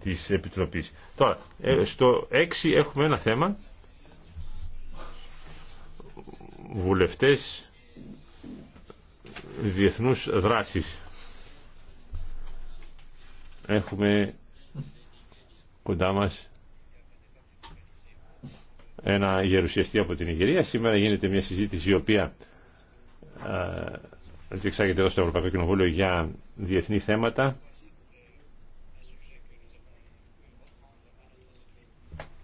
της Επιτροπής. Τώρα, ε, στο 6 έχουμε ένα θέμα. Βουλευτές διεθνούς δράσης. Έχουμε κοντά μας ένα γερουσιαστή από την Ιγυρία. Σήμερα γίνεται μια συζήτηση η οποία διεξάγεται εδώ στο Ευρωπαϊκό Κοινοβούλιο για διεθνή θέματα.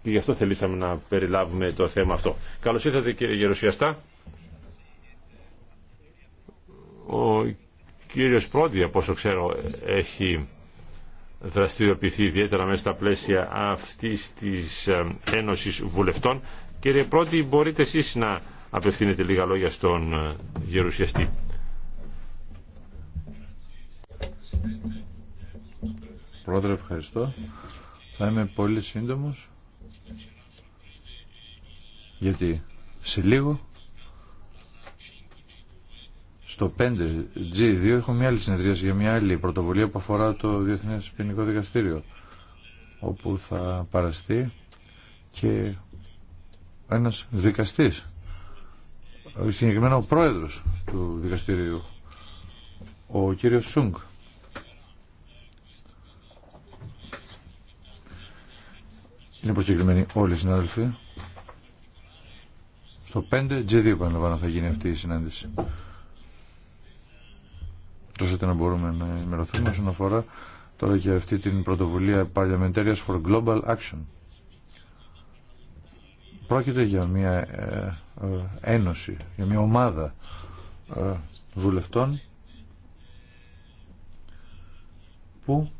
Και γι' αυτό θελήσαμε να περιλάβουμε το θέμα αυτό. Καλώ ήρθατε κύριε Γερουσιαστά. Ο κύριος Πρόντι, από όσο ξέρω, έχει δραστηριοποιηθεί ιδιαίτερα μέσα στα πλαίσια αυτής της ε, Ένωσης Βουλευτών. Κύριε Πρώτη, μπορείτε εσείς να απευθύνετε λίγα λόγια στον ε, γερουσιαστή. Πρόεδρε, ευχαριστώ. Θα είμαι πολύ σύντομος, γιατί σε λίγο στο 5G2 2 εχω μια άλλη συνεδρίαση για μια άλλη πρωτοβουλία που αφορά το Διεθνές Ποινικό Δικαστήριο όπου θα παραστεί και ένας δικαστής συγκεκριμένα ο πρόεδρος του δικαστηρίου ο κύριος Σούγκ είναι προσκεκριμένοι όλοι οι συνάδελφοι στο 5G2 2 θα γίνει αυτή η συνάντηση τόσο ώστε να μπορούμε να ενημερωθούμε όσον αφορά τώρα και αυτή την πρωτοβουλία Parliamentarians for Global Action. Πρόκειται για μια ε, ε, ένωση, για μια ομάδα ε, βουλευτών που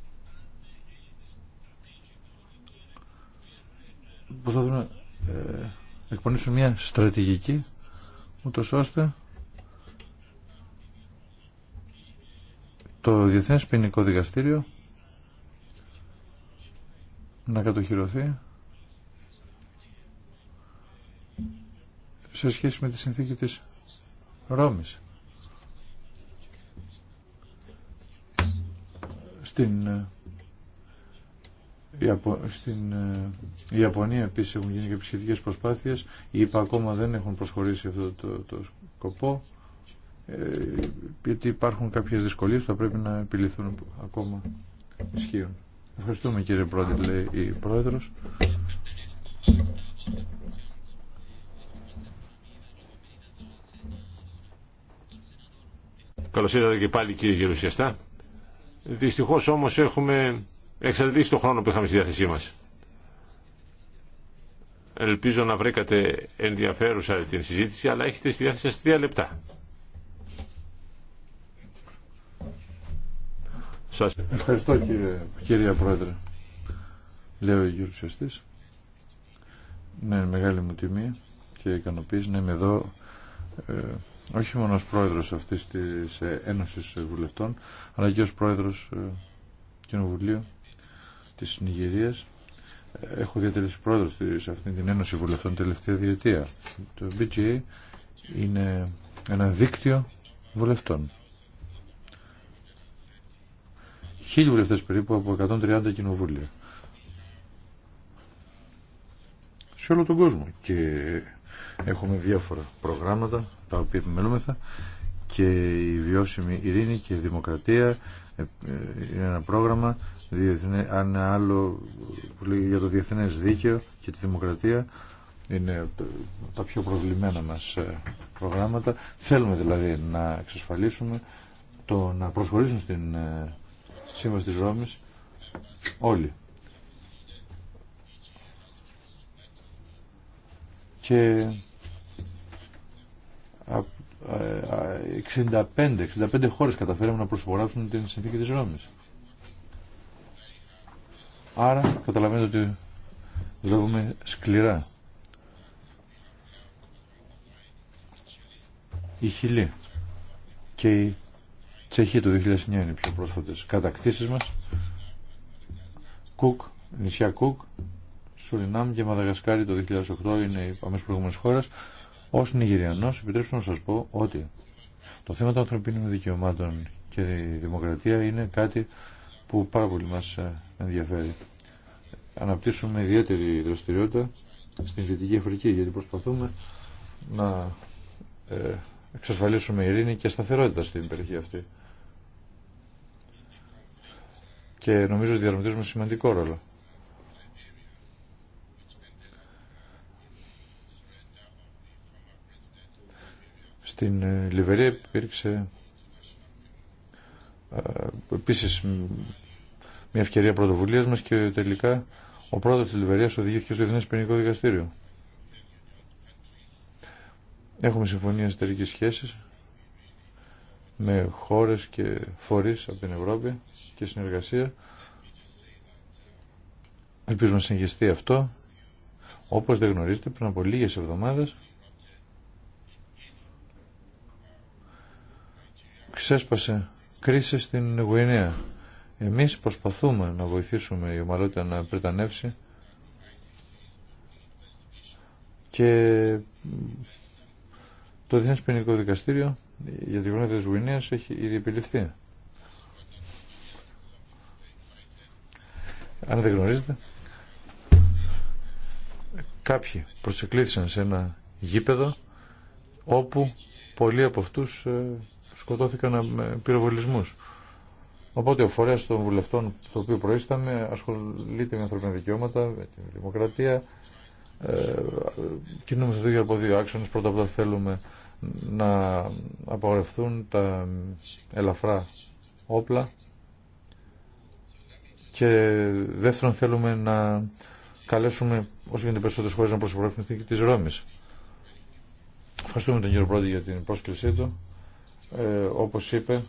προσπαθούν να εκπονήσουν μια στρατηγική ούτως ώστε το Διεθνές Ποινικό Δικαστήριο να κατοχυρωθεί σε σχέση με τη συνθήκη της Ρώμης. Στην, ε, στην ε, Ιαπωνία επίσης έχουν γίνει και προσπάθειες. Οι ΙΠΑ ακόμα δεν έχουν προσχωρήσει αυτό το, το σκοπό. Ε, γιατί υπάρχουν κάποιες δυσκολίες που θα πρέπει να επιληθούν ακόμα ισχύουν. Ευχαριστούμε κύριε Πρόεδρε, λέει η Πρόεδρος. Καλώς ήρθατε και πάλι κύριε Γερουσιαστά. Δυστυχώς όμως έχουμε εξαντλήσει το χρόνο που είχαμε στη διάθεσή μας. Ελπίζω να βρήκατε ενδιαφέρουσα την συζήτηση, αλλά έχετε στη διάθεση σας τρία λεπτά. Σας ευχαριστώ κύριε, κύριε Πρόεδρε. Λέω Γιώργος Σωστής. Ναι, μεγάλη μου τιμή και ικανοποίηση να είμαι εδώ ε, όχι μόνο ως πρόεδρος αυτής της ε, Ένωσης Βουλευτών αλλά και ως πρόεδρος ε, Κοινοβουλίου της Νιγηρίας. Ε, έχω διατελέσει πρόεδρος σε αυτήν την Ένωση Βουλευτών τελευταία διετία. Το BGA είναι ένα δίκτυο βουλευτών. χίλιοι βουλευτές περίπου από 130 κοινοβούλια. Σε όλο τον κόσμο. Και έχουμε διάφορα προγράμματα τα οποία επιμελούμεθα και η βιώσιμη ειρήνη και η δημοκρατία ε, είναι ένα πρόγραμμα είναι άλλο για το διεθνές δίκαιο και τη δημοκρατία είναι τα πιο προβλημένα μας ε, προγράμματα θέλουμε δηλαδή να εξασφαλίσουμε το να προσχωρήσουν στην ε, Σύμβαση της Ρώμης, όλοι. Και 65, 65 ε, ε, χώρες καταφέραμε να προσπογράψουν την συνθήκη της Ρώμης. Άρα καταλαβαίνετε ότι δουλεύουμε σκληρά. Η Χιλή και η Τσέχη το 2009 είναι οι πιο πρόσφατες κατακτήσεις μας. Κουκ, νησιά Κουκ, Σουρινάμ και Μαδαγασκάρη το 2008 είναι οι αμέσως προηγούμενες χώρες. Ως Νιγηριανός επιτρέψτε να σας πω ότι το θέμα των ανθρωπίνων δικαιωμάτων και η δημοκρατία είναι κάτι που πάρα πολύ μας ε, ενδιαφέρει. Αναπτύσσουμε ιδιαίτερη δραστηριότητα στην Δυτική Αφρική γιατί προσπαθούμε να ε, εξασφαλίσουμε ειρήνη και σταθερότητα στην περιοχή αυτή και νομίζω ότι διαδραματίζουμε σημαντικό ρόλο. Στην ε, Λιβερία υπήρξε ε, επίσης μια ευκαιρία πρωτοβουλίας μας και τελικά ο πρόεδρος της Λιβερίας οδηγήθηκε στο Διεθνές Ποινικό Δικαστήριο. Έχουμε συμφωνία εταιρικής σχέσης με χώρες και φορείς από την Ευρώπη και συνεργασία. Ελπίζουμε να συνεχιστεί αυτό. Όπως δεν γνωρίζετε, πριν από λίγες εβδομάδες ξέσπασε κρίση στην Γουινέα. Εμείς προσπαθούμε να βοηθήσουμε η ομαλότητα να πρετανεύσει και το Διεθνές Ποινικό Δικαστήριο για την κοινότητα της έχει ήδη επιληφθεί. Αν δεν γνωρίζετε, κάποιοι προσεκλήθησαν σε ένα γήπεδο όπου πολλοί από αυτούς ε, σκοτώθηκαν με πυροβολισμούς. Οπότε ο φορέα των βουλευτών το οποίο προείσταμε ασχολείται με ανθρωπίνα δικαιώματα, με τη δημοκρατία. Ε, κινούμαστε δύο από δύο άξονε. Πρώτα απ' όλα θέλουμε να απαγορευτούν τα ελαφρά όπλα και δεύτερον θέλουμε να καλέσουμε όσο γίνεται περισσότερες χώρες να προσωπεύουν την της Ρώμης. Ευχαριστούμε τον κύριο Πρόντι για την πρόσκλησή του. Ε, όπως είπε,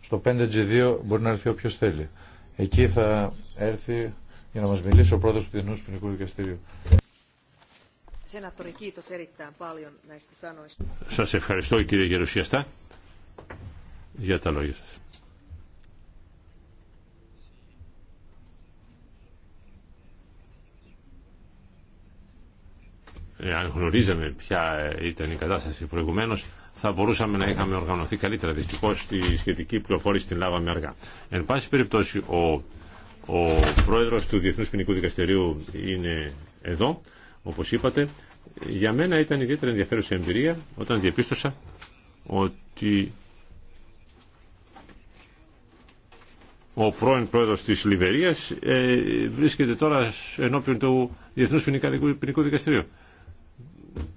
στο 5G2 μπορεί να έρθει όποιος θέλει. Εκεί θα έρθει για να μας μιλήσει ο πρόεδρος του Διεθνούς Ποινικού Δικαστηρίου. Σας ευχαριστώ κύριε Γερουσιαστά για τα λόγια σας. αν γνωρίζαμε ποια ε, ήταν η κατάσταση προηγουμένως, θα μπορούσαμε να είχαμε οργανωθεί καλύτερα. Δυστυχώ τη σχετική πληροφόρηση την λάβαμε αργά. Εν πάση περιπτώσει, ο, ο πρόεδρο του Διεθνού Ποινικού Δικαστηρίου είναι εδώ όπως είπατε. Για μένα ήταν ιδιαίτερα ενδιαφέρουσα εμπειρία όταν διαπίστωσα ότι ο πρώην πρόεδρος της Λιβερίας ε, βρίσκεται τώρα ενώπιον του Διεθνούς Ποινικού, Δικαστηρίου.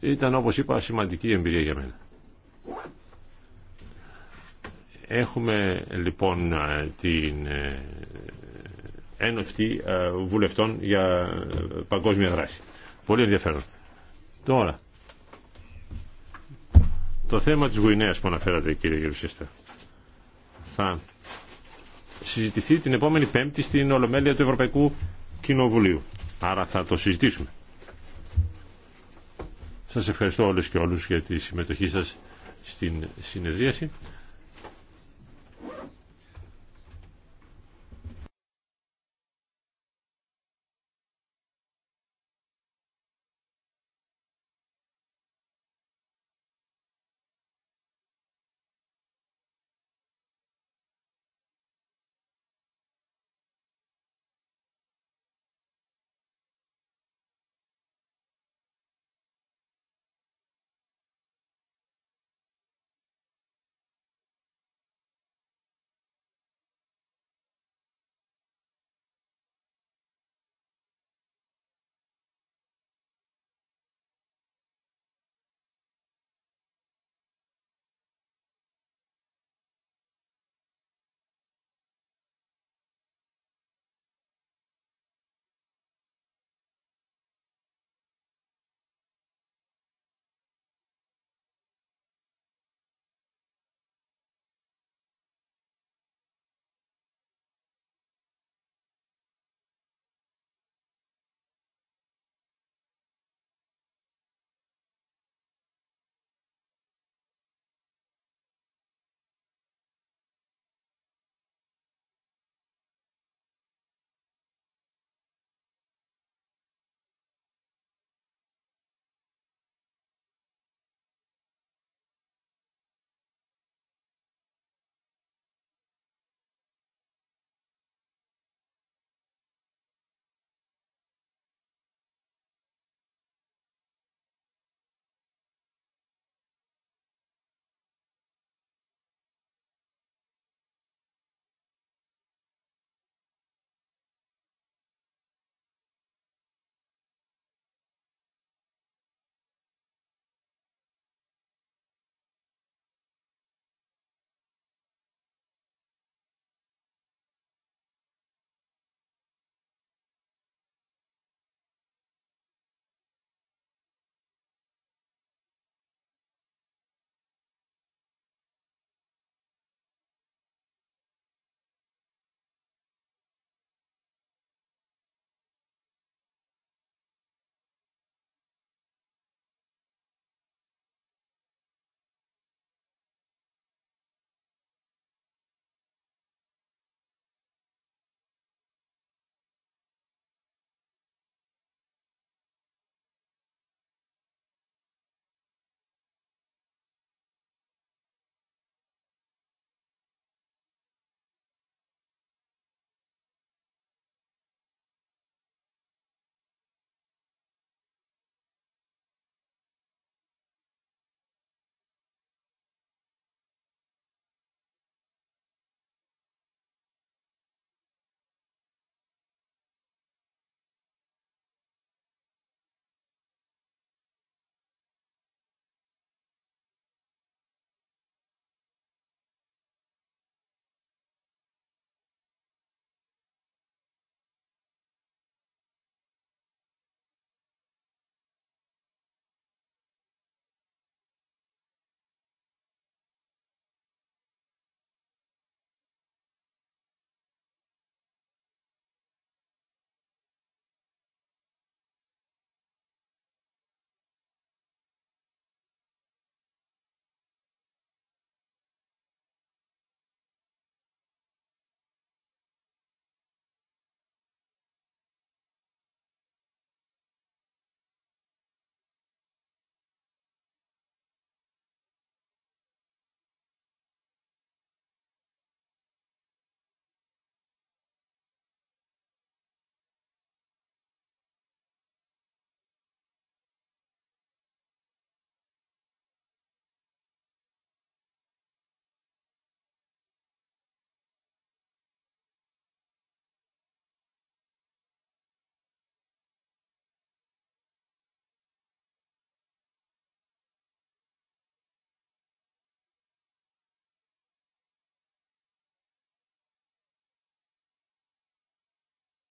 Ήταν όπως είπα σημαντική εμπειρία για μένα. Έχουμε λοιπόν ε, την ε, ένοχτη ε, βουλευτών για παγκόσμια δράση. Πολύ ενδιαφέρον. Τώρα, το θέμα της Γουινέας που αναφέρατε κύριε Γερουσίστα θα συζητηθεί την επόμενη πέμπτη στην Ολομέλεια του Ευρωπαϊκού Κοινοβουλίου. Άρα θα το συζητήσουμε. Σας ευχαριστώ όλους και όλους για τη συμμετοχή σας στην συνεδρίαση.